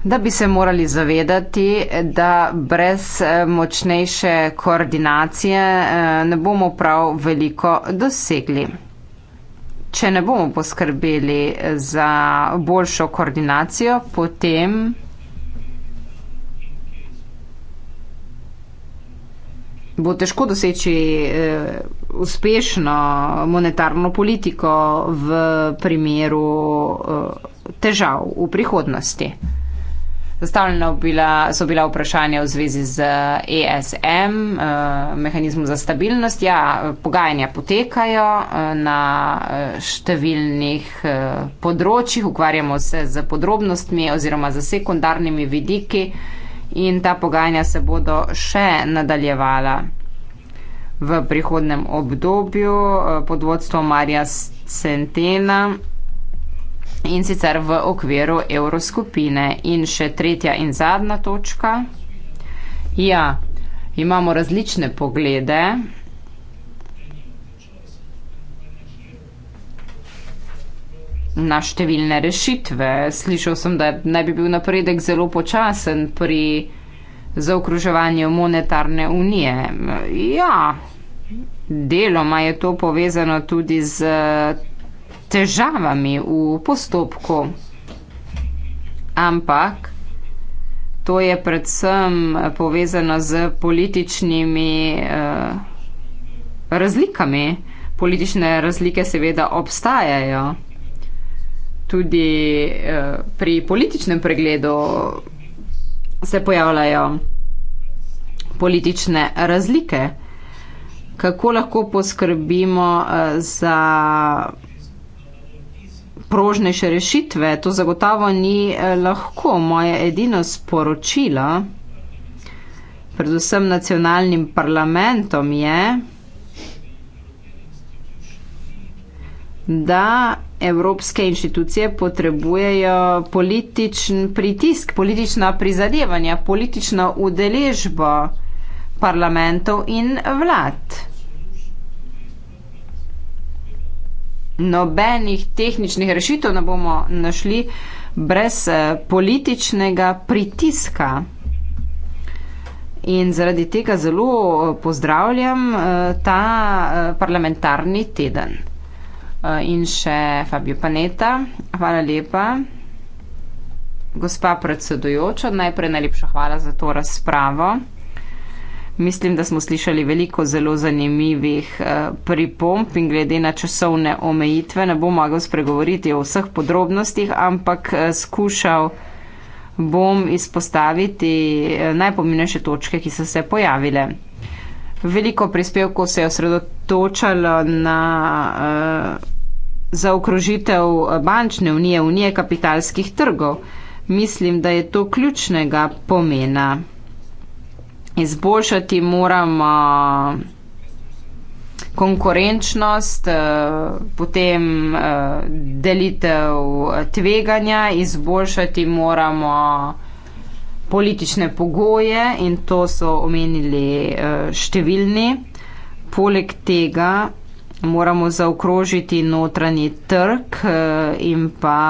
Da bi se morali zavedati, da brez eh, močnejše koordinacije eh, ne bomo prav veliko dosegli. Če ne bomo poskrbeli eh, za boljšo koordinacijo, potem. Bo težko doseči eh, uspešno monetarno politiko v primeru eh, težav v prihodnosti. Zastavljena so bila vprašanja v zvezi z ESM, eh, e eh, mehanizmom za stabilnost. Ja, pogajanja potekajo eh, na številnih področjih, ukvarjamo se z podrobnostmi oziroma z sekundarnimi vidiki in ta pogajanja se bodo še nadaljevala v prihodnem obdobju pod vodstvom Marija Centena in sicer v okviru evroskupine. In še tretja in zadnja točka. Ja, imamo različne poglede. Na številne rešitve. Slišal sem, da naj bi bil napredek zelo počasen pri zaokruževanju monetarne unije. Ja, deloma je to povezano tudi z težavami v postopku. Ampak to je predvsem povezano z političnimi eh, razlikami. Politične razlike seveda obstajajo. Tudi eh, pri političnem pregledu se pojavljajo politične razlike. Kako lahko poskrbimo eh, za prožnejše rešitve. To zagotavo ni eh, lahko. Moje edino sporočilo predvsem nacionalnim parlamentom je, da evropske inštitucije potrebujejo političen pritisk, politična prizadevanja, politično udeležbo parlamentov in vlad. nobenih tehničnih rešitev ne bomo našli brez eh, političnega pritiska. In zaradi tega zelo eh, pozdravljam eh, ta parlamentarni teden. In še Fabio Paneta, hvala lepa. Gospa predsedujoča, najprej najlepša hvala za to razpravo. Mislim, da smo slišali veliko zelo zanimivih eh, pripomp in glede na časovne omejitve ne bom mogel spregovoriti o vseh podrobnostih, ampak eh, skušal bom izpostaviti eh, najpomembnejše točke, ki so se pojavile. Veliko prispevkov se je osredotočalo na zaokrožitev bančne unije, unije kapitalskih trgov. Mislim, da je to ključnega pomena izboljšati, moram konkurenčnost, potem delitev tveganja, izboljšati moramo politične pogoje in to so omenili številni. Poleg tega moramo zaokrožiti notranji trg in pa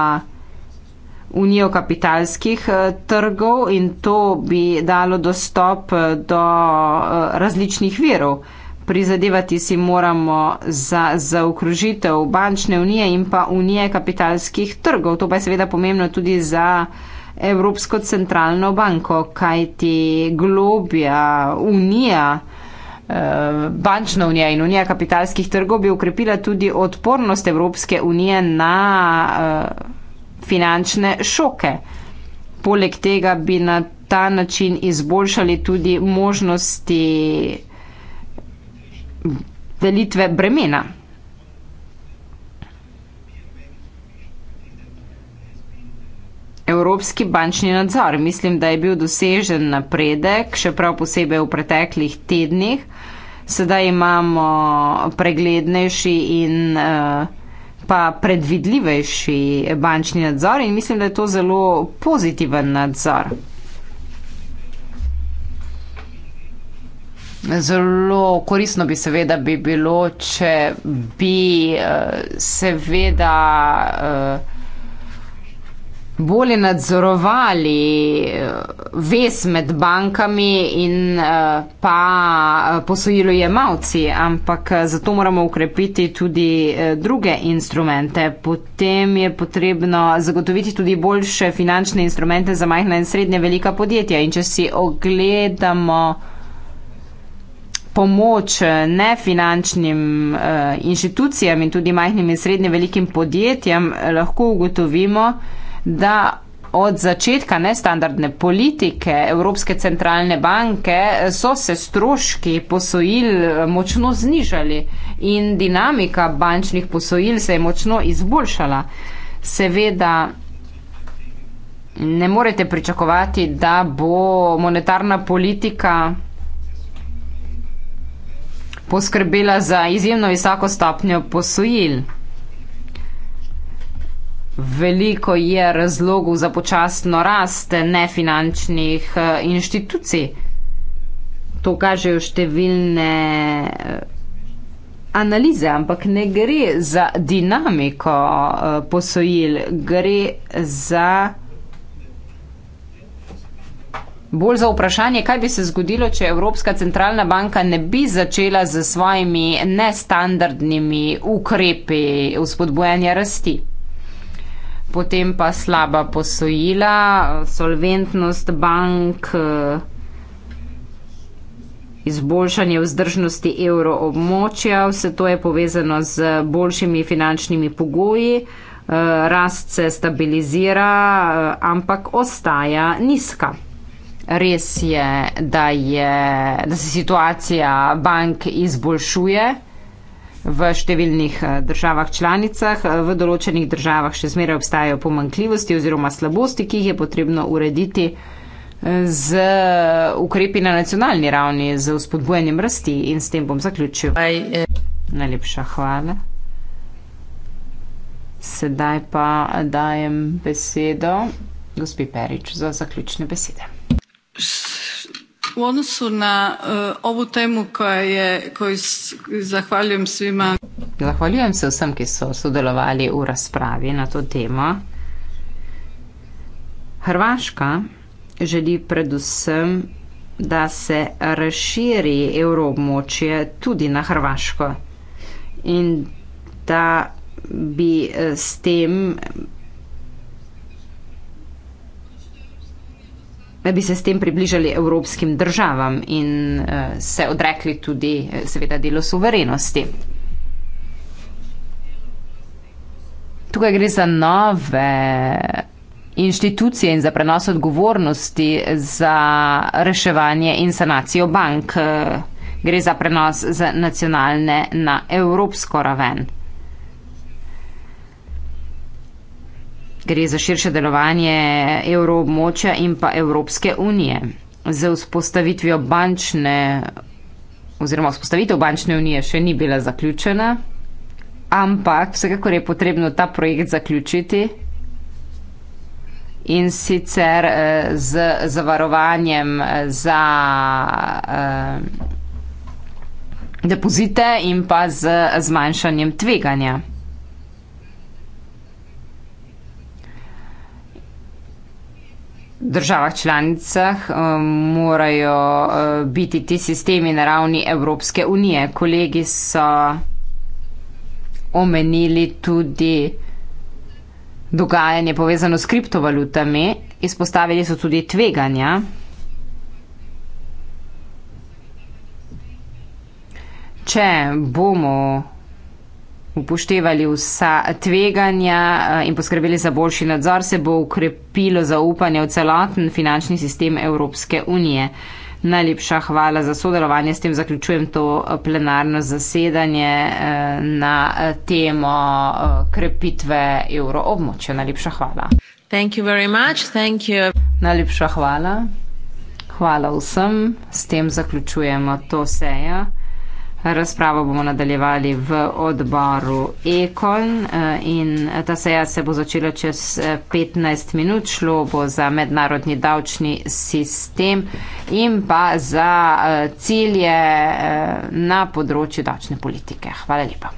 unijo kapitalskih eh, trgov in to bi dalo dostop eh, do eh, različnih virov. Prizadevati si moramo za zaokružitev bančne unije in pa unije kapitalskih trgov. To pa je seveda pomembno tudi za Evropsko centralno banko, kajti globja unija, bančna unija in unija kapitalskih trgov bi ukrepila tudi odpornost Evropske unije na finančne šoke. Poleg tega bi na ta način izboljšali tudi možnosti delitve bremena. Evropski bančni nadzor. Mislim, da je bil dosežen napredek, še prav posebej v preteklih tednih. Sedaj imamo preglednejši in uh, pa predvidljivejši bančni nadzor in mislim, da je to zelo pozitiven nadzor. Zelo korisno bi seveda bi bilo, če bi eh, seveda. Uh, bolje nadzorovali eh, ves med bankami in eh, pa eh, posojilo jemalci, ampak zato moramo ukrepiti tudi druge instrumente. Potem je potrebno zagotoviti tudi boljše finančne instrumente za majhna in srednje velika podjetja. In če si ogledamo pomoč nefinančnim inštitucijam in tudi majhnim in srednje velikim podjetjem, lahko ugotovimo, da od začetka nestandardne politike Evropske centralne banke so se stroški posojil eh, močno znižali in dinamika bančnih posojil se je močno izboljšala. Seveda ne morete pričakovati, da bo monetarna politika poskrbela za izjemno visoko stopnjo posojil veliko je razlogov za počasno rast nefinančnih eh, inštitucij. To kažejo številne eh, analize, ampak ne gre za dinamiko eh, posojil, gre za bolj za vprašanje, kaj bi se zgodilo, če Evropska centralna banka ne bi začela z svojimi nestandardnimi ukrepi v spodbojanje rasti potem pa slaba posojila, solventnost bank, eh, izboljšanje vzdržnosti evroobmočja, vse to je povezano z boljšimi finančnimi pogoji, eh, rast se stabilizira, eh, ampak ostaja nizka. Res je, da, je, da se situacija bank izboljšuje v številnih eh, državah članicah. Eh, v določenih državah še zmeraj obstajajo pomankljivosti oziroma slabosti, ki jih je potrebno urediti eh, z ukrepi na nacionalni ravni, z vzpodbujanjem rasti in s tem bom zaključil. Najlepša hvala. Sedaj pa dajem besedo gospi Perič za zaključne besede u odnosu na uh, ovu temu koja je, koju s, zahvaljujem svima. Zahvaljujem se vsem, ki so sodelovali u raspravi na to temo. Hrvaška želi predvsem, da se razširi evroobmočje tudi na Hrvaško in da bi s tem da bi se s tem približali evropskim državam in eh, se odrekli tudi eh, seveda delo suverenosti. Tukaj gre za nove inštitucije in za prenos odgovornosti za reševanje in sanacijo bank. Eh, gre za prenos z nacionalne na evropsko raven. Gre za širše delovanje evroobmočja in pa Evropske unije. Z vzpostavitvijo bančne oziroma vzpostavitev bančne unije še ni bila zaključena, ampak vsekakor je potrebno ta projekt zaključiti in sicer eh, z zavarovanjem eh, za eh, depozite in pa z zmanjšanjem tveganja. državah članicah um, morajo uh, biti ti sistemi na ravni Evropske unije. Kolegi so omenili tudi dogajanje povezano s kriptovalutami, izpostavili so tudi tveganja. Če bomo upoštevali vsa tveganja eh, in poskrbeli za boljši nadzor, se bo ukrepilo zaupanje v celoten finančni sistem Evropske unije. Najlepša hvala za sodelovanje. S tem zaključujem to eh, plenarno zasedanje eh, na temo krepitve evroobmočja. Najlepša hvala. Thank you very much. Thank you. Najlepša hvala. Hvala vsem. S tem zaključujemo to sejo. Razpravo bomo nadaljevali v odboru Ekon eh, in ta seja se bo začela čez 15 eh, minut. Šlo bo za mednarodni davčni sistem in pa za eh, cilje na področju davčne politike. Hvala lepa.